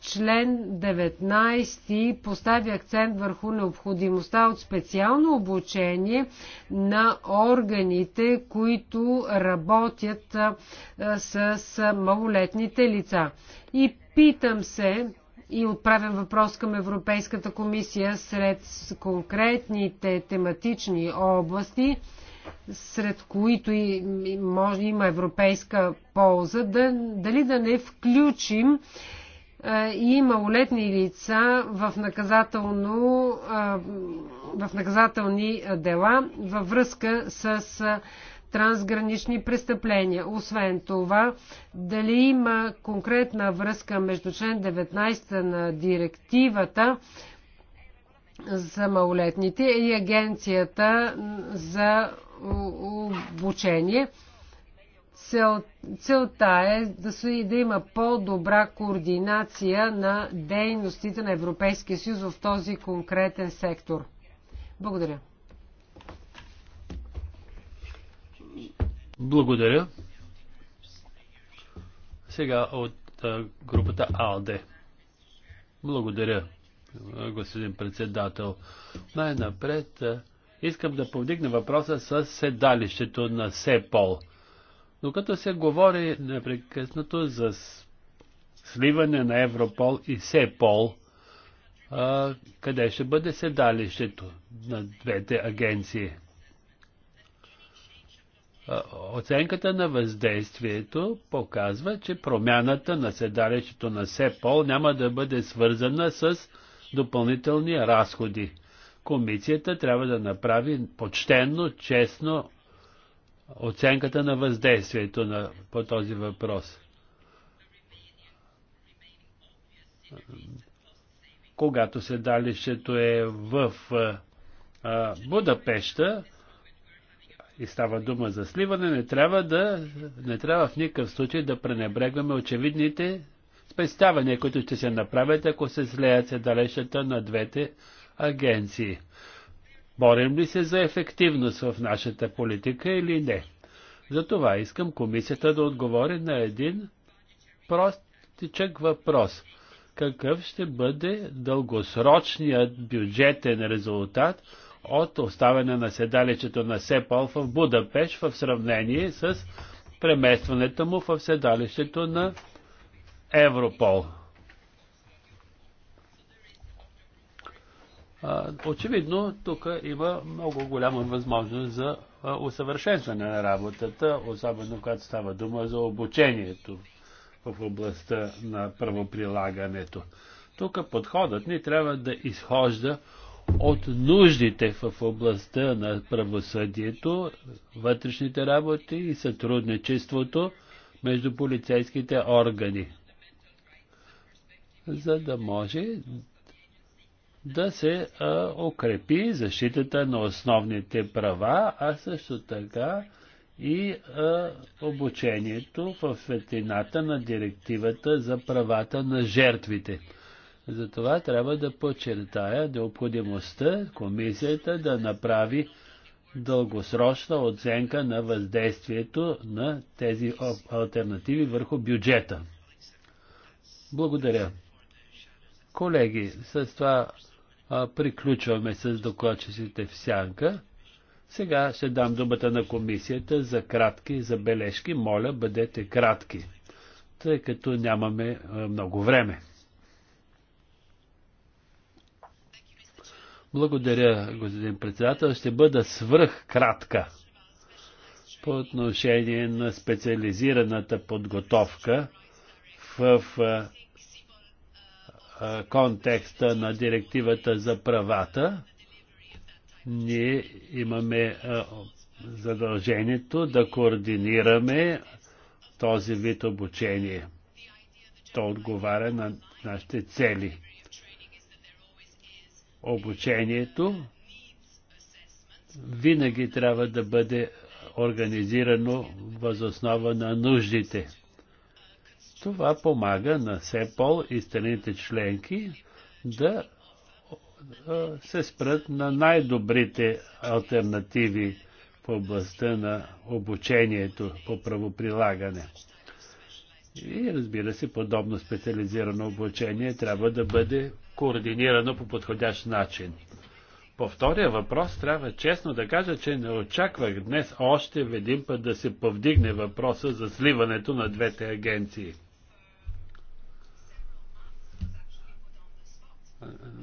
Член 19 постави акцент върху необходимостта от специално обучение на органите, които работят с малолетните лица. И питам се, и отправям въпрос към Европейската комисия сред конкретните тематични области, сред които и, може, има европейска полза, да, дали да не включим и малолетни лица в, наказателно, в наказателни дела във връзка с трансгранични престъпления. Освен това, дали има конкретна връзка между член 19 на директивата за малолетните и агенцията за обучение. Цел, целта е да, се, да има по-добра координация на дейностите на Европейския съюз в този конкретен сектор. Благодаря. Благодаря. Сега от групата АЛДЕ. Благодаря, господин председател. Най-напред искам да повдигна въпроса с седалището на СЕПОЛ – докато се говори непрекъснато за сливане на Европол и Сепол, а, къде ще бъде седалището на двете агенции. А, оценката на въздействието показва, че промяната на седалището на СЕПОЛ няма да бъде свързана с допълнителни разходи. Комисията трябва да направи почтенно, честно оценката на въздействието на, по този въпрос. Когато седалището е в а, Будапешта и става дума за сливане, не трябва, да, не трябва в никакъв случай да пренебрегваме очевидните спестявания, които ще се направят, ако се слеят седалищата на двете агенции. Борим ли се за ефективност в нашата политика или не? Затова искам комисията да отговори на един простичък въпрос. Какъв ще бъде дългосрочният бюджетен резултат от оставане на седалището на Сепал в Будапеш в сравнение с преместването му в седалището на Европол? Очевидно, тук има много голяма възможност за усъвършенстване на работата, особено когато става дума за обучението в областта на правоприлагането. Тук подходът ни трябва да изхожда от нуждите в областта на правосъдието, вътрешните работи и сътрудничеството между полицейските органи, за да може да се а, укрепи защитата на основните права, а също така и а, обучението в светлината на директивата за правата на жертвите. Затова трябва да подчертая необходимостта комисията да направи дългосрочна оценка на въздействието на тези альтернативи върху бюджета. Благодаря. Колеги, с това Приключваме с докладчиците в сянка. Сега ще дам думата на комисията за кратки забележки. Моля, бъдете кратки, тъй като нямаме много време. Благодаря, господин председател. Ще бъда свръх кратка по отношение на специализираната подготовка в контекста на директивата за правата, ние имаме задължението да координираме този вид обучение. То отговаря на нашите цели. Обучението винаги трябва да бъде организирано възоснова на нуждите. Това помага на все пол и страните членки да се спрат на най-добрите альтернативи в областта на обучението по правоприлагане. И разбира се, подобно специализирано обучение трябва да бъде координирано по подходящ начин. По втория въпрос трябва честно да кажа, че не очаквах днес още един път да се повдигне въпроса за сливането на двете агенции.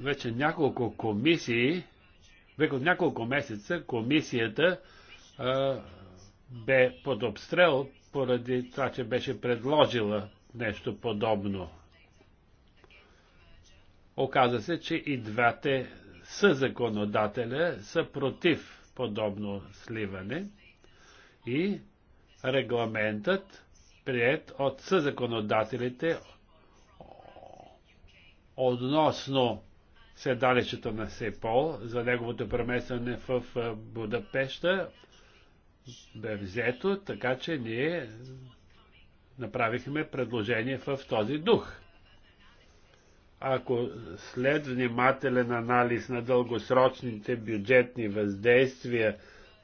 вече няколко комисии, вече от няколко месеца комисията а, бе под обстрел поради това, че беше предложила нещо подобно. Оказа се, че и двете законодателя, са против подобно сливане и регламентът, прият от съзаконодателите относно седалището на Сепол за неговото преместване в Будапешта бе взето, така че ние направихме предложение в този дух. Ако след внимателен анализ на дългосрочните бюджетни въздействия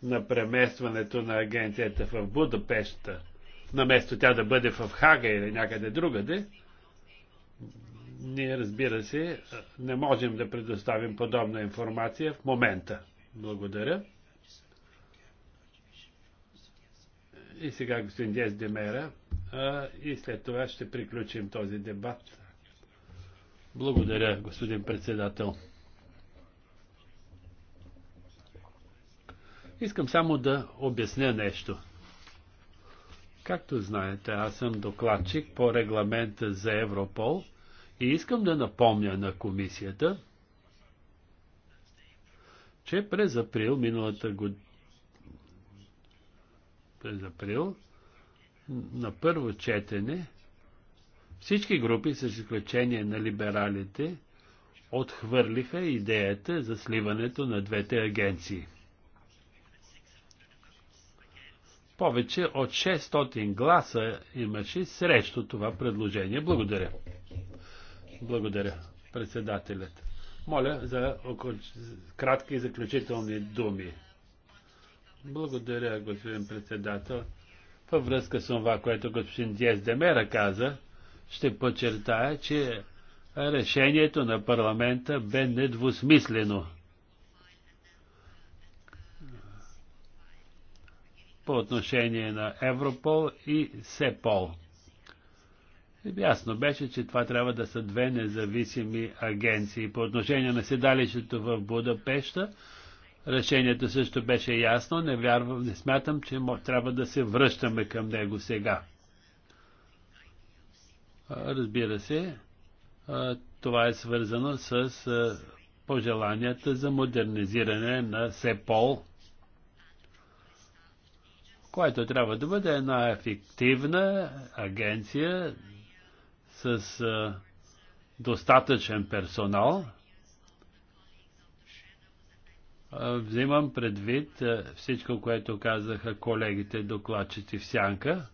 на преместването на агенцията в Будапешта, наместо тя да бъде в Хага или някъде другаде, ние, разбира се, не можем да предоставим подобна информация в момента. Благодаря. И сега господин Диес Демера. И след това ще приключим този дебат. Благодаря, господин председател. Искам само да обясня нещо. Както знаете, аз съм докладчик по регламента за Европол и искам да напомня на комисията, че през април миналата година през април на първо четене всички групи, с изключение на либералите, отхвърлиха идеята за сливането на двете агенции. Повече от 600 гласа имаше срещу това предложение. Благодаря. Благодаря, председателят. Моля за кратки и заключителни думи. Благодаря, господин председател. Във връзка с това, което господин Диес Демера каза, ще подчертая, че решението на парламента бе недвусмислено. по отношение на Европол и Сепол. Ясно беше, че това трябва да са две независими агенции. По отношение на седалището в Будапешта, решението също беше ясно. Не, вярвам, не смятам, че трябва да се връщаме към него сега. Разбира се, това е свързано с пожеланията за модернизиране на СЕПОЛ, което трябва да бъде една ефективна агенция с достатъчен персонал. Взимам предвид всичко, което казаха колегите докладчици в Сянка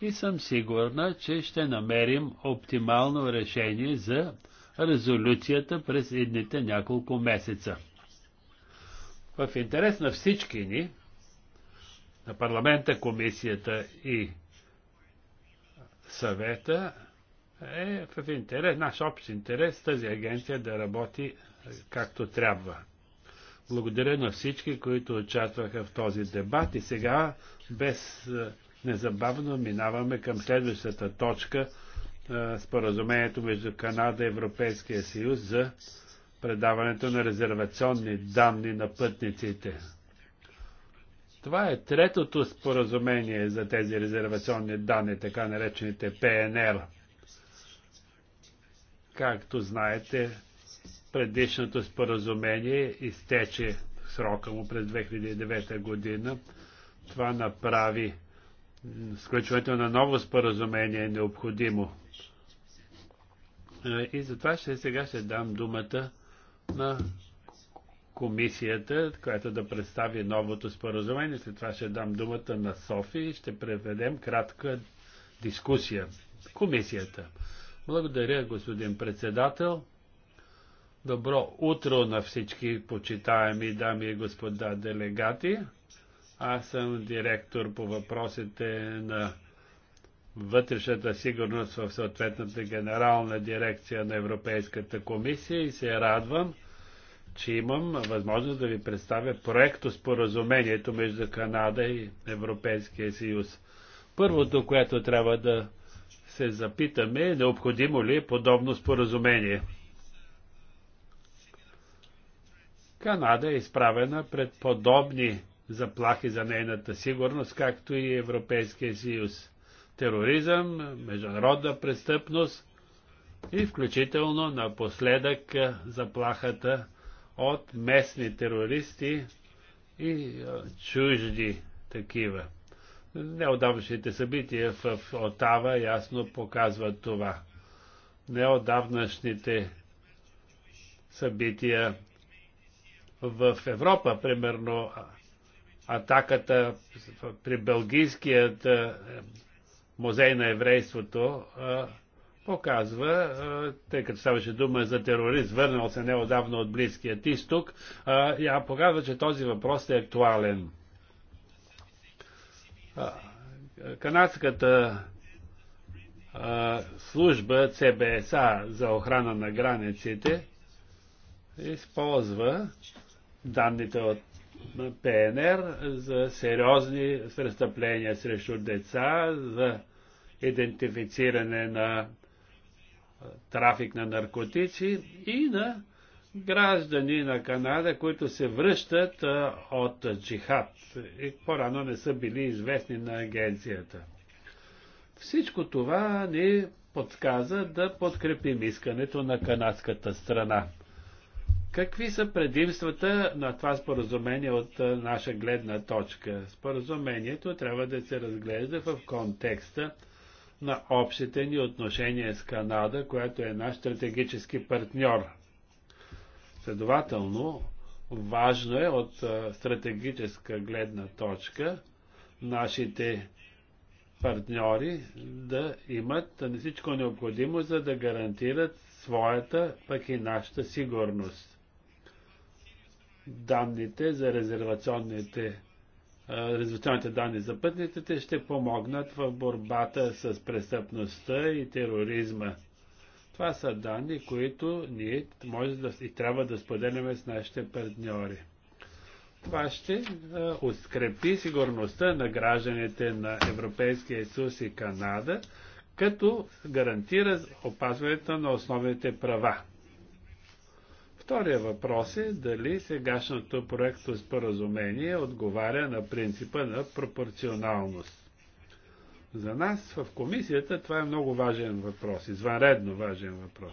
и съм сигурна, че ще намерим оптимално решение за резолюцията през едните няколко месеца. В интерес на всички ни, на парламента, комисията и съвета, е в интерес, наш общ интерес тази агенция да работи е, както трябва. Благодаря на всички, които участваха в този дебат и сега без е, незабавно минаваме към следващата точка е, споразумението между Канада и Европейския съюз за предаването на резервационни данни на пътниците. Това е третото споразумение за тези резервационни данни, така наречените ПНР. Както знаете, предишното споразумение изтече срока му през 2009 година. Това направи сключването на ново споразумение е необходимо. И затова ще, сега ще дам думата на комисията, която да представи новото споразумение. След това ще дам думата на Софи и ще преведем кратка дискусия. Комисията. Благодаря, господин председател. Добро утро на всички почитаеми дами и господа делегати. Аз съм директор по въпросите на вътрешната сигурност в съответната генерална дирекция на Европейската комисия и се радвам, че имам възможност да ви представя проекто споразумението между Канада и Европейския съюз. Първото, което трябва да се запитаме необходимо ли е подобно споразумение. Канада е изправена пред подобни заплахи за нейната сигурност, както и Европейския съюз. Тероризъм, международна престъпност и включително напоследък заплахата от местни терористи и чужди такива. Неодавнашните събития в Отава ясно показват това. Неодавнашните събития в Европа, примерно атаката при Белгийският музей на еврейството, показва, тъй като ставаше дума за терорист, върнал се неодавно от Близкият изток, я показва, че този въпрос е актуален. Канадската служба ЦБСА за охрана на границите използва данните от ПНР за сериозни престъпления срещу деца, за идентифициране на трафик на наркотици и на граждани на Канада, които се връщат от джихад и по-рано не са били известни на агенцията. Всичко това ни подсказа да подкрепим искането на канадската страна. Какви са предимствата на това споразумение от наша гледна точка? Споразумението трябва да се разглежда в контекста на общите ни отношения с Канада, която е наш стратегически партньор Следователно, важно е от стратегическа гледна точка нашите партньори да имат всичко необходимо, за да гарантират своята, пък и нашата сигурност. Данните за резервационните резервационните данни за пътниците ще помогнат в борбата с престъпността и тероризма. Това са данни, които ние може да и трябва да споделяме с нашите партньори. Това ще а, ускрепи сигурността на гражданите на Европейския съюз и Канада, като гарантира опазването на основните права. Втория въпрос е дали сегашното проекто споразумение отговаря на принципа на пропорционалност. За нас в комисията това е много важен въпрос, извънредно важен въпрос.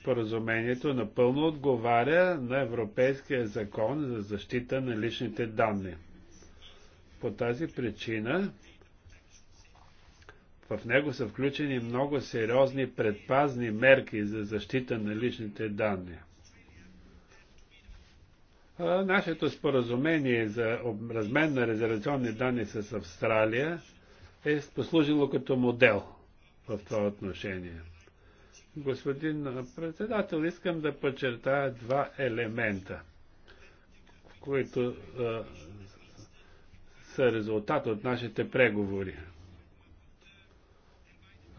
Споразумението напълно отговаря на Европейския закон за защита на личните данни. По тази причина в него са включени много сериозни предпазни мерки за защита на личните данни. Нашето споразумение за размен на резервационни данни с Австралия е послужило като модел в това отношение. Господин председател, искам да подчертая два елемента, които а, са резултат от нашите преговори.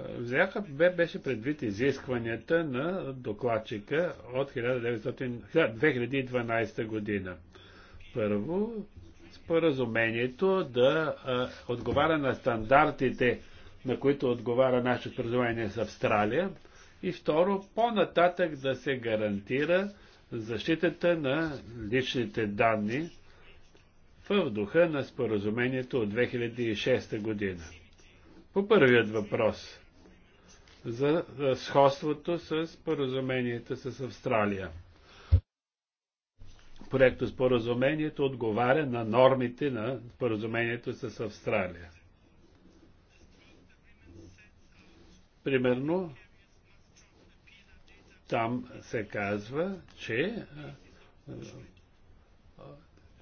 Е, взеха, бе, беше предвид изискванията на докладчика от 1900, 2012 година. Първо, споразумението да а, е, отговаря на стандартите, на които отговаря нашето споразумение с Австралия. И второ, по-нататък да се гарантира защитата на личните данни в духа на споразумението от 2006 година. По първият въпрос за сходството с споразумението с Австралия. Проекто споразумението отговаря на нормите на споразумението с Австралия. Примерно, там се казва, че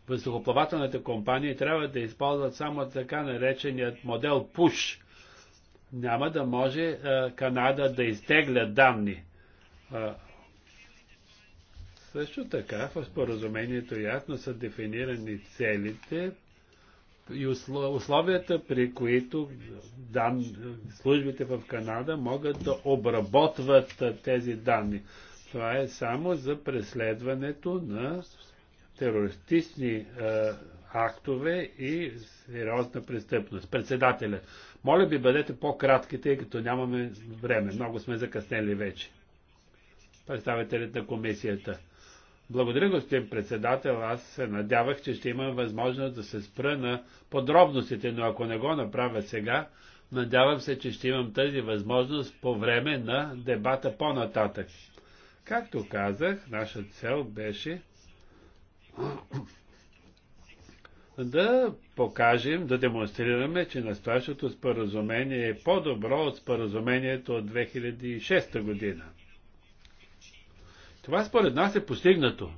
въздухоплавателните компании трябва да използват само така нареченият модел ПУШ, няма да може Канада да изтегля данни. Също така в споразумението ясно са дефинирани целите и условията, при които дан... службите в Канада могат да обработват тези данни. Това е само за преследването на терористични актове и сериозна престъпност. Председателя, моля ви, бъдете по-кратки, тъй като нямаме време. Много сме закъснели вече. Представителят на комисията. Благодаря, господин председател. Аз се надявах, че ще имам възможност да се спра на подробностите, но ако не го направя сега, надявам се, че ще имам тази възможност по време на дебата по-нататък. Както казах, наша цел беше да покажем, да демонстрираме, че настоящото споразумение е по-добро от споразумението от 2006 година. Това според нас е постигнато.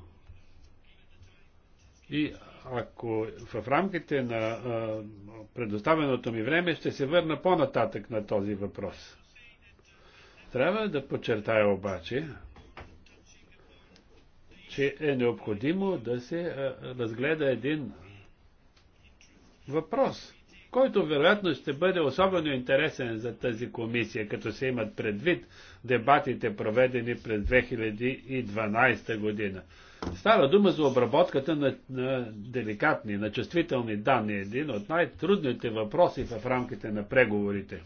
И ако в рамките на а, предоставеното ми време ще се върна по-нататък на този въпрос. Трябва да подчертая обаче, че е необходимо да се а, разгледа един въпрос, който вероятно ще бъде особено интересен за тази комисия, като се имат предвид дебатите проведени през 2012 година. Става дума за обработката на, на деликатни, на чувствителни данни. Един от най-трудните въпроси в рамките на преговорите.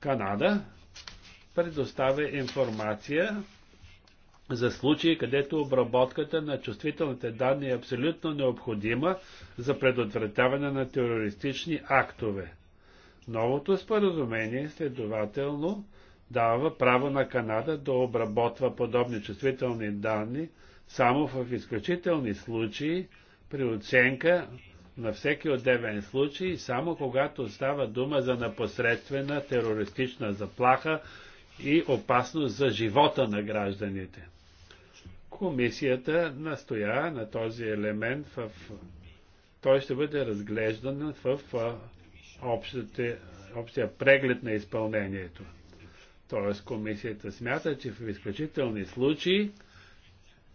Канада предоставя информация за случаи, където обработката на чувствителните данни е абсолютно необходима за предотвратяване на терористични актове. Новото споразумение, следователно, дава право на Канада да обработва подобни чувствителни данни само в изключителни случаи при оценка на всеки отделен случай, само когато става дума за непосредствена терористична заплаха и опасност за живота на гражданите. Комисията настоя на този елемент в... Той ще бъде разглеждан в общите, общия преглед на изпълнението. Тоест комисията смята, че в изключителни случаи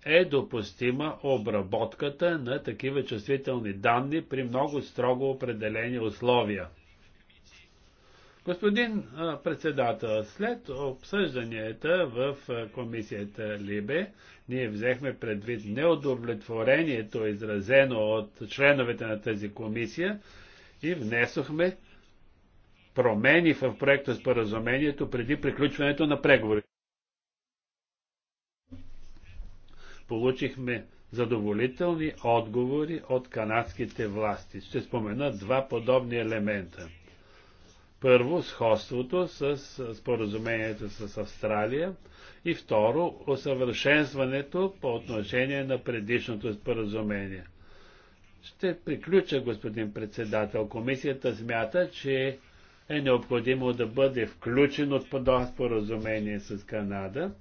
е допустима обработката на такива чувствителни данни при много строго определени условия. Господин председател, след обсъжданията в комисията Либе, ние взехме предвид неудовлетворението, изразено от членовете на тази комисия и внесохме промени в проекта споразумението преди приключването на преговорите. Получихме задоволителни отговори от канадските власти. Ще спомена два подобни елемента. Първо, сходството с споразумението с Австралия и второ, усъвършенстването по отношение на предишното споразумение. Ще приключа, господин председател. Комисията смята, че е необходимо да бъде включено от споразумение с Канада.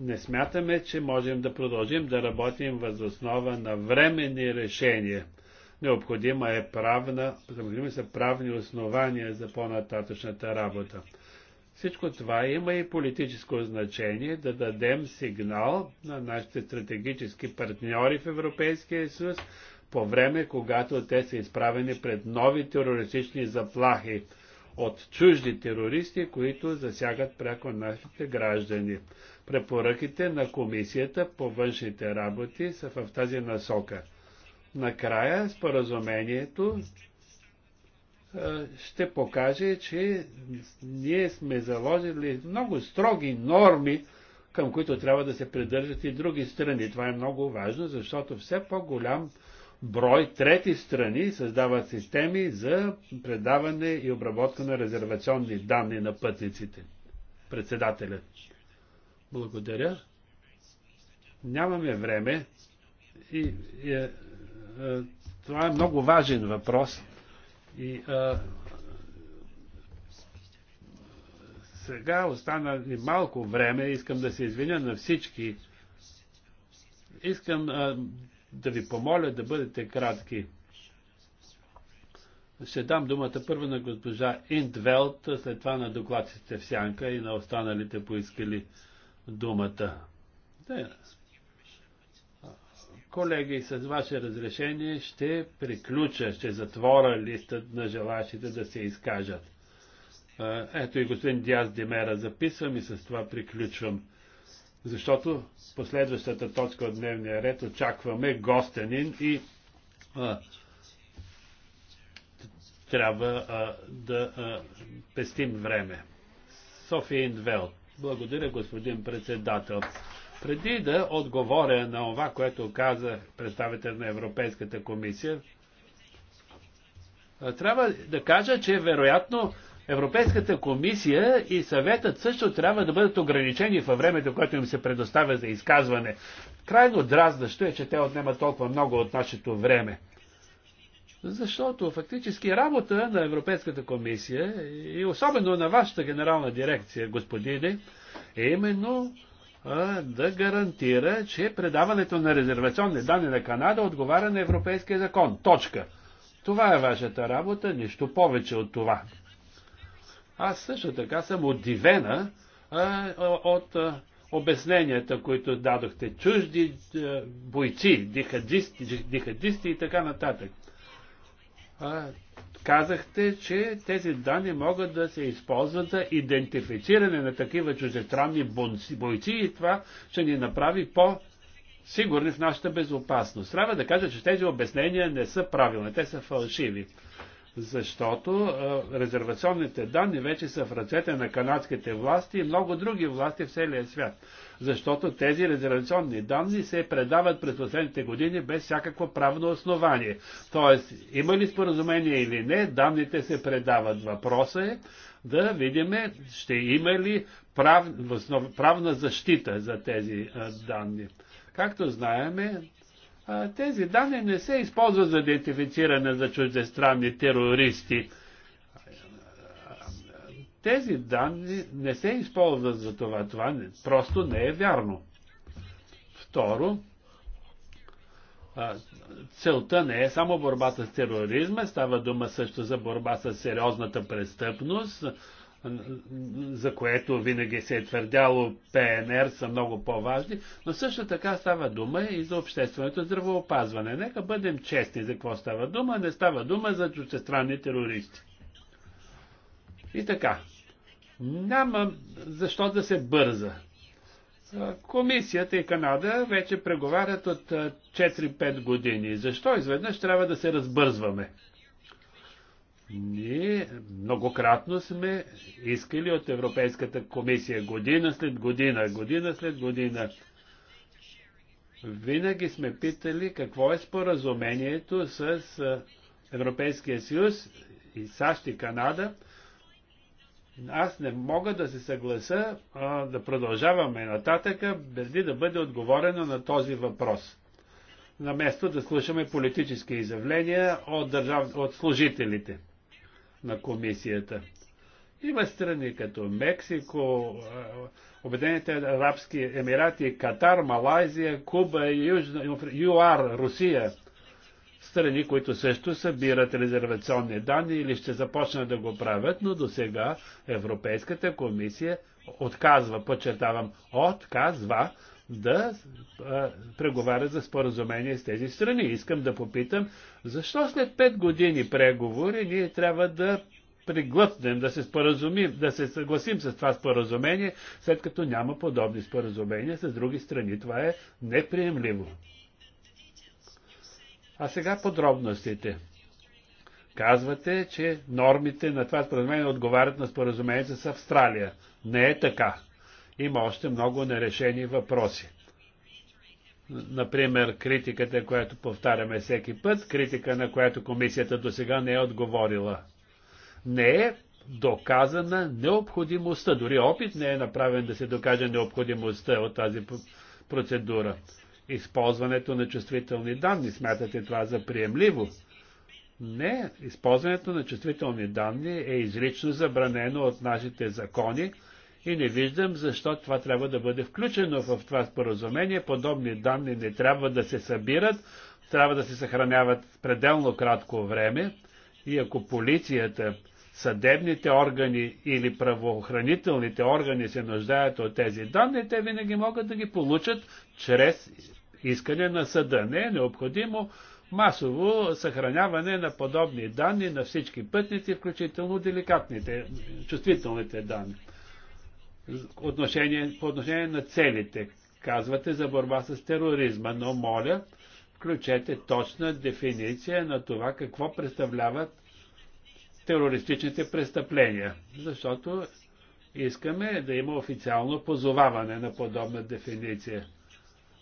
Не смятаме, че можем да продължим да работим възоснова на временни решения. Необходима е правна, са правни основания за по-нататъчната работа. Всичко това има и политическо значение да дадем сигнал на нашите стратегически партньори в Европейския съюз по време, когато те са изправени пред нови терористични заплахи от чужди терористи, които засягат пряко нашите граждани. Препоръките на Комисията по външните работи са в тази насока. Накрая споразумението ще покаже, че ние сме заложили много строги норми, към които трябва да се придържат и други страни. Това е много важно, защото все по-голям брой трети страни създават системи за предаване и обработка на резервационни данни на пътниците. Председателя, Благодаря. Нямаме време и, и, и е, е, това е много важен въпрос. И а, сега остана малко време, искам да се извиня на всички. Искам а, да ви помоля да бъдете кратки. Ще дам думата първо на госпожа Интвелт, след това на докладците в Сянка и на останалите поискали думата. Да, Колеги, с ваше разрешение ще приключа, ще затворя листът на желащите да се изкажат. Ето и господин Диас Демера записвам и с това приключвам. Защото последващата точка от дневния ред очакваме гостенин и а, трябва а, да а, пестим време. София Индвел. Благодаря, господин председател. Преди да отговоря на това, което каза представител на Европейската комисия, трябва да кажа, че вероятно Европейската комисия и съветът също трябва да бъдат ограничени във времето, което им се предоставя за изказване. Крайно драздащо е, че те отнемат толкова много от нашето време. Защото фактически работа на Европейската комисия и особено на вашата генерална дирекция, господине, е именно да гарантира, че предаването на резервационни данни на Канада отговаря на европейския закон. Точка. Това е вашата работа, нищо повече от това. Аз също така съм удивена а, от а, обясненията, които дадохте. Чужди а, бойци, дихадисти, дихадисти и така нататък. А, казахте, че тези данни могат да се използват за идентифициране на такива чужестранни бойци и това ще ни направи по- сигурни в нашата безопасност. Трябва да кажа, че тези обяснения не са правилни, те са фалшиви защото а, резервационните данни вече са в ръцете на канадските власти и много други власти в целия свят. Защото тези резервационни данни се предават през последните години без всякакво правно основание. Тоест, има ли споразумение или не, данните се предават. Въпросът е да видим ще има ли прав, основ, правна защита за тези а, данни. Както знаеме, тези данни не се използват за идентифициране за чуждестранни терористи. Тези данни не се използват за това. Това просто не е вярно. Второ, целта не е само борбата с тероризма, става дума също за борба с сериозната престъпност, за което винаги се е твърдяло ПНР са много по-важни, но също така става дума и за общественото здравоопазване. Нека бъдем честни за какво става дума, не става дума за чуждестранни терористи. И така, няма защо да се бърза. Комисията и Канада вече преговарят от 4-5 години. Защо изведнъж трябва да се разбързваме? Ние многократно сме искали от Европейската комисия година след година, година след година. Винаги сме питали какво е споразумението с Европейския съюз и САЩ и Канада. Аз не мога да се съгласа а, да продължаваме нататъка, без да бъде отговорено на този въпрос наместо да слушаме политически изявления от, държав... от служителите на комисията. Има страни като Мексико, Обединените арабски емирати, Катар, Малайзия, Куба, Южна, ЮАР, Русия. Страни, които също събират резервационни данни или ще започнат да го правят, но до сега Европейската комисия отказва, подчертавам, отказва да а, преговарят за споразумение с тези страни. Искам да попитам, защо след 5 години преговори ние трябва да приглътнем, да се споразумим, да се съгласим с това споразумение, след като няма подобни споразумения с други страни. Това е неприемливо. А сега подробностите. Казвате, че нормите на това споразумение отговарят на споразумение с Австралия. Не е така има още много нерешени въпроси. Например, критиката, която повтаряме всеки път, критика, на която комисията до сега не е отговорила. Не е доказана необходимостта, дори опит не е направен да се докаже необходимостта от тази процедура. Използването на чувствителни данни, смятате това за приемливо? Не, използването на чувствителни данни е изрично забранено от нашите закони, и не виждам защо това трябва да бъде включено в това споразумение. Подобни данни не трябва да се събират, трябва да се съхраняват пределно кратко време и ако полицията, съдебните органи или правоохранителните органи се нуждаят от тези данни, те винаги могат да ги получат чрез искане на съда. Не е необходимо масово съхраняване на подобни данни на всички пътници, включително деликатните, чувствителните данни отношение, по отношение на целите. Казвате за борба с тероризма, но моля, включете точна дефиниция на това какво представляват терористичните престъпления. Защото искаме да има официално позоваване на подобна дефиниция.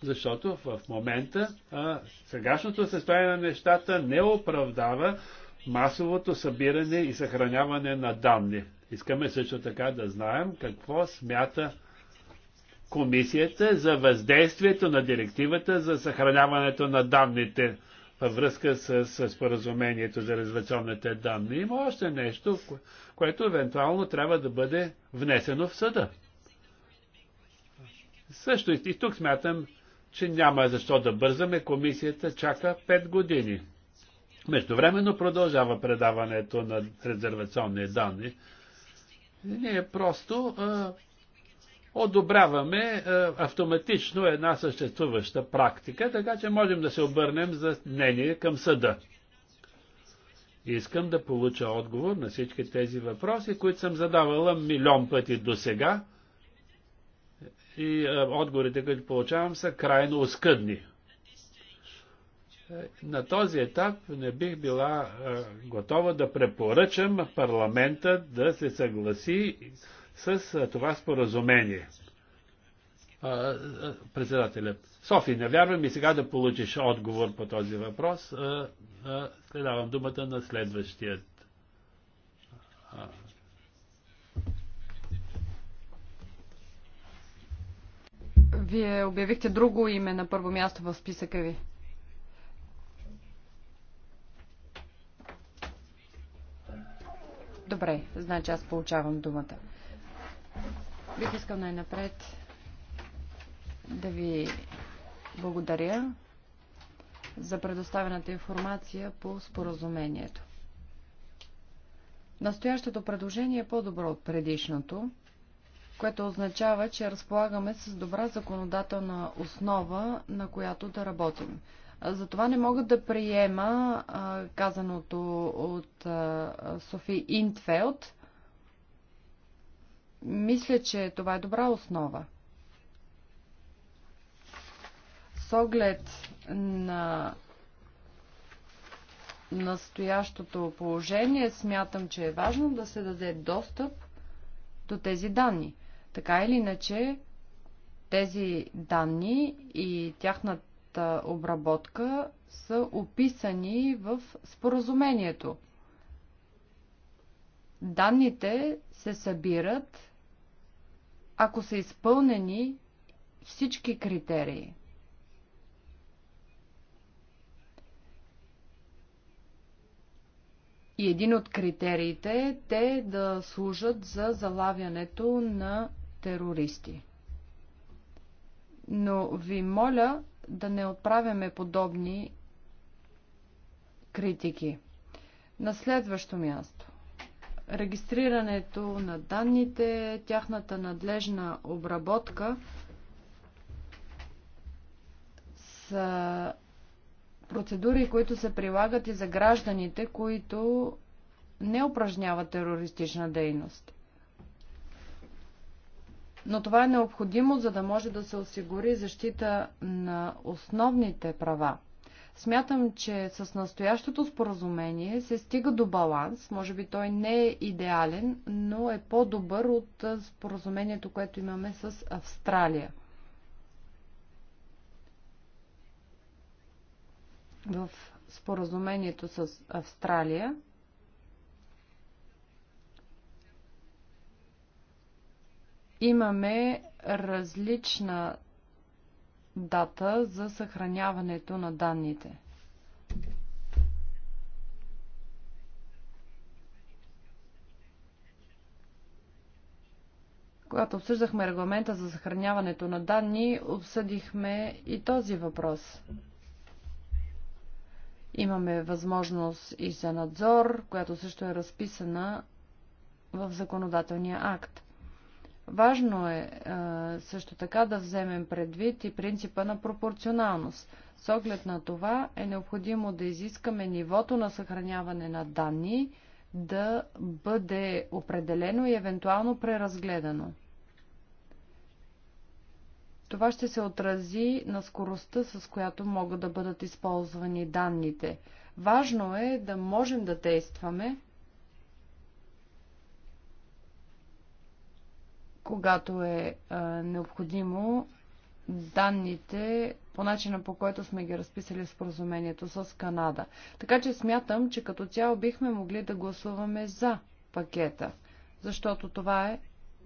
Защото в момента а, сегашното състояние на нещата не оправдава масовото събиране и съхраняване на данни. Искаме също така да знаем какво смята комисията за въздействието на директивата за съхраняването на данните във връзка с, споразумението за резервационните данни. Има още нещо, което евентуално трябва да бъде внесено в съда. Също и тук смятам, че няма защо да бързаме. Комисията чака 5 години. Междувременно продължава предаването на резервационни данни ние е просто а, одобряваме а, автоматично една съществуваща практика, така че можем да се обърнем за мнение към съда. Искам да получа отговор на всички тези въпроси, които съм задавала милион пъти до сега. И а, отговорите, които получавам, са крайно оскъдни на този етап не бих била е, готова да препоръчам парламента да се съгласи с е, това споразумение. Е, Председателят. Софи, не вярвам и сега да получиш отговор по този въпрос. Следавам думата на следващият. Вие обявихте друго име на първо място в списъка ви. Добре, значи аз получавам думата. Бих искал най-напред да ви благодаря за предоставената информация по споразумението. Настоящото предложение е по-добро от предишното, което означава, че разполагаме с добра законодателна основа, на която да работим. Затова не мога да приема казаното от Софи Интфелд. Мисля, че това е добра основа. С оглед на настоящото положение, смятам, че е важно да се даде достъп до тези данни. Така или иначе, тези данни и тяхната тяхната обработка са описани в споразумението. Данните се събират, ако са изпълнени всички критерии. И един от критериите е те да служат за залавянето на терористи. Но ви моля да не отправяме подобни критики. На следващо място. Регистрирането на данните, тяхната надлежна обработка са процедури, които се прилагат и за гражданите, които не упражняват терористична дейност. Но това е необходимо, за да може да се осигури защита на основните права. Смятам, че с настоящото споразумение се стига до баланс. Може би той не е идеален, но е по-добър от споразумението, което имаме с Австралия. В споразумението с Австралия имаме различна дата за съхраняването на данните. Когато обсъждахме регламента за съхраняването на данни, обсъдихме и този въпрос. Имаме възможност и за надзор, която също е разписана в законодателния акт. Важно е също така да вземем предвид и принципа на пропорционалност. С оглед на това е необходимо да изискаме нивото на съхраняване на данни да бъде определено и евентуално преразгледано. Това ще се отрази на скоростта, с която могат да бъдат използвани данните. Важно е да можем да действаме, когато е а, необходимо данните по начина по който сме ги разписали в споразумението с Канада. Така че смятам, че като цяло бихме могли да гласуваме за пакета, защото това е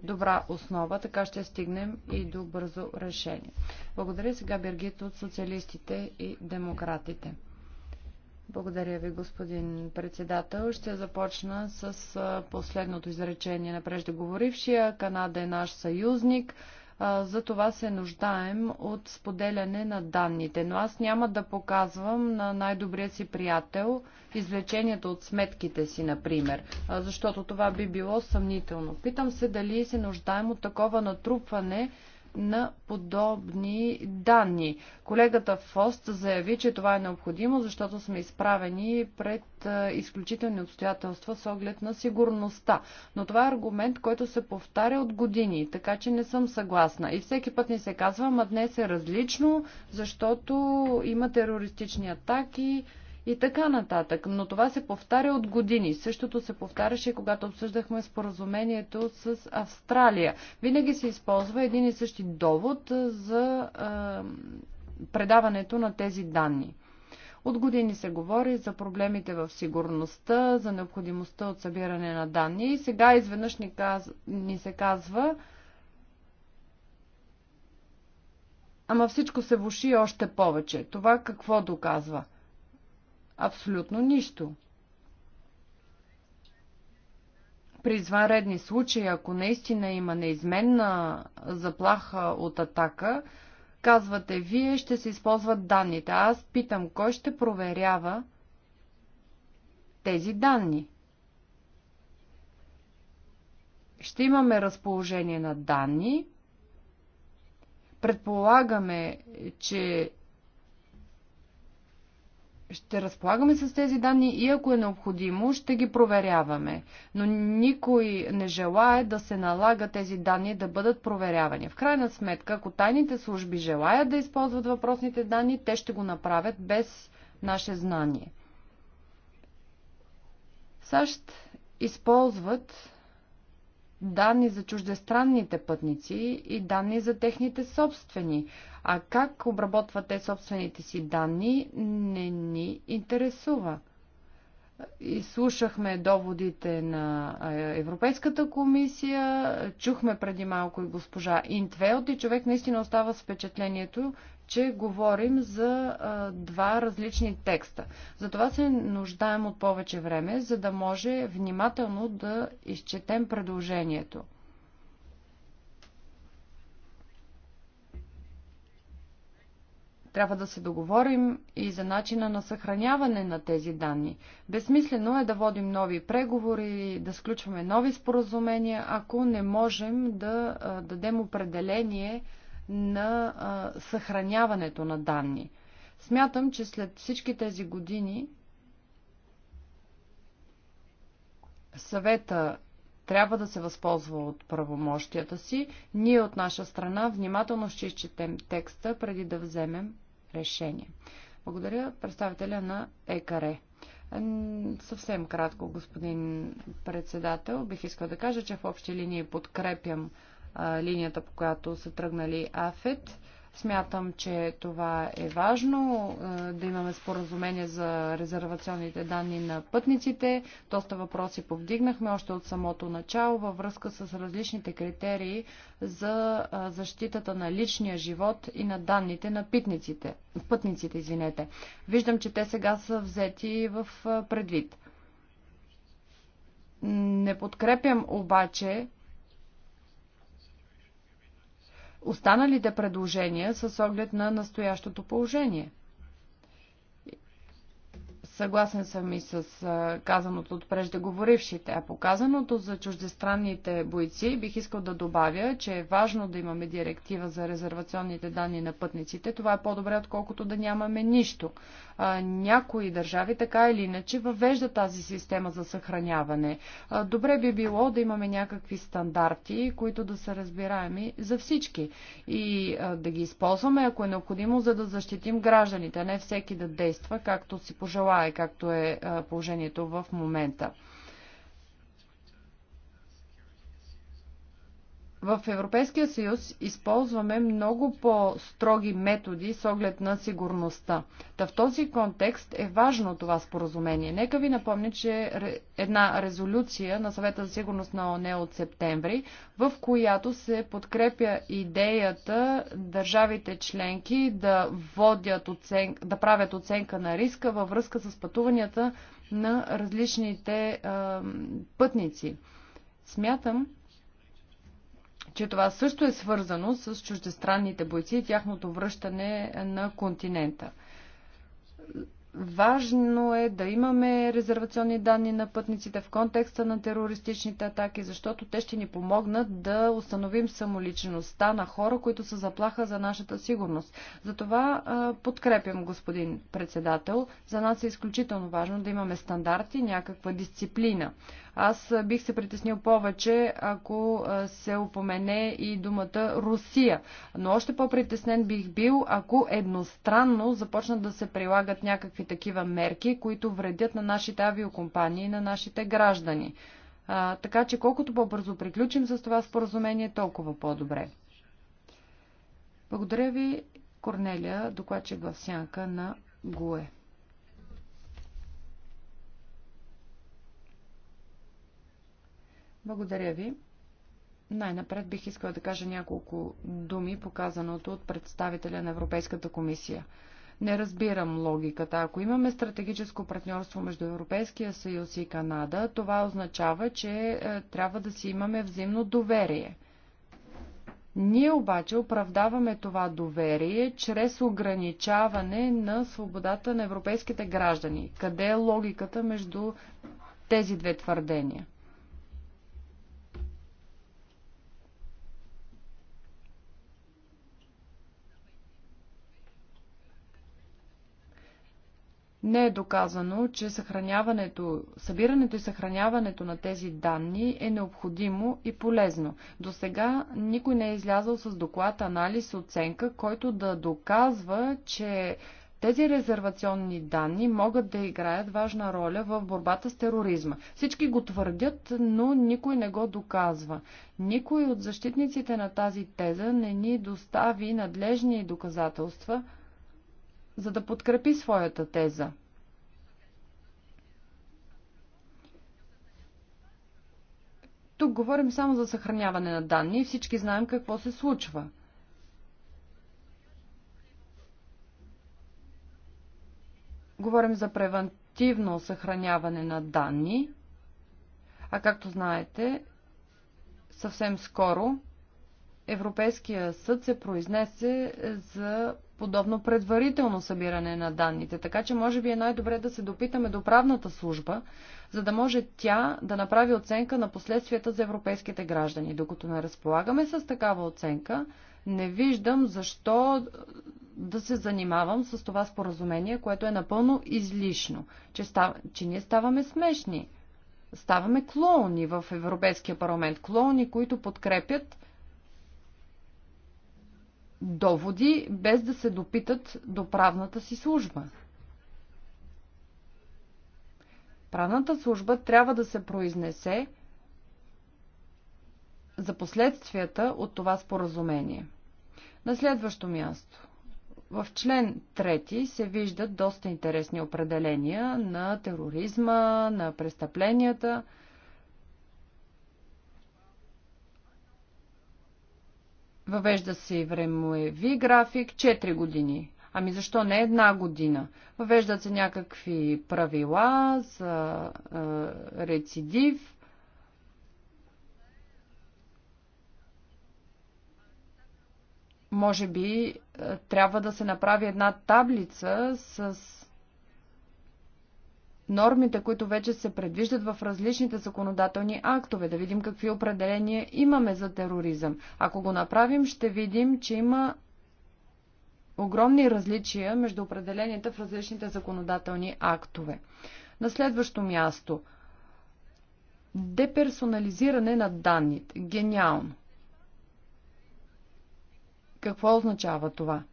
добра основа, така ще стигнем и до бързо решение. Благодаря сега Бергит от социалистите и демократите. Благодаря ви, господин председател. Ще започна с последното изречение на преждеговорившия. Канада е наш съюзник. За това се нуждаем от споделяне на данните. Но аз няма да показвам на най-добрия си приятел извлечението от сметките си, например, защото това би било съмнително. Питам се дали се нуждаем от такова натрупване на подобни данни. Колегата Фост заяви, че това е необходимо, защото сме изправени пред изключителни обстоятелства с оглед на сигурността. Но това е аргумент, който се повтаря от години, така че не съм съгласна. И всеки път ни се казва, ма днес е различно, защото има терористични атаки, и така нататък. Но това се повтаря от години. Същото се повтаряше, когато обсъждахме споразумението с Австралия. Винаги се използва един и същи довод за а, предаването на тези данни. От години се говори за проблемите в сигурността, за необходимостта от събиране на данни и сега изведнъж ни, каз... ни се казва, ама всичко се вуши още повече. Това какво доказва? Абсолютно нищо. При извънредни случаи, ако наистина има неизменна заплаха от атака, казвате, вие ще се използват данните. Аз питам, кой ще проверява тези данни? Ще имаме разположение на данни. Предполагаме, че ще разполагаме с тези данни и ако е необходимо, ще ги проверяваме. Но никой не желая да се налага тези данни да бъдат проверявани. В крайна сметка, ако тайните служби желаят да използват въпросните данни, те ще го направят без наше знание. САЩ използват данни за чуждестранните пътници и данни за техните собствени. А как обработват те собствените си данни, не ни интересува. И слушахме доводите на Европейската комисия, чухме преди малко и госпожа Интвелт и човек наистина остава с впечатлението, че говорим за а, два различни текста. Затова се нуждаем от повече време, за да може внимателно да изчетем предложението. Трябва да се договорим и за начина на съхраняване на тези данни. Безсмислено е да водим нови преговори, да сключваме нови споразумения, ако не можем да дадем определение на съхраняването на данни. Смятам, че след всички тези години съвета трябва да се възползва от правомощията си, ние от наша страна внимателно ще изчетем текста преди да вземем решение. Благодаря представителя на ЕКР. Съвсем кратко, господин председател, бих искал да кажа, че в общи линии подкрепям линията, по която са тръгнали АФЕТ. Смятам, че това е важно, е, да имаме споразумение за резервационните данни на пътниците. Доста въпроси повдигнахме още от самото начало във връзка с различните критерии за е, защитата на личния живот и на данните на питниците, пътниците. Извинете. Виждам, че те сега са взети в е, предвид. Не подкрепям обаче останалите предложения с оглед на настоящото положение. Съгласен съм и с казаното от преждеговорившите. А показаното за чуждестранните бойци бих искал да добавя, че е важно да имаме директива за резервационните данни на пътниците. Това е по-добре, отколкото да нямаме нищо някои държави така или иначе въвежда тази система за съхраняване. добре би било да имаме някакви стандарти, които да са разбираеми за всички и да ги използваме, ако е необходимо, за да защитим гражданите, а не всеки да действа както си пожелае, както е положението в момента. В Европейския съюз използваме много по-строги методи с оглед на сигурността. Та в този контекст е важно това споразумение. Нека ви напомня, че една резолюция на съвета за сигурност на ОНЕ от септември, в която се подкрепя идеята държавите членки да водят оцен... да правят оценка на риска във връзка с пътуванията на различните е, пътници. Смятам, че това също е свързано с чуждестранните бойци и тяхното връщане на континента. Важно е да имаме резервационни данни на пътниците в контекста на терористичните атаки, защото те ще ни помогнат да установим самоличността на хора, които са заплаха за нашата сигурност. Затова подкрепям господин председател. За нас е изключително важно да имаме стандарти, някаква дисциплина. Аз бих се притеснил повече, ако се упомене и думата Русия. Но още по-притеснен бих бил, ако едностранно започнат да се прилагат някакви такива мерки, които вредят на нашите авиокомпании и на нашите граждани. А, така че колкото по-бързо приключим с това споразумение, толкова по-добре. Благодаря ви, Корнелия, докладчик в сянка на ГУЕ. Благодаря ви. Най-напред бих искала да кажа няколко думи, показаното от представителя на Европейската комисия. Не разбирам логиката. Ако имаме стратегическо партньорство между Европейския съюз и Канада, това означава, че е, трябва да си имаме взаимно доверие. Ние обаче оправдаваме това доверие чрез ограничаване на свободата на европейските граждани. Къде е логиката между тези две твърдения? не е доказано, че съхраняването, събирането и съхраняването на тези данни е необходимо и полезно. До сега никой не е излязъл с доклад, анализ, оценка, който да доказва, че тези резервационни данни могат да играят важна роля в борбата с тероризма. Всички го твърдят, но никой не го доказва. Никой от защитниците на тази теза не ни достави надлежни доказателства, за да подкрепи своята теза. Тук говорим само за съхраняване на данни и всички знаем какво се случва. Говорим за превентивно съхраняване на данни, а както знаете, съвсем скоро Европейския съд се произнесе за подобно предварително събиране на данните. Така че може би е най-добре да се допитаме до правната служба, за да може тя да направи оценка на последствията за европейските граждани. Докато не разполагаме с такава оценка, не виждам защо да се занимавам с това споразумение, което е напълно излишно, че, став... че ние ставаме смешни. Ставаме клоуни в Европейския парламент, клоуни, които подкрепят доводи, без да се допитат до правната си служба. Правната служба трябва да се произнесе за последствията от това споразумение. На следващо място. В член 3 се виждат доста интересни определения на тероризма, на престъпленията – Въвежда се и времеви график 4 години. Ами защо не една година? Въвеждат се някакви правила за е, рецидив. Може би е, трябва да се направи една таблица с нормите, които вече се предвиждат в различните законодателни актове, да видим какви определения имаме за тероризъм. Ако го направим, ще видим, че има огромни различия между определенията в различните законодателни актове. На следващо място деперсонализиране на данните. Гениално. Какво означава това?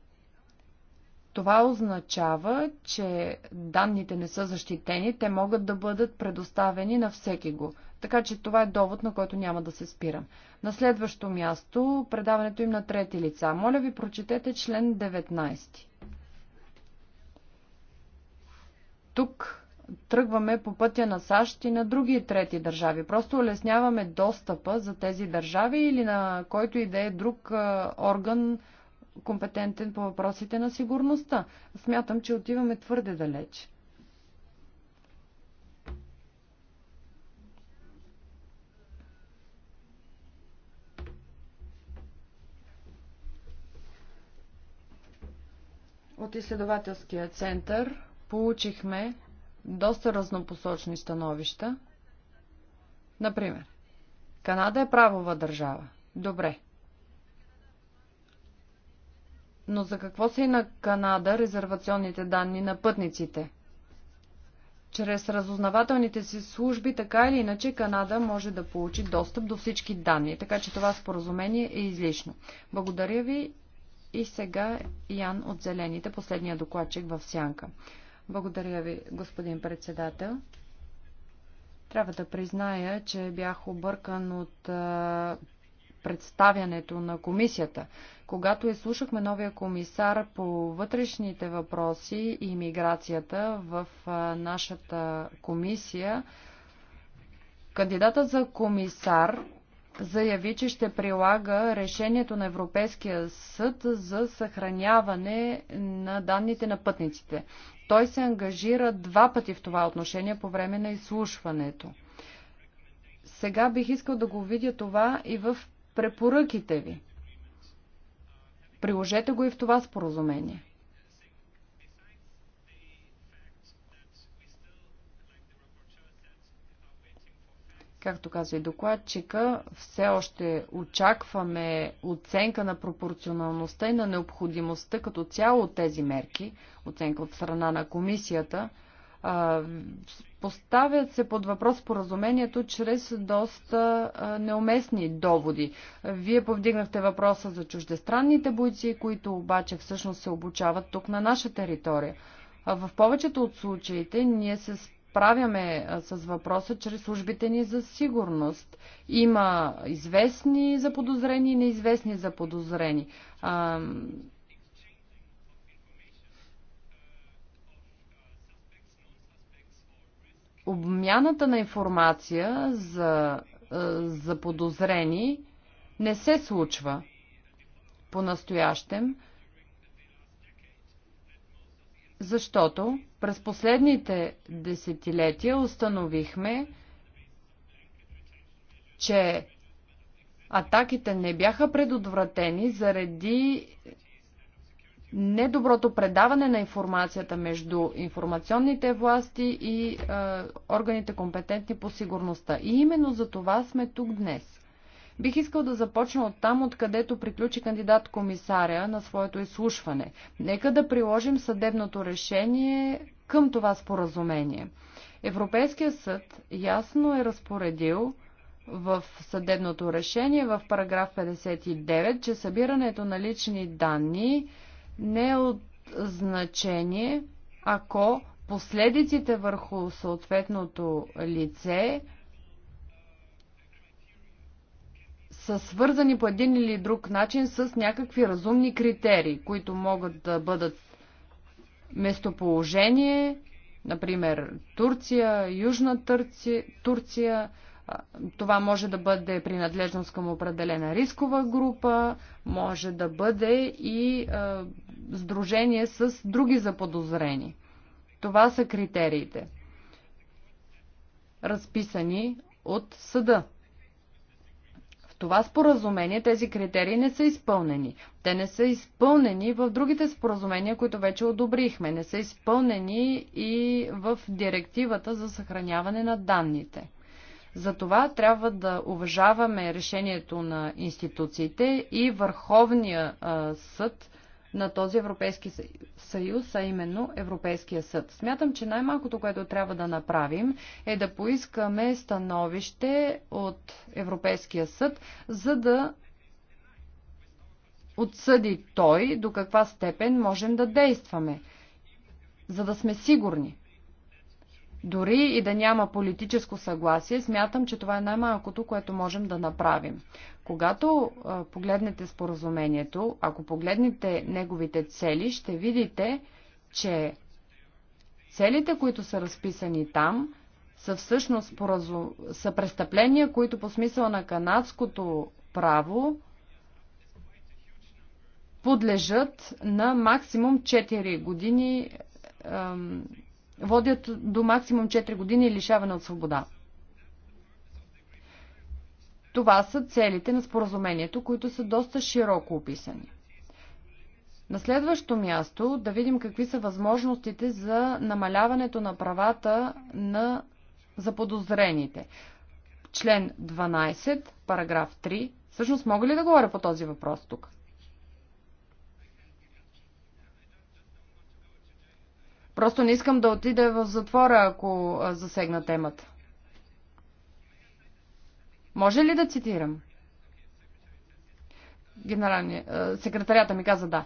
Това означава, че данните не са защитени, те могат да бъдат предоставени на всеки го. Така че това е довод, на който няма да се спирам. На следващо място, предаването им на трети лица. Моля ви, прочетете член 19. Тук тръгваме по пътя на САЩ и на други трети държави. Просто улесняваме достъпа за тези държави или на който и да е друг орган, компетентен по въпросите на сигурността. Смятам, че отиваме твърде далеч. От изследователския център получихме доста разнопосочни становища. Например, Канада е правова държава. Добре, но за какво са и на Канада резервационните данни на пътниците? Чрез разузнавателните си служби, така или иначе, Канада може да получи достъп до всички данни, така че това споразумение е излишно. Благодаря ви и сега Ян от Зелените, последния докладчик в Сянка. Благодаря ви, господин председател. Трябва да призная, че бях объркан от представянето на комисията. Когато изслушахме новия комисар по вътрешните въпроси и миграцията в нашата комисия, кандидатът за комисар заяви, че ще прилага решението на Европейския съд за съхраняване на данните на пътниците. Той се ангажира два пъти в това отношение по време на изслушването. Сега бих искал да го видя това и в препоръките ви. Приложете го и в това споразумение. Както каза и докладчика, все още очакваме оценка на пропорционалността и на необходимостта като цяло от тези мерки, оценка от страна на комисията Поставят се под въпрос поразумението чрез доста неуместни доводи. Вие повдигнахте въпроса за чуждестранните бойци, които обаче всъщност се обучават тук на наша територия. В повечето от случаите ние се справяме с въпроса чрез службите ни за сигурност. Има известни заподозрени и неизвестни заподозрени. обмяната на информация за, е, за подозрени не се случва по-настоящем, защото през последните десетилетия установихме, че атаките не бяха предотвратени заради недоброто предаване на информацията между информационните власти и органите компетентни по сигурността. И именно за това сме тук днес. Бих искал да започна от там, откъдето приключи кандидат комисаря на своето изслушване. Нека да приложим съдебното решение към това споразумение. Европейския съд ясно е разпоредил в съдебното решение в параграф 59, че събирането на лични данни не е от значение, ако последиците върху съответното лице са свързани по един или друг начин с някакви разумни критерии, които могат да бъдат местоположение, например Турция, Южна Турция, Турция това може да бъде принадлежност към определена рискова група, може да бъде и сдружение с други заподозрени. Това са критериите, разписани от съда. В това споразумение тези критерии не са изпълнени. Те не са изпълнени в другите споразумения, които вече одобрихме. Не са изпълнени и в директивата за съхраняване на данните. Затова трябва да уважаваме решението на институциите и Върховния съд на този Европейски съюз, а именно Европейския съд. Смятам, че най-малкото, което трябва да направим е да поискаме становище от Европейския съд, за да отсъди той до каква степен можем да действаме, за да сме сигурни. Дори и да няма политическо съгласие, смятам, че това е най-малкото, което можем да направим. Когато погледнете споразумението, ако погледнете неговите цели, ще видите, че целите, които са разписани там, са всъщност поразу... са престъпления, които по смисъла на канадското право подлежат на максимум 4 години ем, водят до максимум 4 години лишаване от свобода. Това са целите на споразумението, които са доста широко описани. На следващо място да видим какви са възможностите за намаляването на правата на заподозрените. Член 12, параграф 3. Всъщност мога ли да говоря по този въпрос тук? Просто не искам да отида в затвора, ако засегна темата. Може ли да цитирам? Генерални, секретарята ми каза да.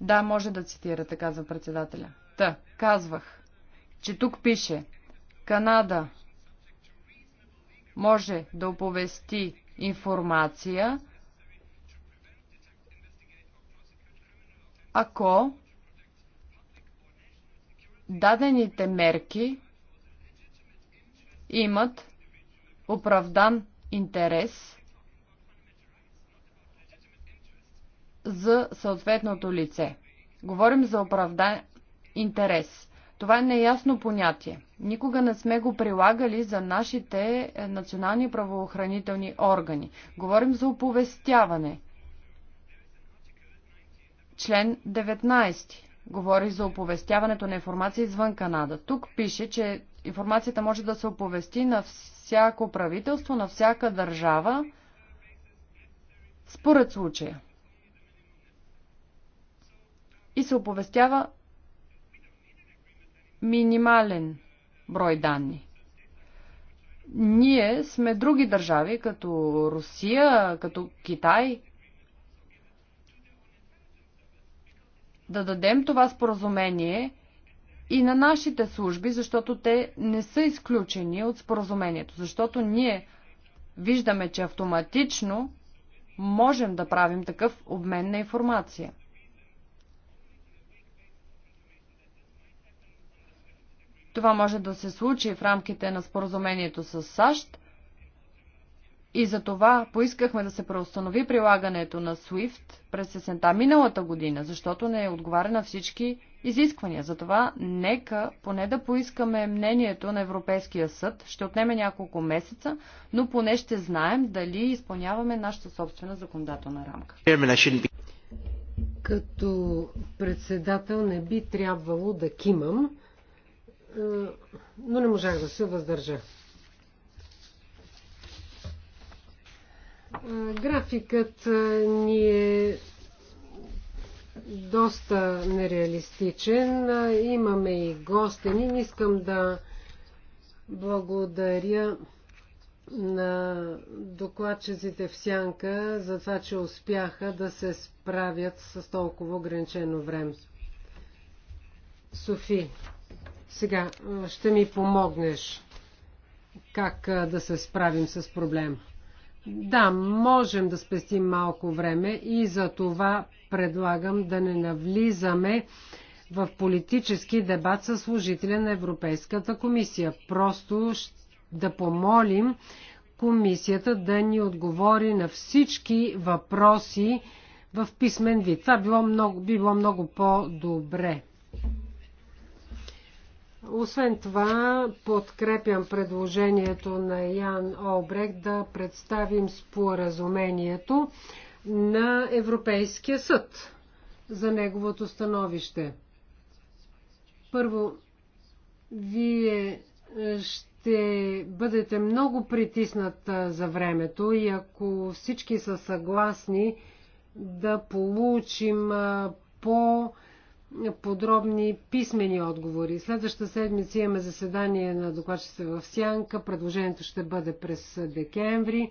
Да, може да цитирате, казва председателя. Та, казвах, че тук пише Канада може да оповести информация, ако дадените мерки имат оправдан интерес за съответното лице. Говорим за оправдан интерес. Това е неясно понятие. Никога не сме го прилагали за нашите е, национални правоохранителни органи. Говорим за оповестяване. Член 19 говори за оповестяването на информация извън Канада. Тук пише, че информацията може да се оповести на всяко правителство, на всяка държава, според случая. И се оповестява минимален брой данни. Ние сме други държави, като Русия, като Китай, да дадем това споразумение и на нашите служби, защото те не са изключени от споразумението, защото ние виждаме, че автоматично можем да правим такъв обмен на информация. Това може да се случи в рамките на споразумението с САЩ, и за това поискахме да се преустанови прилагането на SWIFT през сесента миналата година, защото не е отговаря на всички изисквания. Затова нека поне да поискаме мнението на Европейския съд. Ще отнеме няколко месеца, но поне ще знаем дали изпълняваме нашата собствена законодателна рамка. Като председател не би трябвало да кимам, но не можах да се въздържа. Графикът ни е доста нереалистичен. Имаме и гостени. Искам да благодаря на докладчиците в Сянка за това, че успяха да се справят с толкова ограничено време. Софи, сега ще ми помогнеш как да се справим с проблем. Да, можем да спестим малко време и за това предлагам да не навлизаме в политически дебат със служителя на Европейската комисия. Просто да помолим комисията да ни отговори на всички въпроси в писмен вид. Това било много, било много по-добре. Освен това, подкрепям предложението на Ян Обрех да представим споразумението на Европейския съд за неговото становище. Първо, вие е, ще бъдете много притиснат за времето и ако всички са съгласни да получим е, по- подробни писмени отговори. Следващата седмица имаме заседание на докладчица в Сянка. Предложението ще бъде през декември.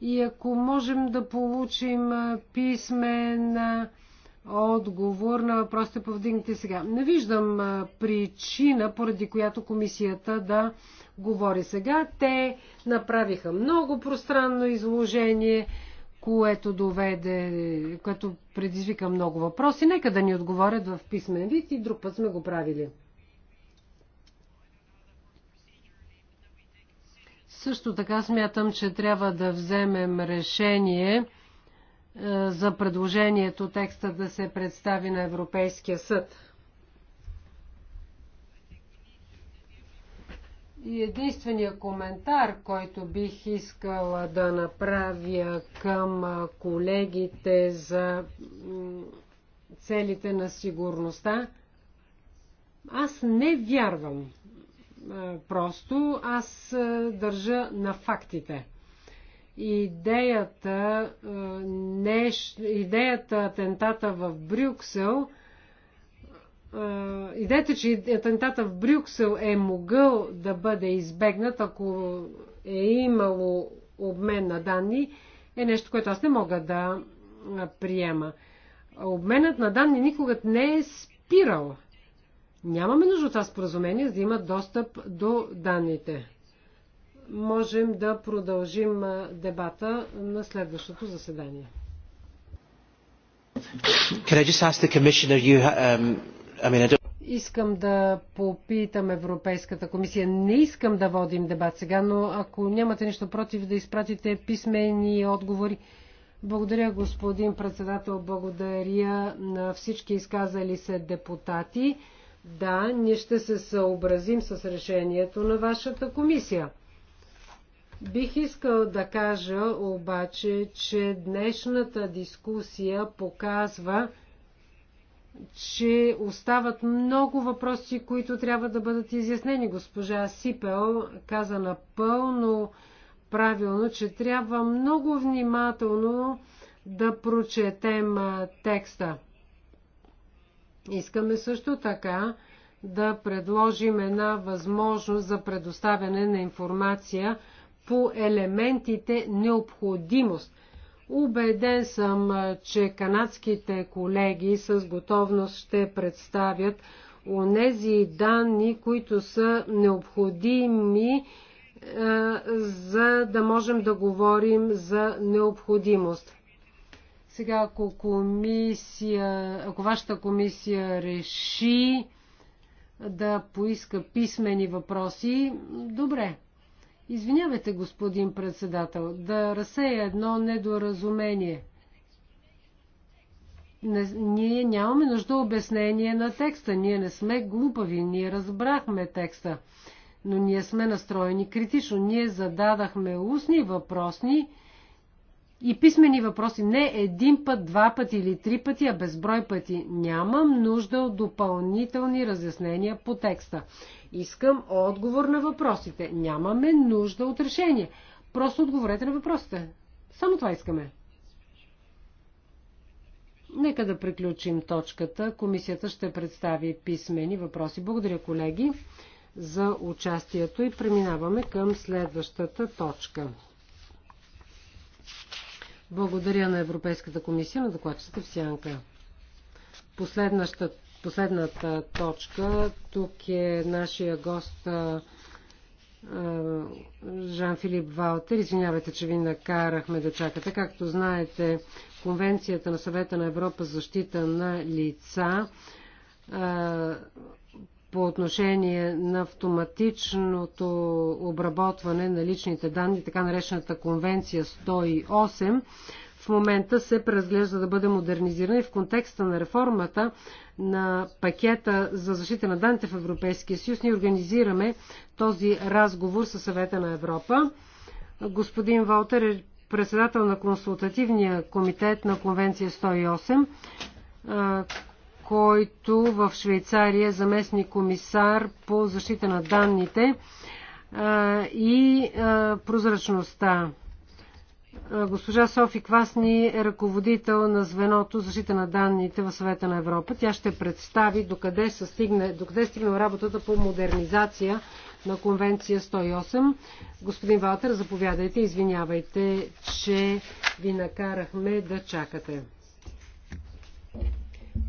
И ако можем да получим писмен отговор на въпросите повдигнете сега. Не виждам причина, поради която комисията да говори сега. Те направиха много пространно изложение което доведе, което предизвика много въпроси. Нека да ни отговорят в писмен вид и друг път сме го правили. Също така смятам, че трябва да вземем решение е, за предложението текста да се представи на Европейския съд. И единствения коментар, който бих искала да направя към колегите за целите на сигурността, аз не вярвам. Просто аз държа на фактите. Идеята, не, идеята атентата в Брюксел – идеята, е, че атентата в Брюксел е могъл да бъде избегнат, ако е имало обмен на данни, е нещо, което аз не мога да приема. Обменът на данни никога не е спирал. Нямаме нужда от това споразумение, за да има достъп до данните. Можем да продължим дебата на следващото заседание. Can I just ask the Commissioner, you, um, Искам да попитам Европейската комисия. Не искам да водим дебат сега, но ако нямате нищо против да изпратите писмени отговори. Благодаря, господин председател. Благодаря на всички изказали се депутати. Да, ние ще се съобразим с решението на вашата комисия. Бих искал да кажа обаче, че днешната дискусия показва, че остават много въпроси, които трябва да бъдат изяснени. Госпожа Сипел каза напълно правилно, че трябва много внимателно да прочетем текста. Искаме също така да предложим една възможност за предоставяне на информация по елементите необходимост – Убеден съм, че канадските колеги с готовност ще представят онези данни, които са необходими, е, за да можем да говорим за необходимост. Сега, ако, комисия, ако вашата комисия реши да поиска писмени въпроси, добре, Извинявайте, господин председател, да разсея едно недоразумение. Не, ние нямаме нужда обяснение на текста. Ние не сме глупави, ние разбрахме текста. Но ние сме настроени критично. Ние зададахме устни въпросни и писмени въпроси не един път, два пъти или три пъти, а безброй пъти. Нямам нужда от допълнителни разяснения по текста. Искам отговор на въпросите. Нямаме нужда от решение. Просто отговорете на въпросите. Само това искаме. Нека да приключим точката. Комисията ще представи писмени въпроси. Благодаря, колеги, за участието и преминаваме към следващата точка. Благодаря на Европейската комисия на докладчета в Сянка. Последната последната точка. Тук е нашия гост Жан-Филип Валтер. Извинявайте, че ви накарахме да чакате. Както знаете, Конвенцията на съвета на Европа за защита на лица по отношение на автоматичното обработване на личните данни, така наречената конвенция 108, в момента се преразглежда да бъде модернизирана и в контекста на реформата на пакета за защита на данните в Европейския съюз ние организираме този разговор със съвета на Европа. Господин Волтер е председател на консултативния комитет на Конвенция 108, който в Швейцария е заместник комисар по защита на данните и прозрачността. Госпожа Софи Квасни е ръководител на звеното защита на данните в съвета на Европа. Тя ще представи докъде, се стигне, докъде стигне стигнала работата по модернизация на конвенция 108. Господин Валтер, заповядайте, извинявайте, че ви накарахме да чакате.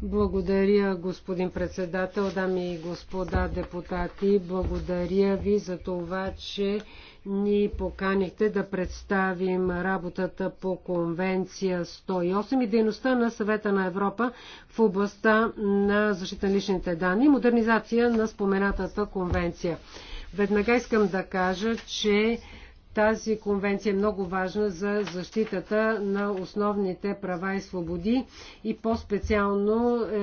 Благодаря, господин председател, дами и господа депутати. Благодаря ви за това, че ни поканихте да представим работата по Конвенция 108 и дейността на Съвета на Европа в областта на защита на личните данни и модернизация на споменатата конвенция. Веднага искам да кажа, че тази конвенция е много важна за защитата на основните права и свободи и по-специално е,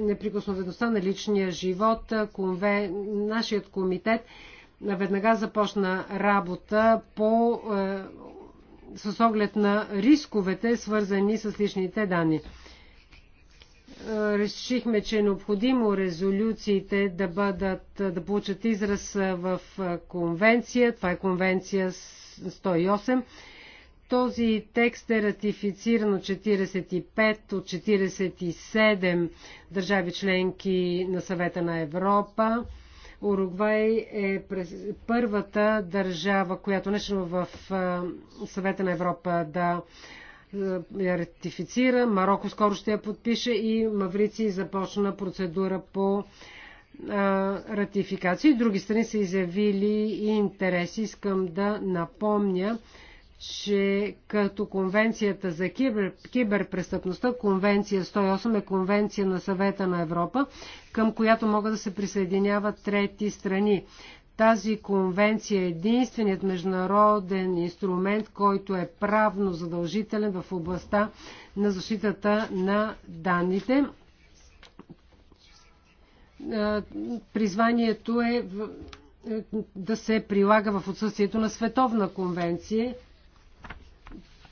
неприкосновеността на личния живот. Конве... Нашият комитет веднага започна работа по, е, с оглед на рисковете, свързани с личните данни решихме, че е необходимо резолюциите да бъдат, да получат израз в конвенция. Това е конвенция 108. Този текст е ратифициран от 45 от 47 държави членки на съвета на Европа. Уругвай е първата държава, която е нещо в съвета на Европа да е, я ратифицира, Марокко скоро ще я подпише и Маврици започна процедура по е, ратификации. Други страни са изявили и интерес. Искам да напомня, че като конвенцията за кибер, киберпрестъпността, конвенция 108 е конвенция на съвета на Европа, към която могат да се присъединяват трети страни. Тази конвенция е единственият международен инструмент, който е правно задължителен в областта на защитата на данните. Е, призванието е, е да се прилага в отсъствието на световна конвенция.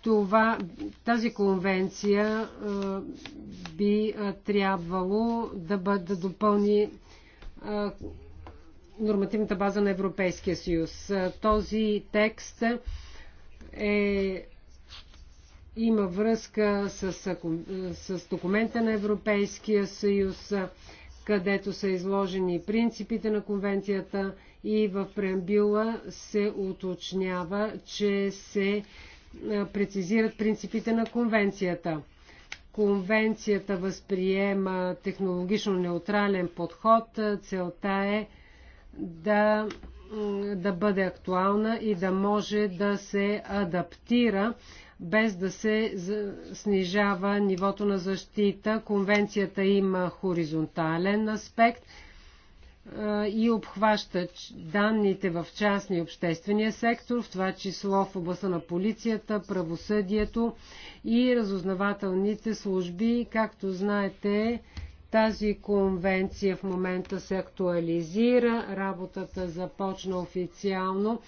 Това, тази конвенция е, би трябвало да, бъде, да допълни нормативната база на Европейския съюз. Този текст е, има връзка с, с документа на Европейския съюз, където са изложени принципите на конвенцията и в преамбюла се уточнява, че се прецизират принципите на конвенцията. Конвенцията възприема технологично неутрален подход. Целта е да, да бъде актуална и да може да се адаптира без да се снижава нивото на защита. Конвенцията има хоризонтален аспект и обхваща данните в частния и обществения сектор, в това число в областта на полицията, правосъдието и разузнавателните служби. Както знаете, тази конвенция в момента се актуализира. Работата започна официално,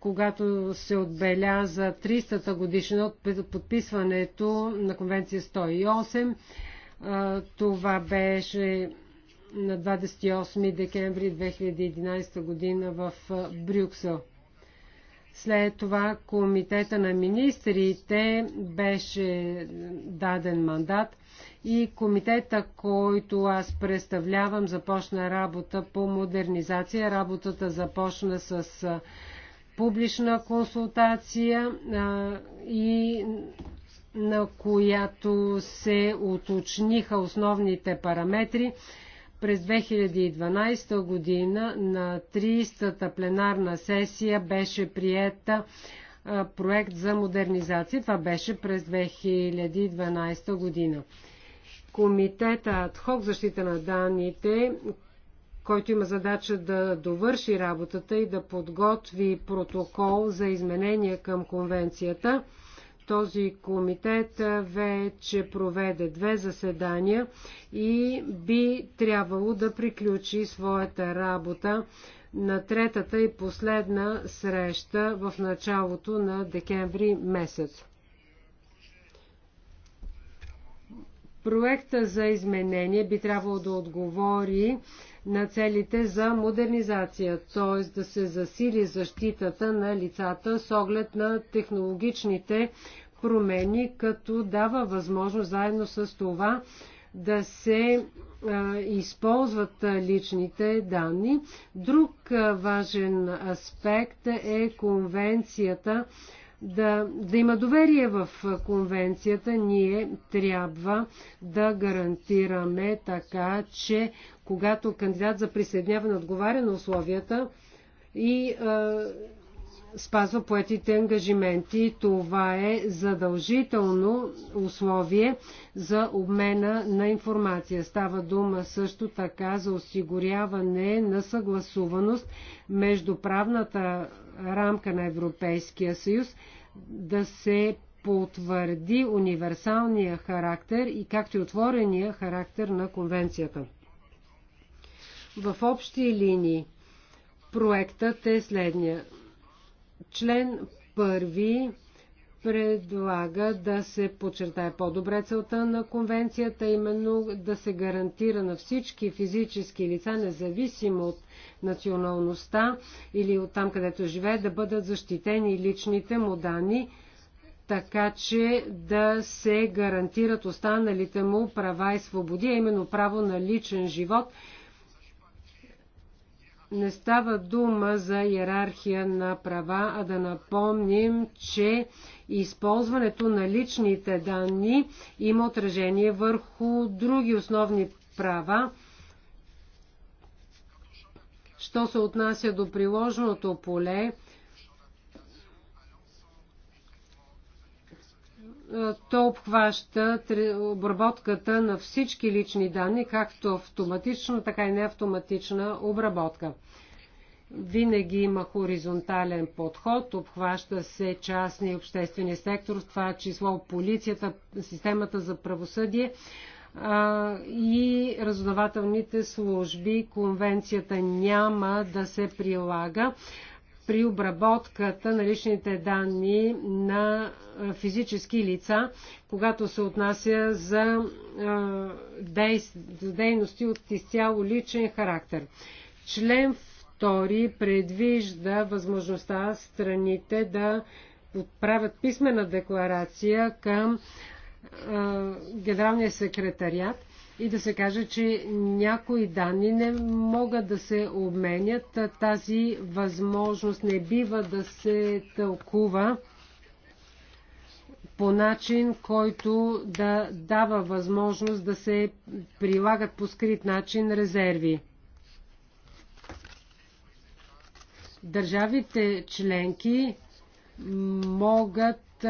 когато се отбеляза 300-та годишна от подписването на конвенция 108. Това беше на 28 декември 2011 година в Брюксел. След това комитета на министрите беше даден мандат и комитета, който аз представлявам, започна работа по модернизация. Работата започна с публична консултация и на която се уточниха основните параметри през 2012 година на 30-та пленарна сесия беше приета проект за модернизация. Това беше през 2012 година. Комитета Адхок защита на данните, който има задача да довърши работата и да подготви протокол за изменение към конвенцията, този комитет вече проведе две заседания и би трябвало да приключи своята работа на третата и последна среща в началото на декември месец. Проекта за изменение би трябвало да отговори на целите за модернизация, т.е. да се засили защитата на лицата с оглед на технологичните промени, като дава възможност заедно с това да се а, използват личните данни. Друг а, важен аспект е конвенцията да, да има доверие в конвенцията, ние трябва да гарантираме така, че когато кандидат за присъединяване отговаря на условията и спазва поетите ангажименти. Това е задължително условие за обмена на информация. Става дума също така за осигуряване на съгласуваност между правната рамка на Европейския съюз да се потвърди универсалния характер и както и отворения характер на конвенцията. В общи линии проектът е следния. Член първи предлага да се подчертае по-добре целта на конвенцията, именно да се гарантира на всички физически лица, независимо от националността или от там, където живее, да бъдат защитени личните му данни, така че да се гарантират останалите му права и свободи, а именно право на личен живот. Не става дума за иерархия на права, а да напомним, че използването на личните данни има отражение върху други основни права. Що се отнася до приложеното поле, то обхваща обработката на всички лични данни, както автоматична, така и неавтоматична обработка. Винаги има хоризонтален подход, обхваща се частния и обществения сектор, в това число полицията, системата за правосъдие и разузнавателните служби. Конвенцията няма да се прилага при обработката на личните данни на физически лица, когато се отнася за дейности от изцяло личен характер. Член втори предвижда възможността страните да отправят писмена декларация към Генералния секретариат и да се каже, че някои данни не могат да се обменят. Тази възможност не бива да се тълкува по начин, който да дава възможност да се прилагат по скрит начин резерви. Държавите членки могат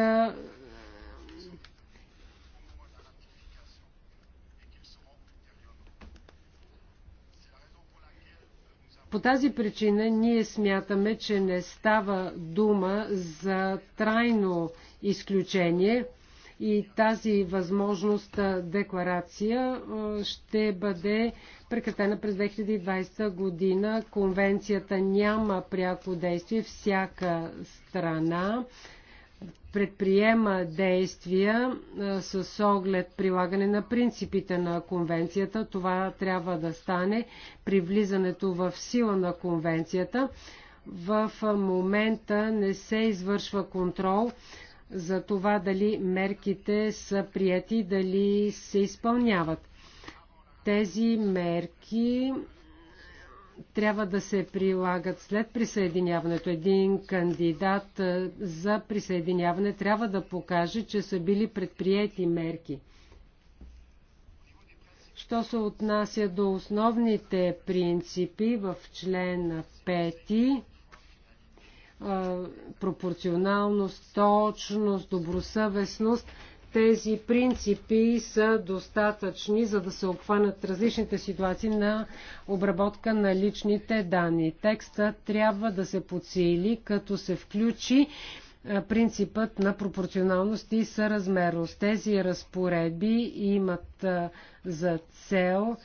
По тази причина ние смятаме, че не става дума за трайно изключение – и тази възможност декларация ще бъде прекратена през 2020 година. Конвенцията няма пряко действие. Всяка страна предприема действия с оглед прилагане на принципите на конвенцията. Това трябва да стане при влизането в сила на конвенцията. В момента не се извършва контрол за това дали мерките са прияти, дали се изпълняват. Тези мерки трябва да се прилагат след присъединяването. Един кандидат за присъединяване трябва да покаже, че са били предприяти мерки. Що се отнася до основните принципи в член пропорционалност, точност, добросъвестност. Тези принципи са достатъчни, за да се обхванат различните ситуации на обработка на личните данни. Текста трябва да се подсили, като се включи принципът на пропорционалност и съразмерност. Тези разпоредби имат за цел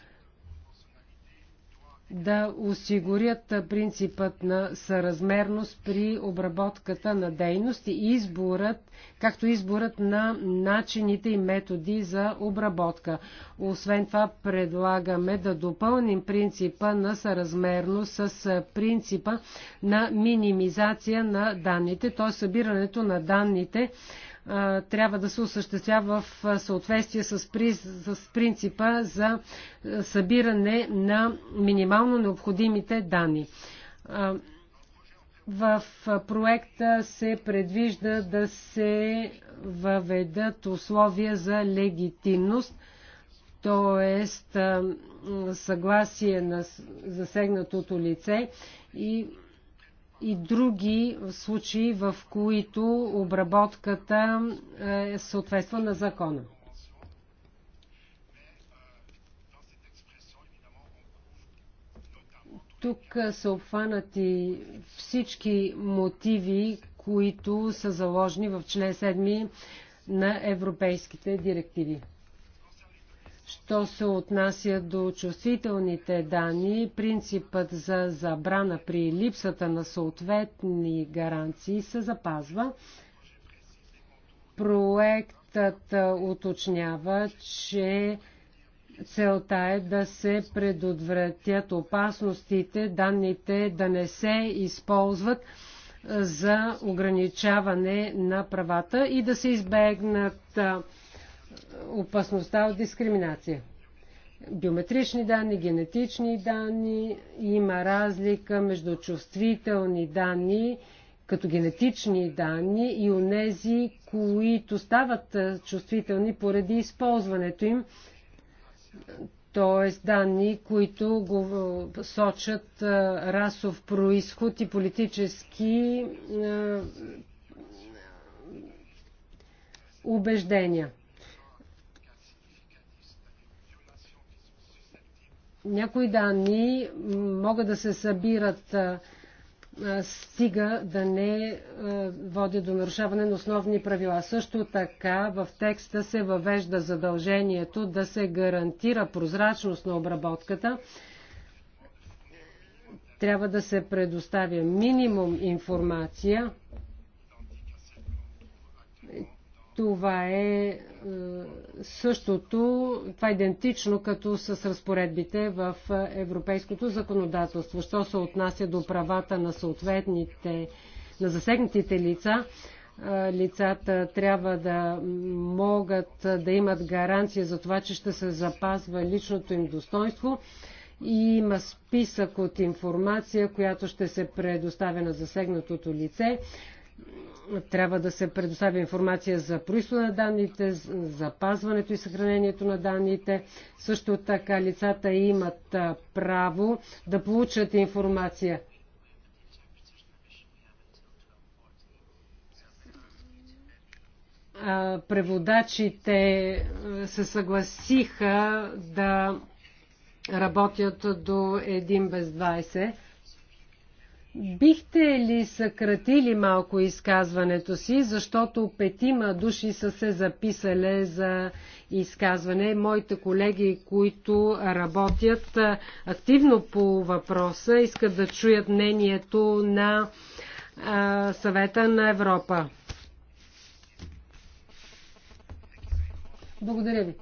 да осигурят принципът на съразмерност при обработката на дейности и изборът, както изборът на начините и методи за обработка. Освен това предлагаме да допълним принципа на съразмерност с принципа на минимизация на данните, т.е. събирането на данните трябва да се осъществява в съответствие с, с принципа за събиране на минимално необходимите данни. В проекта се предвижда да се въведат условия за легитимност, т.е. съгласие на засегнатото лице и и други случаи, в които обработката е съответства на закона. Тук е, са обхванати всички мотиви, които са заложени в член 7 на европейските директиви. Що се отнася до чувствителните данни, принципът за забрана при липсата на съответни гаранции се запазва. Проектът уточнява, че целта е да се предотвратят опасностите, данните да не се използват за ограничаване на правата и да се избегнат опасността от дискриминация. Биометрични данни, генетични данни, има разлика между чувствителни данни, като генетични данни и онези, които стават чувствителни поради използването им, т.е. данни, които го сочат расов происход и политически убеждения. някои данни могат да се събират стига да не води до нарушаване на основни правила. Също така в текста се въвежда задължението да се гарантира прозрачност на обработката. Трябва да се предоставя минимум информация Това е, е същото, това е идентично като с разпоредбите в европейското законодателство. Що се отнася до правата на съответните, на засегнатите лица, е, лицата трябва да могат да имат гаранция за това, че ще се запазва личното им достоинство и има списък от информация, която ще се предоставя на засегнатото лице трябва да се предоставя информация за происхода на данните, за пазването и съхранението на данните. Също така лицата имат право да получат информация. Преводачите се съгласиха да работят до 1 без 20. Бихте ли съкратили малко изказването си, защото петима души са се записали за изказване. Моите колеги, които работят активно по въпроса, искат да чуят мнението на съвета на Европа. Благодаря ви.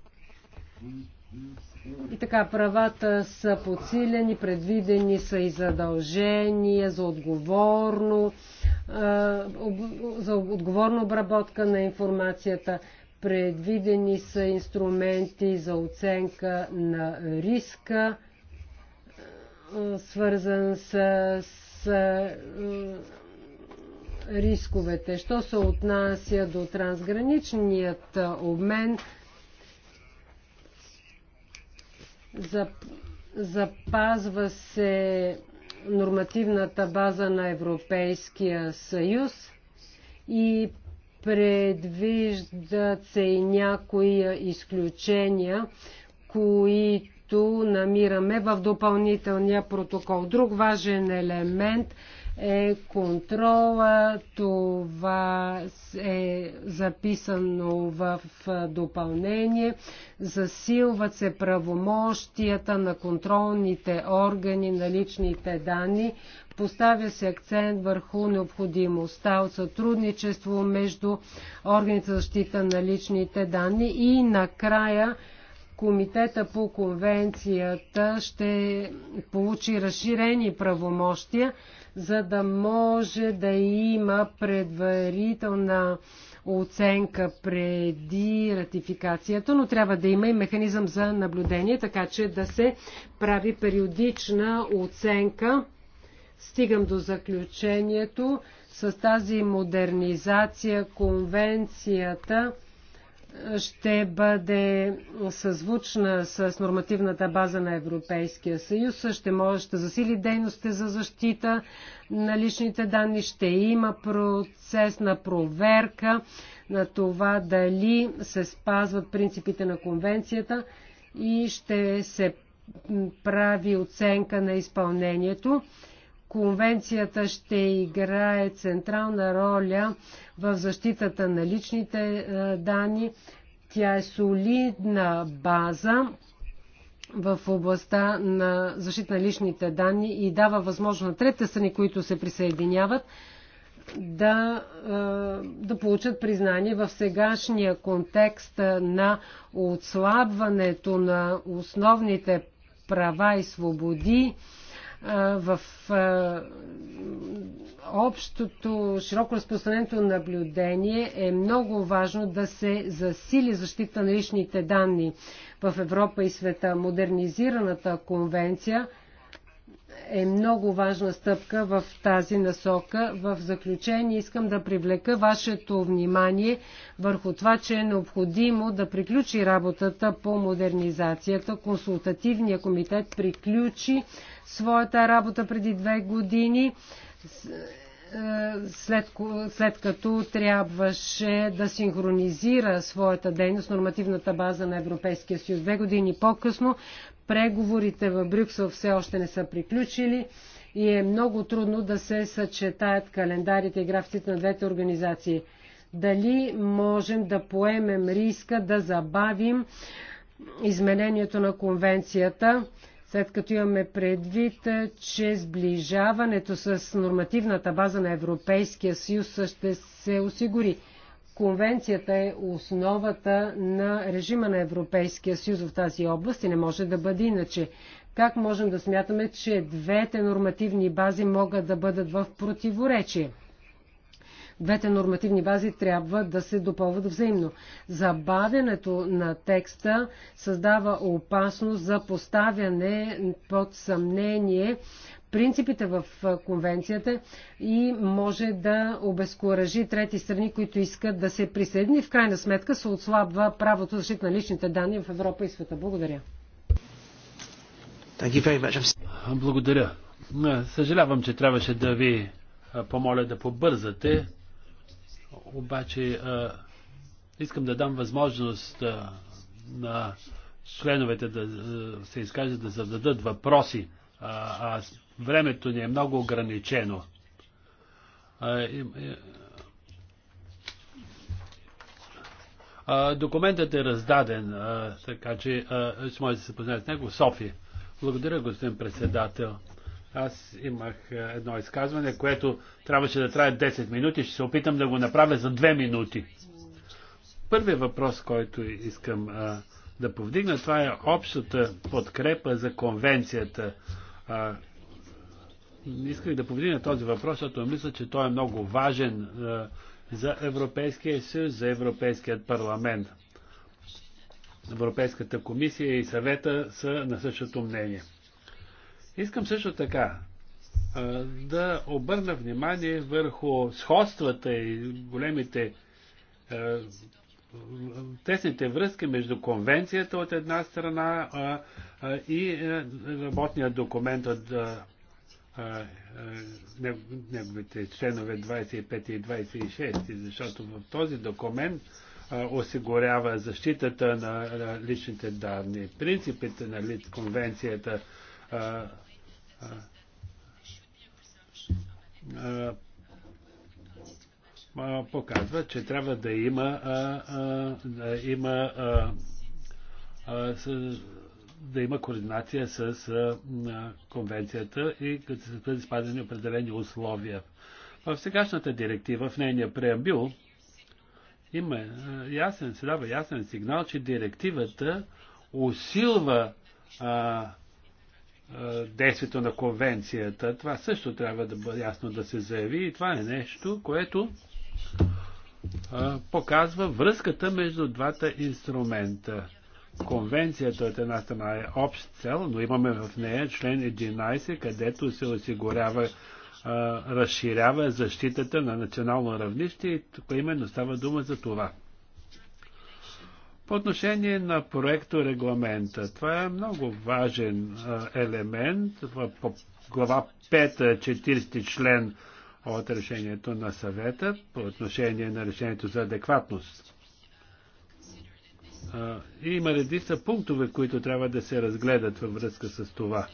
И така, правата са подсилени, предвидени са и задължения за отговорно, за отговорна обработка на информацията. Предвидени са инструменти за оценка на риска, свързан с, с рисковете. Що се отнася до трансграничният обмен, Запазва се нормативната база на Европейския съюз и предвиждат се и някои изключения, които намираме в допълнителния протокол. Друг важен елемент е контрола. Това е записано в допълнение. Засилват се правомощията на контролните органи на личните данни. Поставя се акцент върху необходимостта от сътрудничество между органите за защита на личните данни и накрая Комитета по конвенцията ще получи разширени правомощия за да може да има предварителна оценка преди ратификацията, но трябва да има и механизъм за наблюдение, така че да се прави периодична оценка. Стигам до заключението. С тази модернизация конвенцията ще бъде съзвучна с нормативната база на Европейския съюз, ще може, да засили дейностите за защита на личните данни, ще има процес на проверка на това дали се спазват принципите на конвенцията и ще се прави оценка на изпълнението. Конвенцията ще играе централна роля в защитата на личните е, данни. Тя е солидна база в областта на защита на личните данни и дава възможност на третите страни, които се присъединяват, да, е, да получат признание в сегашния контекст на отслабването на основните права и свободи в общото широко разпространеното наблюдение е много важно да се засили защита на личните данни в Европа и света. Модернизираната конвенция – е много важна стъпка в тази насока. В заключение искам да привлека вашето внимание върху това, че е необходимо да приключи работата по модернизацията. Консултативният комитет приключи своята работа преди две години е, след, след като трябваше да синхронизира своята дейност нормативната база на Европейския съюз. Две години по-късно Преговорите в Брюксел все още не са приключили и е много трудно да се съчетаят календарите и графиците на двете организации. Дали можем да поемем риска да забавим изменението на конвенцията, след като имаме предвид, че сближаването с нормативната база на Европейския съюз ще се осигури. Конвенцията е основата на режима на Европейския съюз в тази област и не може да бъде иначе. Как можем да смятаме, че двете нормативни бази могат да бъдат в противоречие? Двете нормативни бази трябва да се допълват взаимно. Забавянето на текста създава опасност за поставяне под съмнение принципите в конвенцията и може да обезкуражи трети страни, които искат да се присъедини. В крайна сметка се отслабва правото защита на личните данни в Европа и света. Благодаря. Благодаря. Съжалявам, че трябваше да ви помоля да побързате, обаче искам да дам възможност на членовете да се изкажат, да зададат въпроси. А, аз времето ни е много ограничено. Документът е раздаден, така че ще може да се познаете с него. Софи. Благодаря, господин председател. Аз имах едно изказване, което трябваше да трае 10 минути. Ще се опитам да го направя за 2 минути. Първият въпрос, който искам а, да повдигна, това е общата подкрепа за конвенцията, а, Исках да повдигна този въпрос, защото мисля, че той е много важен е, за Европейския съюз, за Европейският парламент. Европейската комисия и съвета са на същото мнение. Искам също така е, да обърна внимание върху сходствата и големите е, тесните връзки между конвенцията от една страна и работният документ от неговите членове 25 и 26, защото в този документ осигурява защитата на личните данни, принципите на конвенцията, показва, че трябва да има, да има а, а, да има координация с конвенцията и като са бъдат спазени определени условия. В сегашната директива, в нейния преамбил, има ясен, се дава ясен сигнал, че директивата усилва а, а, действието на конвенцията. Това също трябва да бъде ясно да се заяви и това е нещо, което а, показва връзката между двата инструмента. Конвенцията от една страна е общ цел, но имаме в нея член 11, където се осигурява а, разширява защитата на национално равнище и тук именно става дума за това. По отношение на проекто регламента, това е много важен а, елемент в глава 5, 40 член от решението на съвета по отношение на решението за адекватност. И има редица пунктове, които трябва да се разгледат във връзка с това.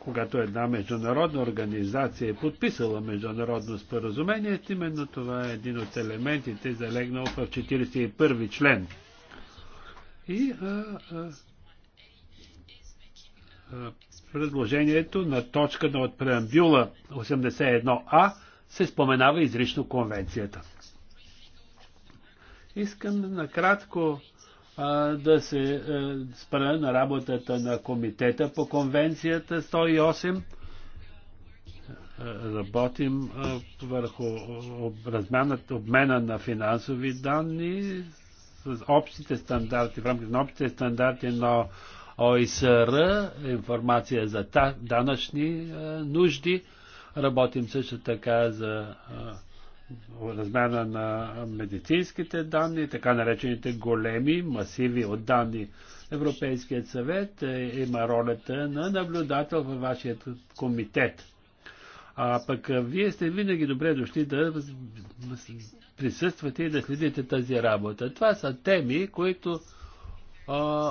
Когато една международна организация е подписала международно споразумение, именно това е един от елементите, залегнал в 41 член. И а, а, а, предложението на точка от преамбюла 81А се споменава изрично конвенцията. Искам накратко а, да се а, спра на работата на комитета по конвенцията 108. Работим а, върху обмена на финансови данни с общите стандарти, в рамките на общите стандарти на ОИСР, информация за данъчни нужди. Работим също така за размяна на медицинските данни, така наречените големи масиви от данни. Европейският съвет е, има ролята на наблюдател във вашия комитет. А пък вие сте винаги добре дошли да присъствате и да следите тази работа. Това са теми, които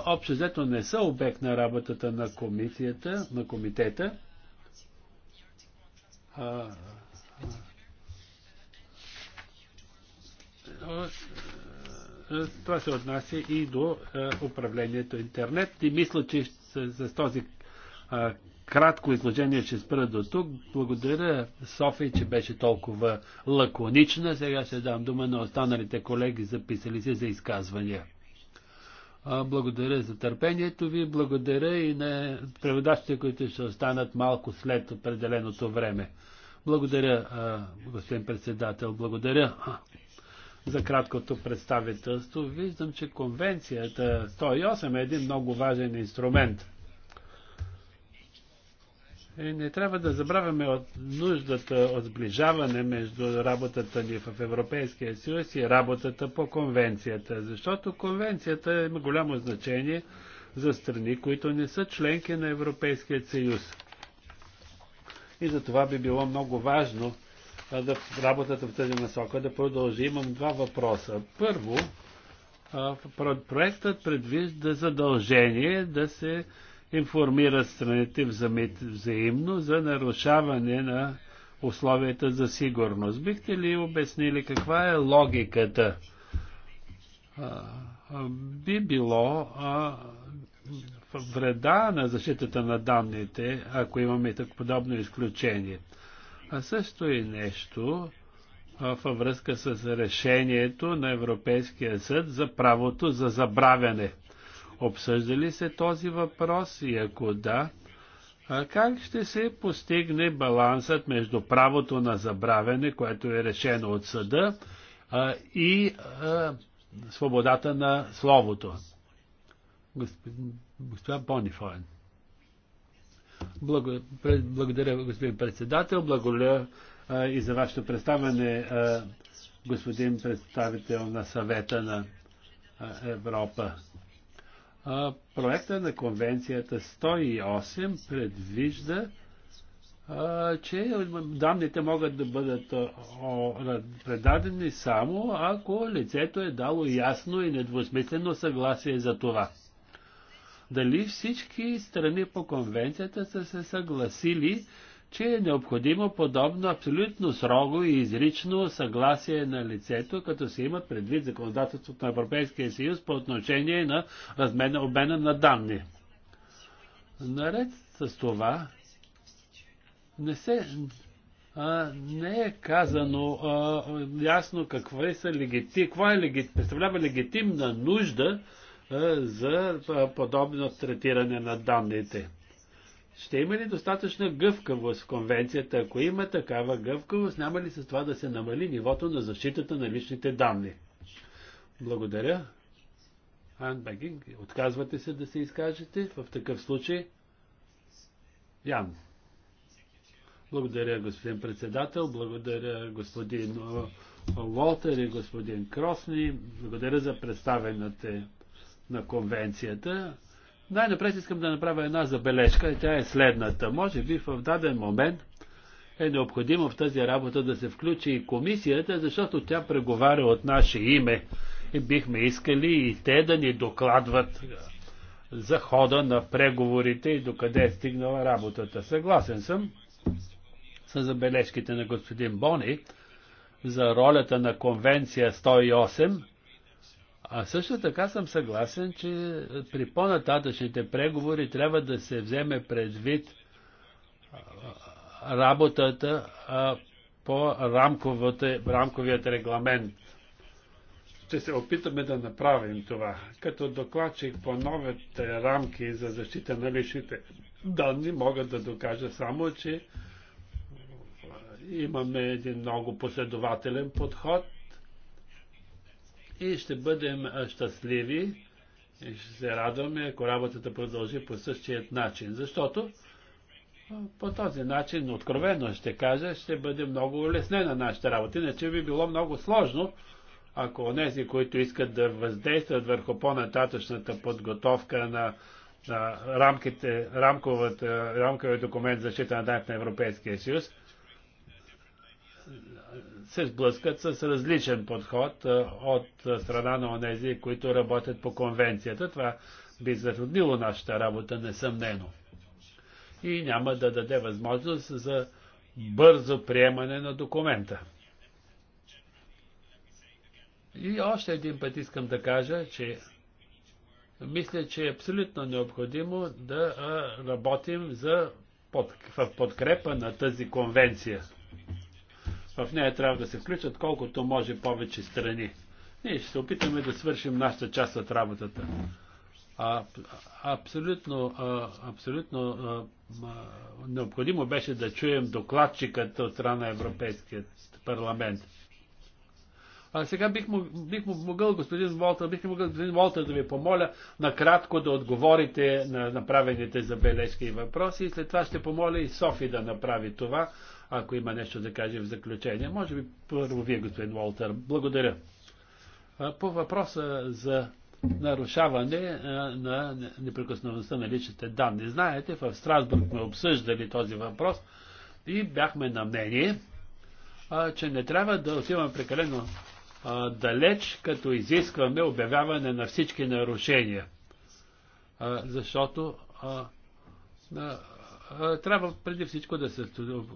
общо взето не са обект на работата на комисията, на комитета. Е, е, това се отнася и до е, управлението интернет. И мисля, че с този кратко изложение ще спра до тук. Благодаря Софи, че беше толкова лаконична. Сега ще дам дума на останалите колеги, записали се за изказвания. Благодаря за търпението ви, благодаря и на преводачите, които ще останат малко след определеното време. Благодаря, господин председател, благодаря за краткото представителство. Виждам, че конвенцията 108 е един много важен инструмент. И е, не трябва да забравяме от нуждата от сближаване между работата ни в Европейския съюз и работата по конвенцията, защото конвенцията има голямо значение за страни, които не са членки на Европейския съюз. И за това би било много важно да работата в тази насока да продължи. Имам два въпроса. Първо, проектът предвижда задължение да се информира страните взаимно за нарушаване на условията за сигурност. Бихте ли обяснили каква е логиката? би било вреда на защитата на данните, ако имаме подобно изключение а също и нещо във връзка с решението на Европейския съд за правото за забравяне. Обсъждали се този въпрос и ако да, а как ще се постигне балансът между правото на забравяне, което е решено от съда, а, и а, свободата на словото? Господин, господин Бонифоен. Благодаря, господин председател. Благодаря и за вашето представяне, господин представител на съвета на Европа. проекта на конвенцията 108 предвижда, че данните могат да бъдат предадени само ако лицето е дало ясно и недвусмислено съгласие за това дали всички страни по конвенцията са се съгласили, че е необходимо подобно абсолютно строго и изрично съгласие на лицето, като се има предвид законодателството на Европейския съюз по отношение на размена обмена на данни. Наред с това, не, се, а, не е казано а, ясно какво е, са легити, какво е легит, представлява легитимна нужда за подобно третиране на данните. Ще има ли достатъчна гъвкавост в конвенцията? Ако има такава гъвкавост, няма ли с това да се намали нивото на защитата на личните данни? Благодаря. Ан Бегинг, отказвате се да се изкажете? В такъв случай, Ян. Благодаря, господин председател. Благодаря, господин Уолтер и господин Кросни. Благодаря за представените на конвенцията, най-напред искам да направя една забележка и тя е следната. Може би в даден момент е необходимо в тази работа да се включи и комисията, защото тя преговаря от наше име и бихме искали и те да ни докладват за хода на преговорите и докъде е стигнала работата. Съгласен съм с забележките на господин Бони за ролята на конвенция 108 а също така съм съгласен, че при по-нататъчните преговори трябва да се вземе предвид работата по рамковият регламент. Ще се опитаме да направим това. Като докладчик по новите рамки за защита на личните данни мога да докажа само, че имаме един много последователен подход и ще бъдем щастливи и ще се радваме, ако работата продължи по същия начин. Защото по този начин, откровено ще кажа, ще бъде много улеснена нашата работа. Иначе би било много сложно, ако онези, които искат да въздействат върху по-нататъчната подготовка на, на рамките, рамковата, рамковия документ за защита на данък на Европейския съюз, се сблъскат с различен подход от страна на онези, които работят по конвенцията. Това би затруднило нашата работа, несъмнено. И няма да даде възможност за бързо приемане на документа. И още един път искам да кажа, че мисля, че е абсолютно необходимо да работим за под, в подкрепа на тази конвенция. В нея трябва да се включат колкото може повече страни. Ние ще се опитаме да свършим нашата част от работата. А, абсолютно абсолютно а, необходимо беше да чуем докладчикът от страна на Европейският парламент. А сега бих, бих могъл, господин Волтер, бих могъл, господин Волтер, да ви помоля накратко да отговорите на направените забележки и въпроси. И след това ще помоля и Софи да направи това, ако има нещо да каже в заключение. Може би първо вие, господин Уолтер. Благодаря. По въпроса за нарушаване на неприкосновеността на личните данни. Знаете, в Страсбург сме обсъждали този въпрос и бяхме на мнение, че не трябва да отиваме прекалено далеч, като изискваме обявяване на всички нарушения. Защото трябва преди всичко да се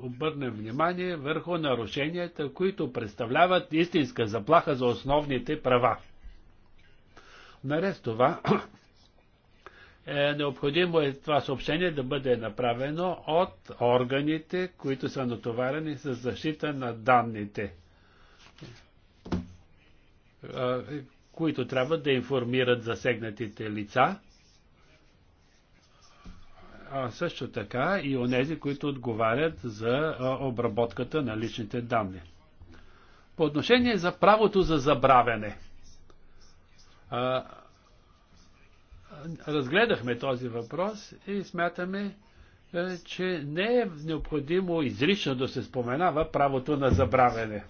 обърнем внимание върху нарушенията, които представляват истинска заплаха за основните права. Наред с това е необходимо е това съобщение да бъде направено от органите, които са натоварени с защита на данните, които трябва да информират засегнатите лица а също така и онези, които отговарят за обработката на личните данни. По отношение за правото за забравяне. Разгледахме този въпрос и смятаме, е, че не е необходимо изрично да се споменава правото на забравяне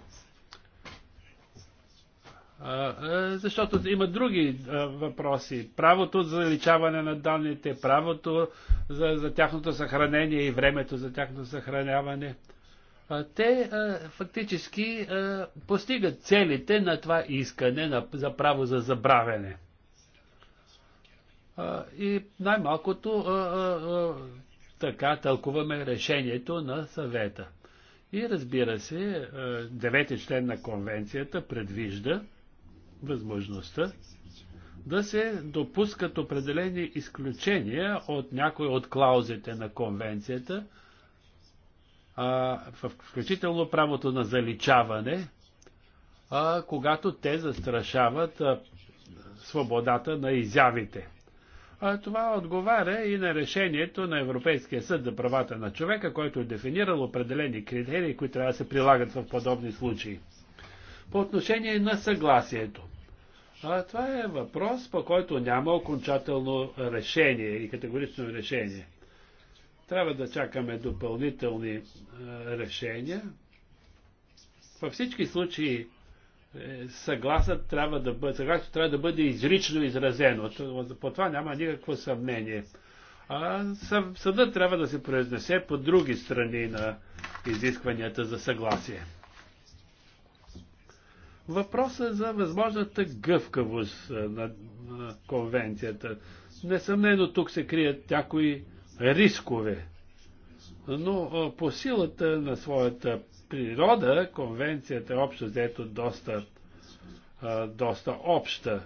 защото има други въпроси. Правото за заличаване на данните, правото за, за тяхното съхранение и времето за тяхното съхраняване. Те фактически постигат целите на това искане за право за забравяне. И най-малкото така тълкуваме решението на съвета. И разбира се, девети член на конвенцията предвижда, възможността да се допускат определени изключения от някои от клаузите на конвенцията, а, включително правото на заличаване, а, когато те застрашават а, свободата на изявите. А, това отговаря и на решението на Европейския съд за правата на човека, който е дефинирал определени критерии, които трябва да се прилагат в подобни случаи по отношение на съгласието. А това е въпрос, по който няма окончателно решение и категорично решение. Трябва да чакаме допълнителни решения. Във всички случаи е, съгласът трябва да бъде, съгласът трябва да бъде изрично изразено. По това няма никакво съмнение. А съдът трябва да се произнесе по други страни на изискванията за съгласие въпроса е за възможната гъвкавост е, на, на конвенцията. Несъмнено тук се крият някои рискове. Но е, по силата на своята природа, конвенцията е общо взето доста, доста обща.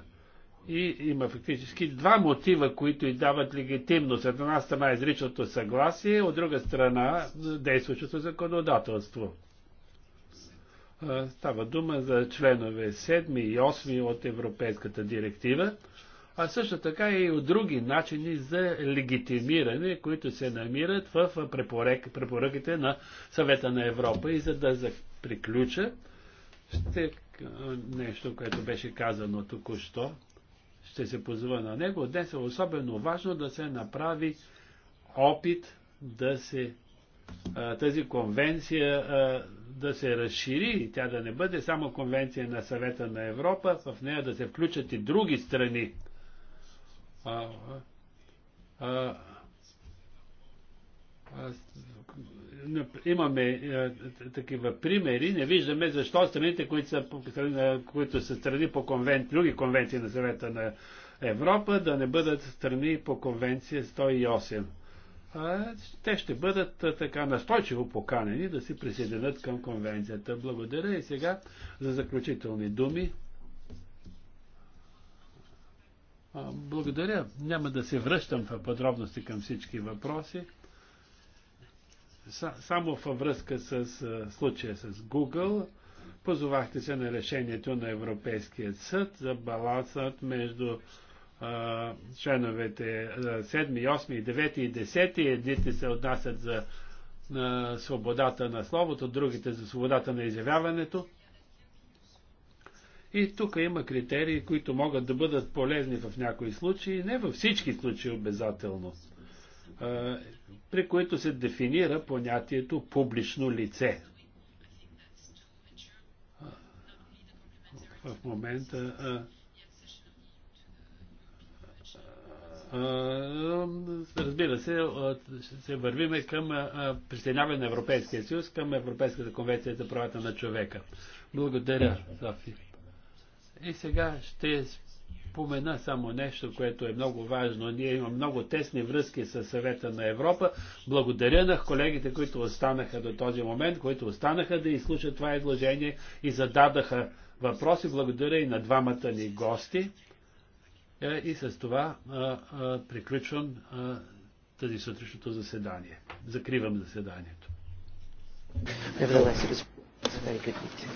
И има фактически два мотива, които и дават легитимност. От една страна изричното съгласие, от друга страна действащото законодателство. Става дума за членове 7 и 8 от Европейската директива, а също така и от други начини за легитимиране, които се намират в препоръките на Съвета на Европа. И за да приключа, ще нещо, което беше казано току-що, ще се позова на него. Днес е особено важно да се направи опит да се тази конвенция да се разшири, тя да не бъде само конвенция на съвета на Европа, в нея да се включат и други страни. А, а, а, имаме е, такива примери, не виждаме защо страните, които са, е, които са страни по конвен, други конвенции на съвета на Европа, да не бъдат страни по конвенция 108 те ще бъдат така настойчиво поканени да се присъединят към конвенцията. Благодаря и сега за заключителни думи. Благодаря. Няма да се връщам в подробности към всички въпроси. Само във връзка с случая с Google, позовахте се на решението на Европейският съд за балансът между членовете 7, 8, 9 и 10. Едните се отнасят за на свободата на словото, другите за свободата на изявяването. И тук има критерии, които могат да бъдат полезни в някои случаи, не във всички случаи обязателно, при които се дефинира понятието публично лице. В момента Разбира се, се вървиме към присъединяване на Европейския съюз, към Европейската конвенция за правата на човека. Благодаря, Софи. И сега ще спомена само нещо, което е много важно. Ние имаме много тесни връзки с съвета на Европа. Благодаря на колегите, които останаха до този момент, които останаха да изслушат това изложение и зададаха въпроси. Благодаря и на двамата ни гости. Е, и с това приключвам тази сутрешното заседание. Закривам заседанието. Nevertheless, it was very good meeting.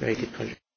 Very good pleasure.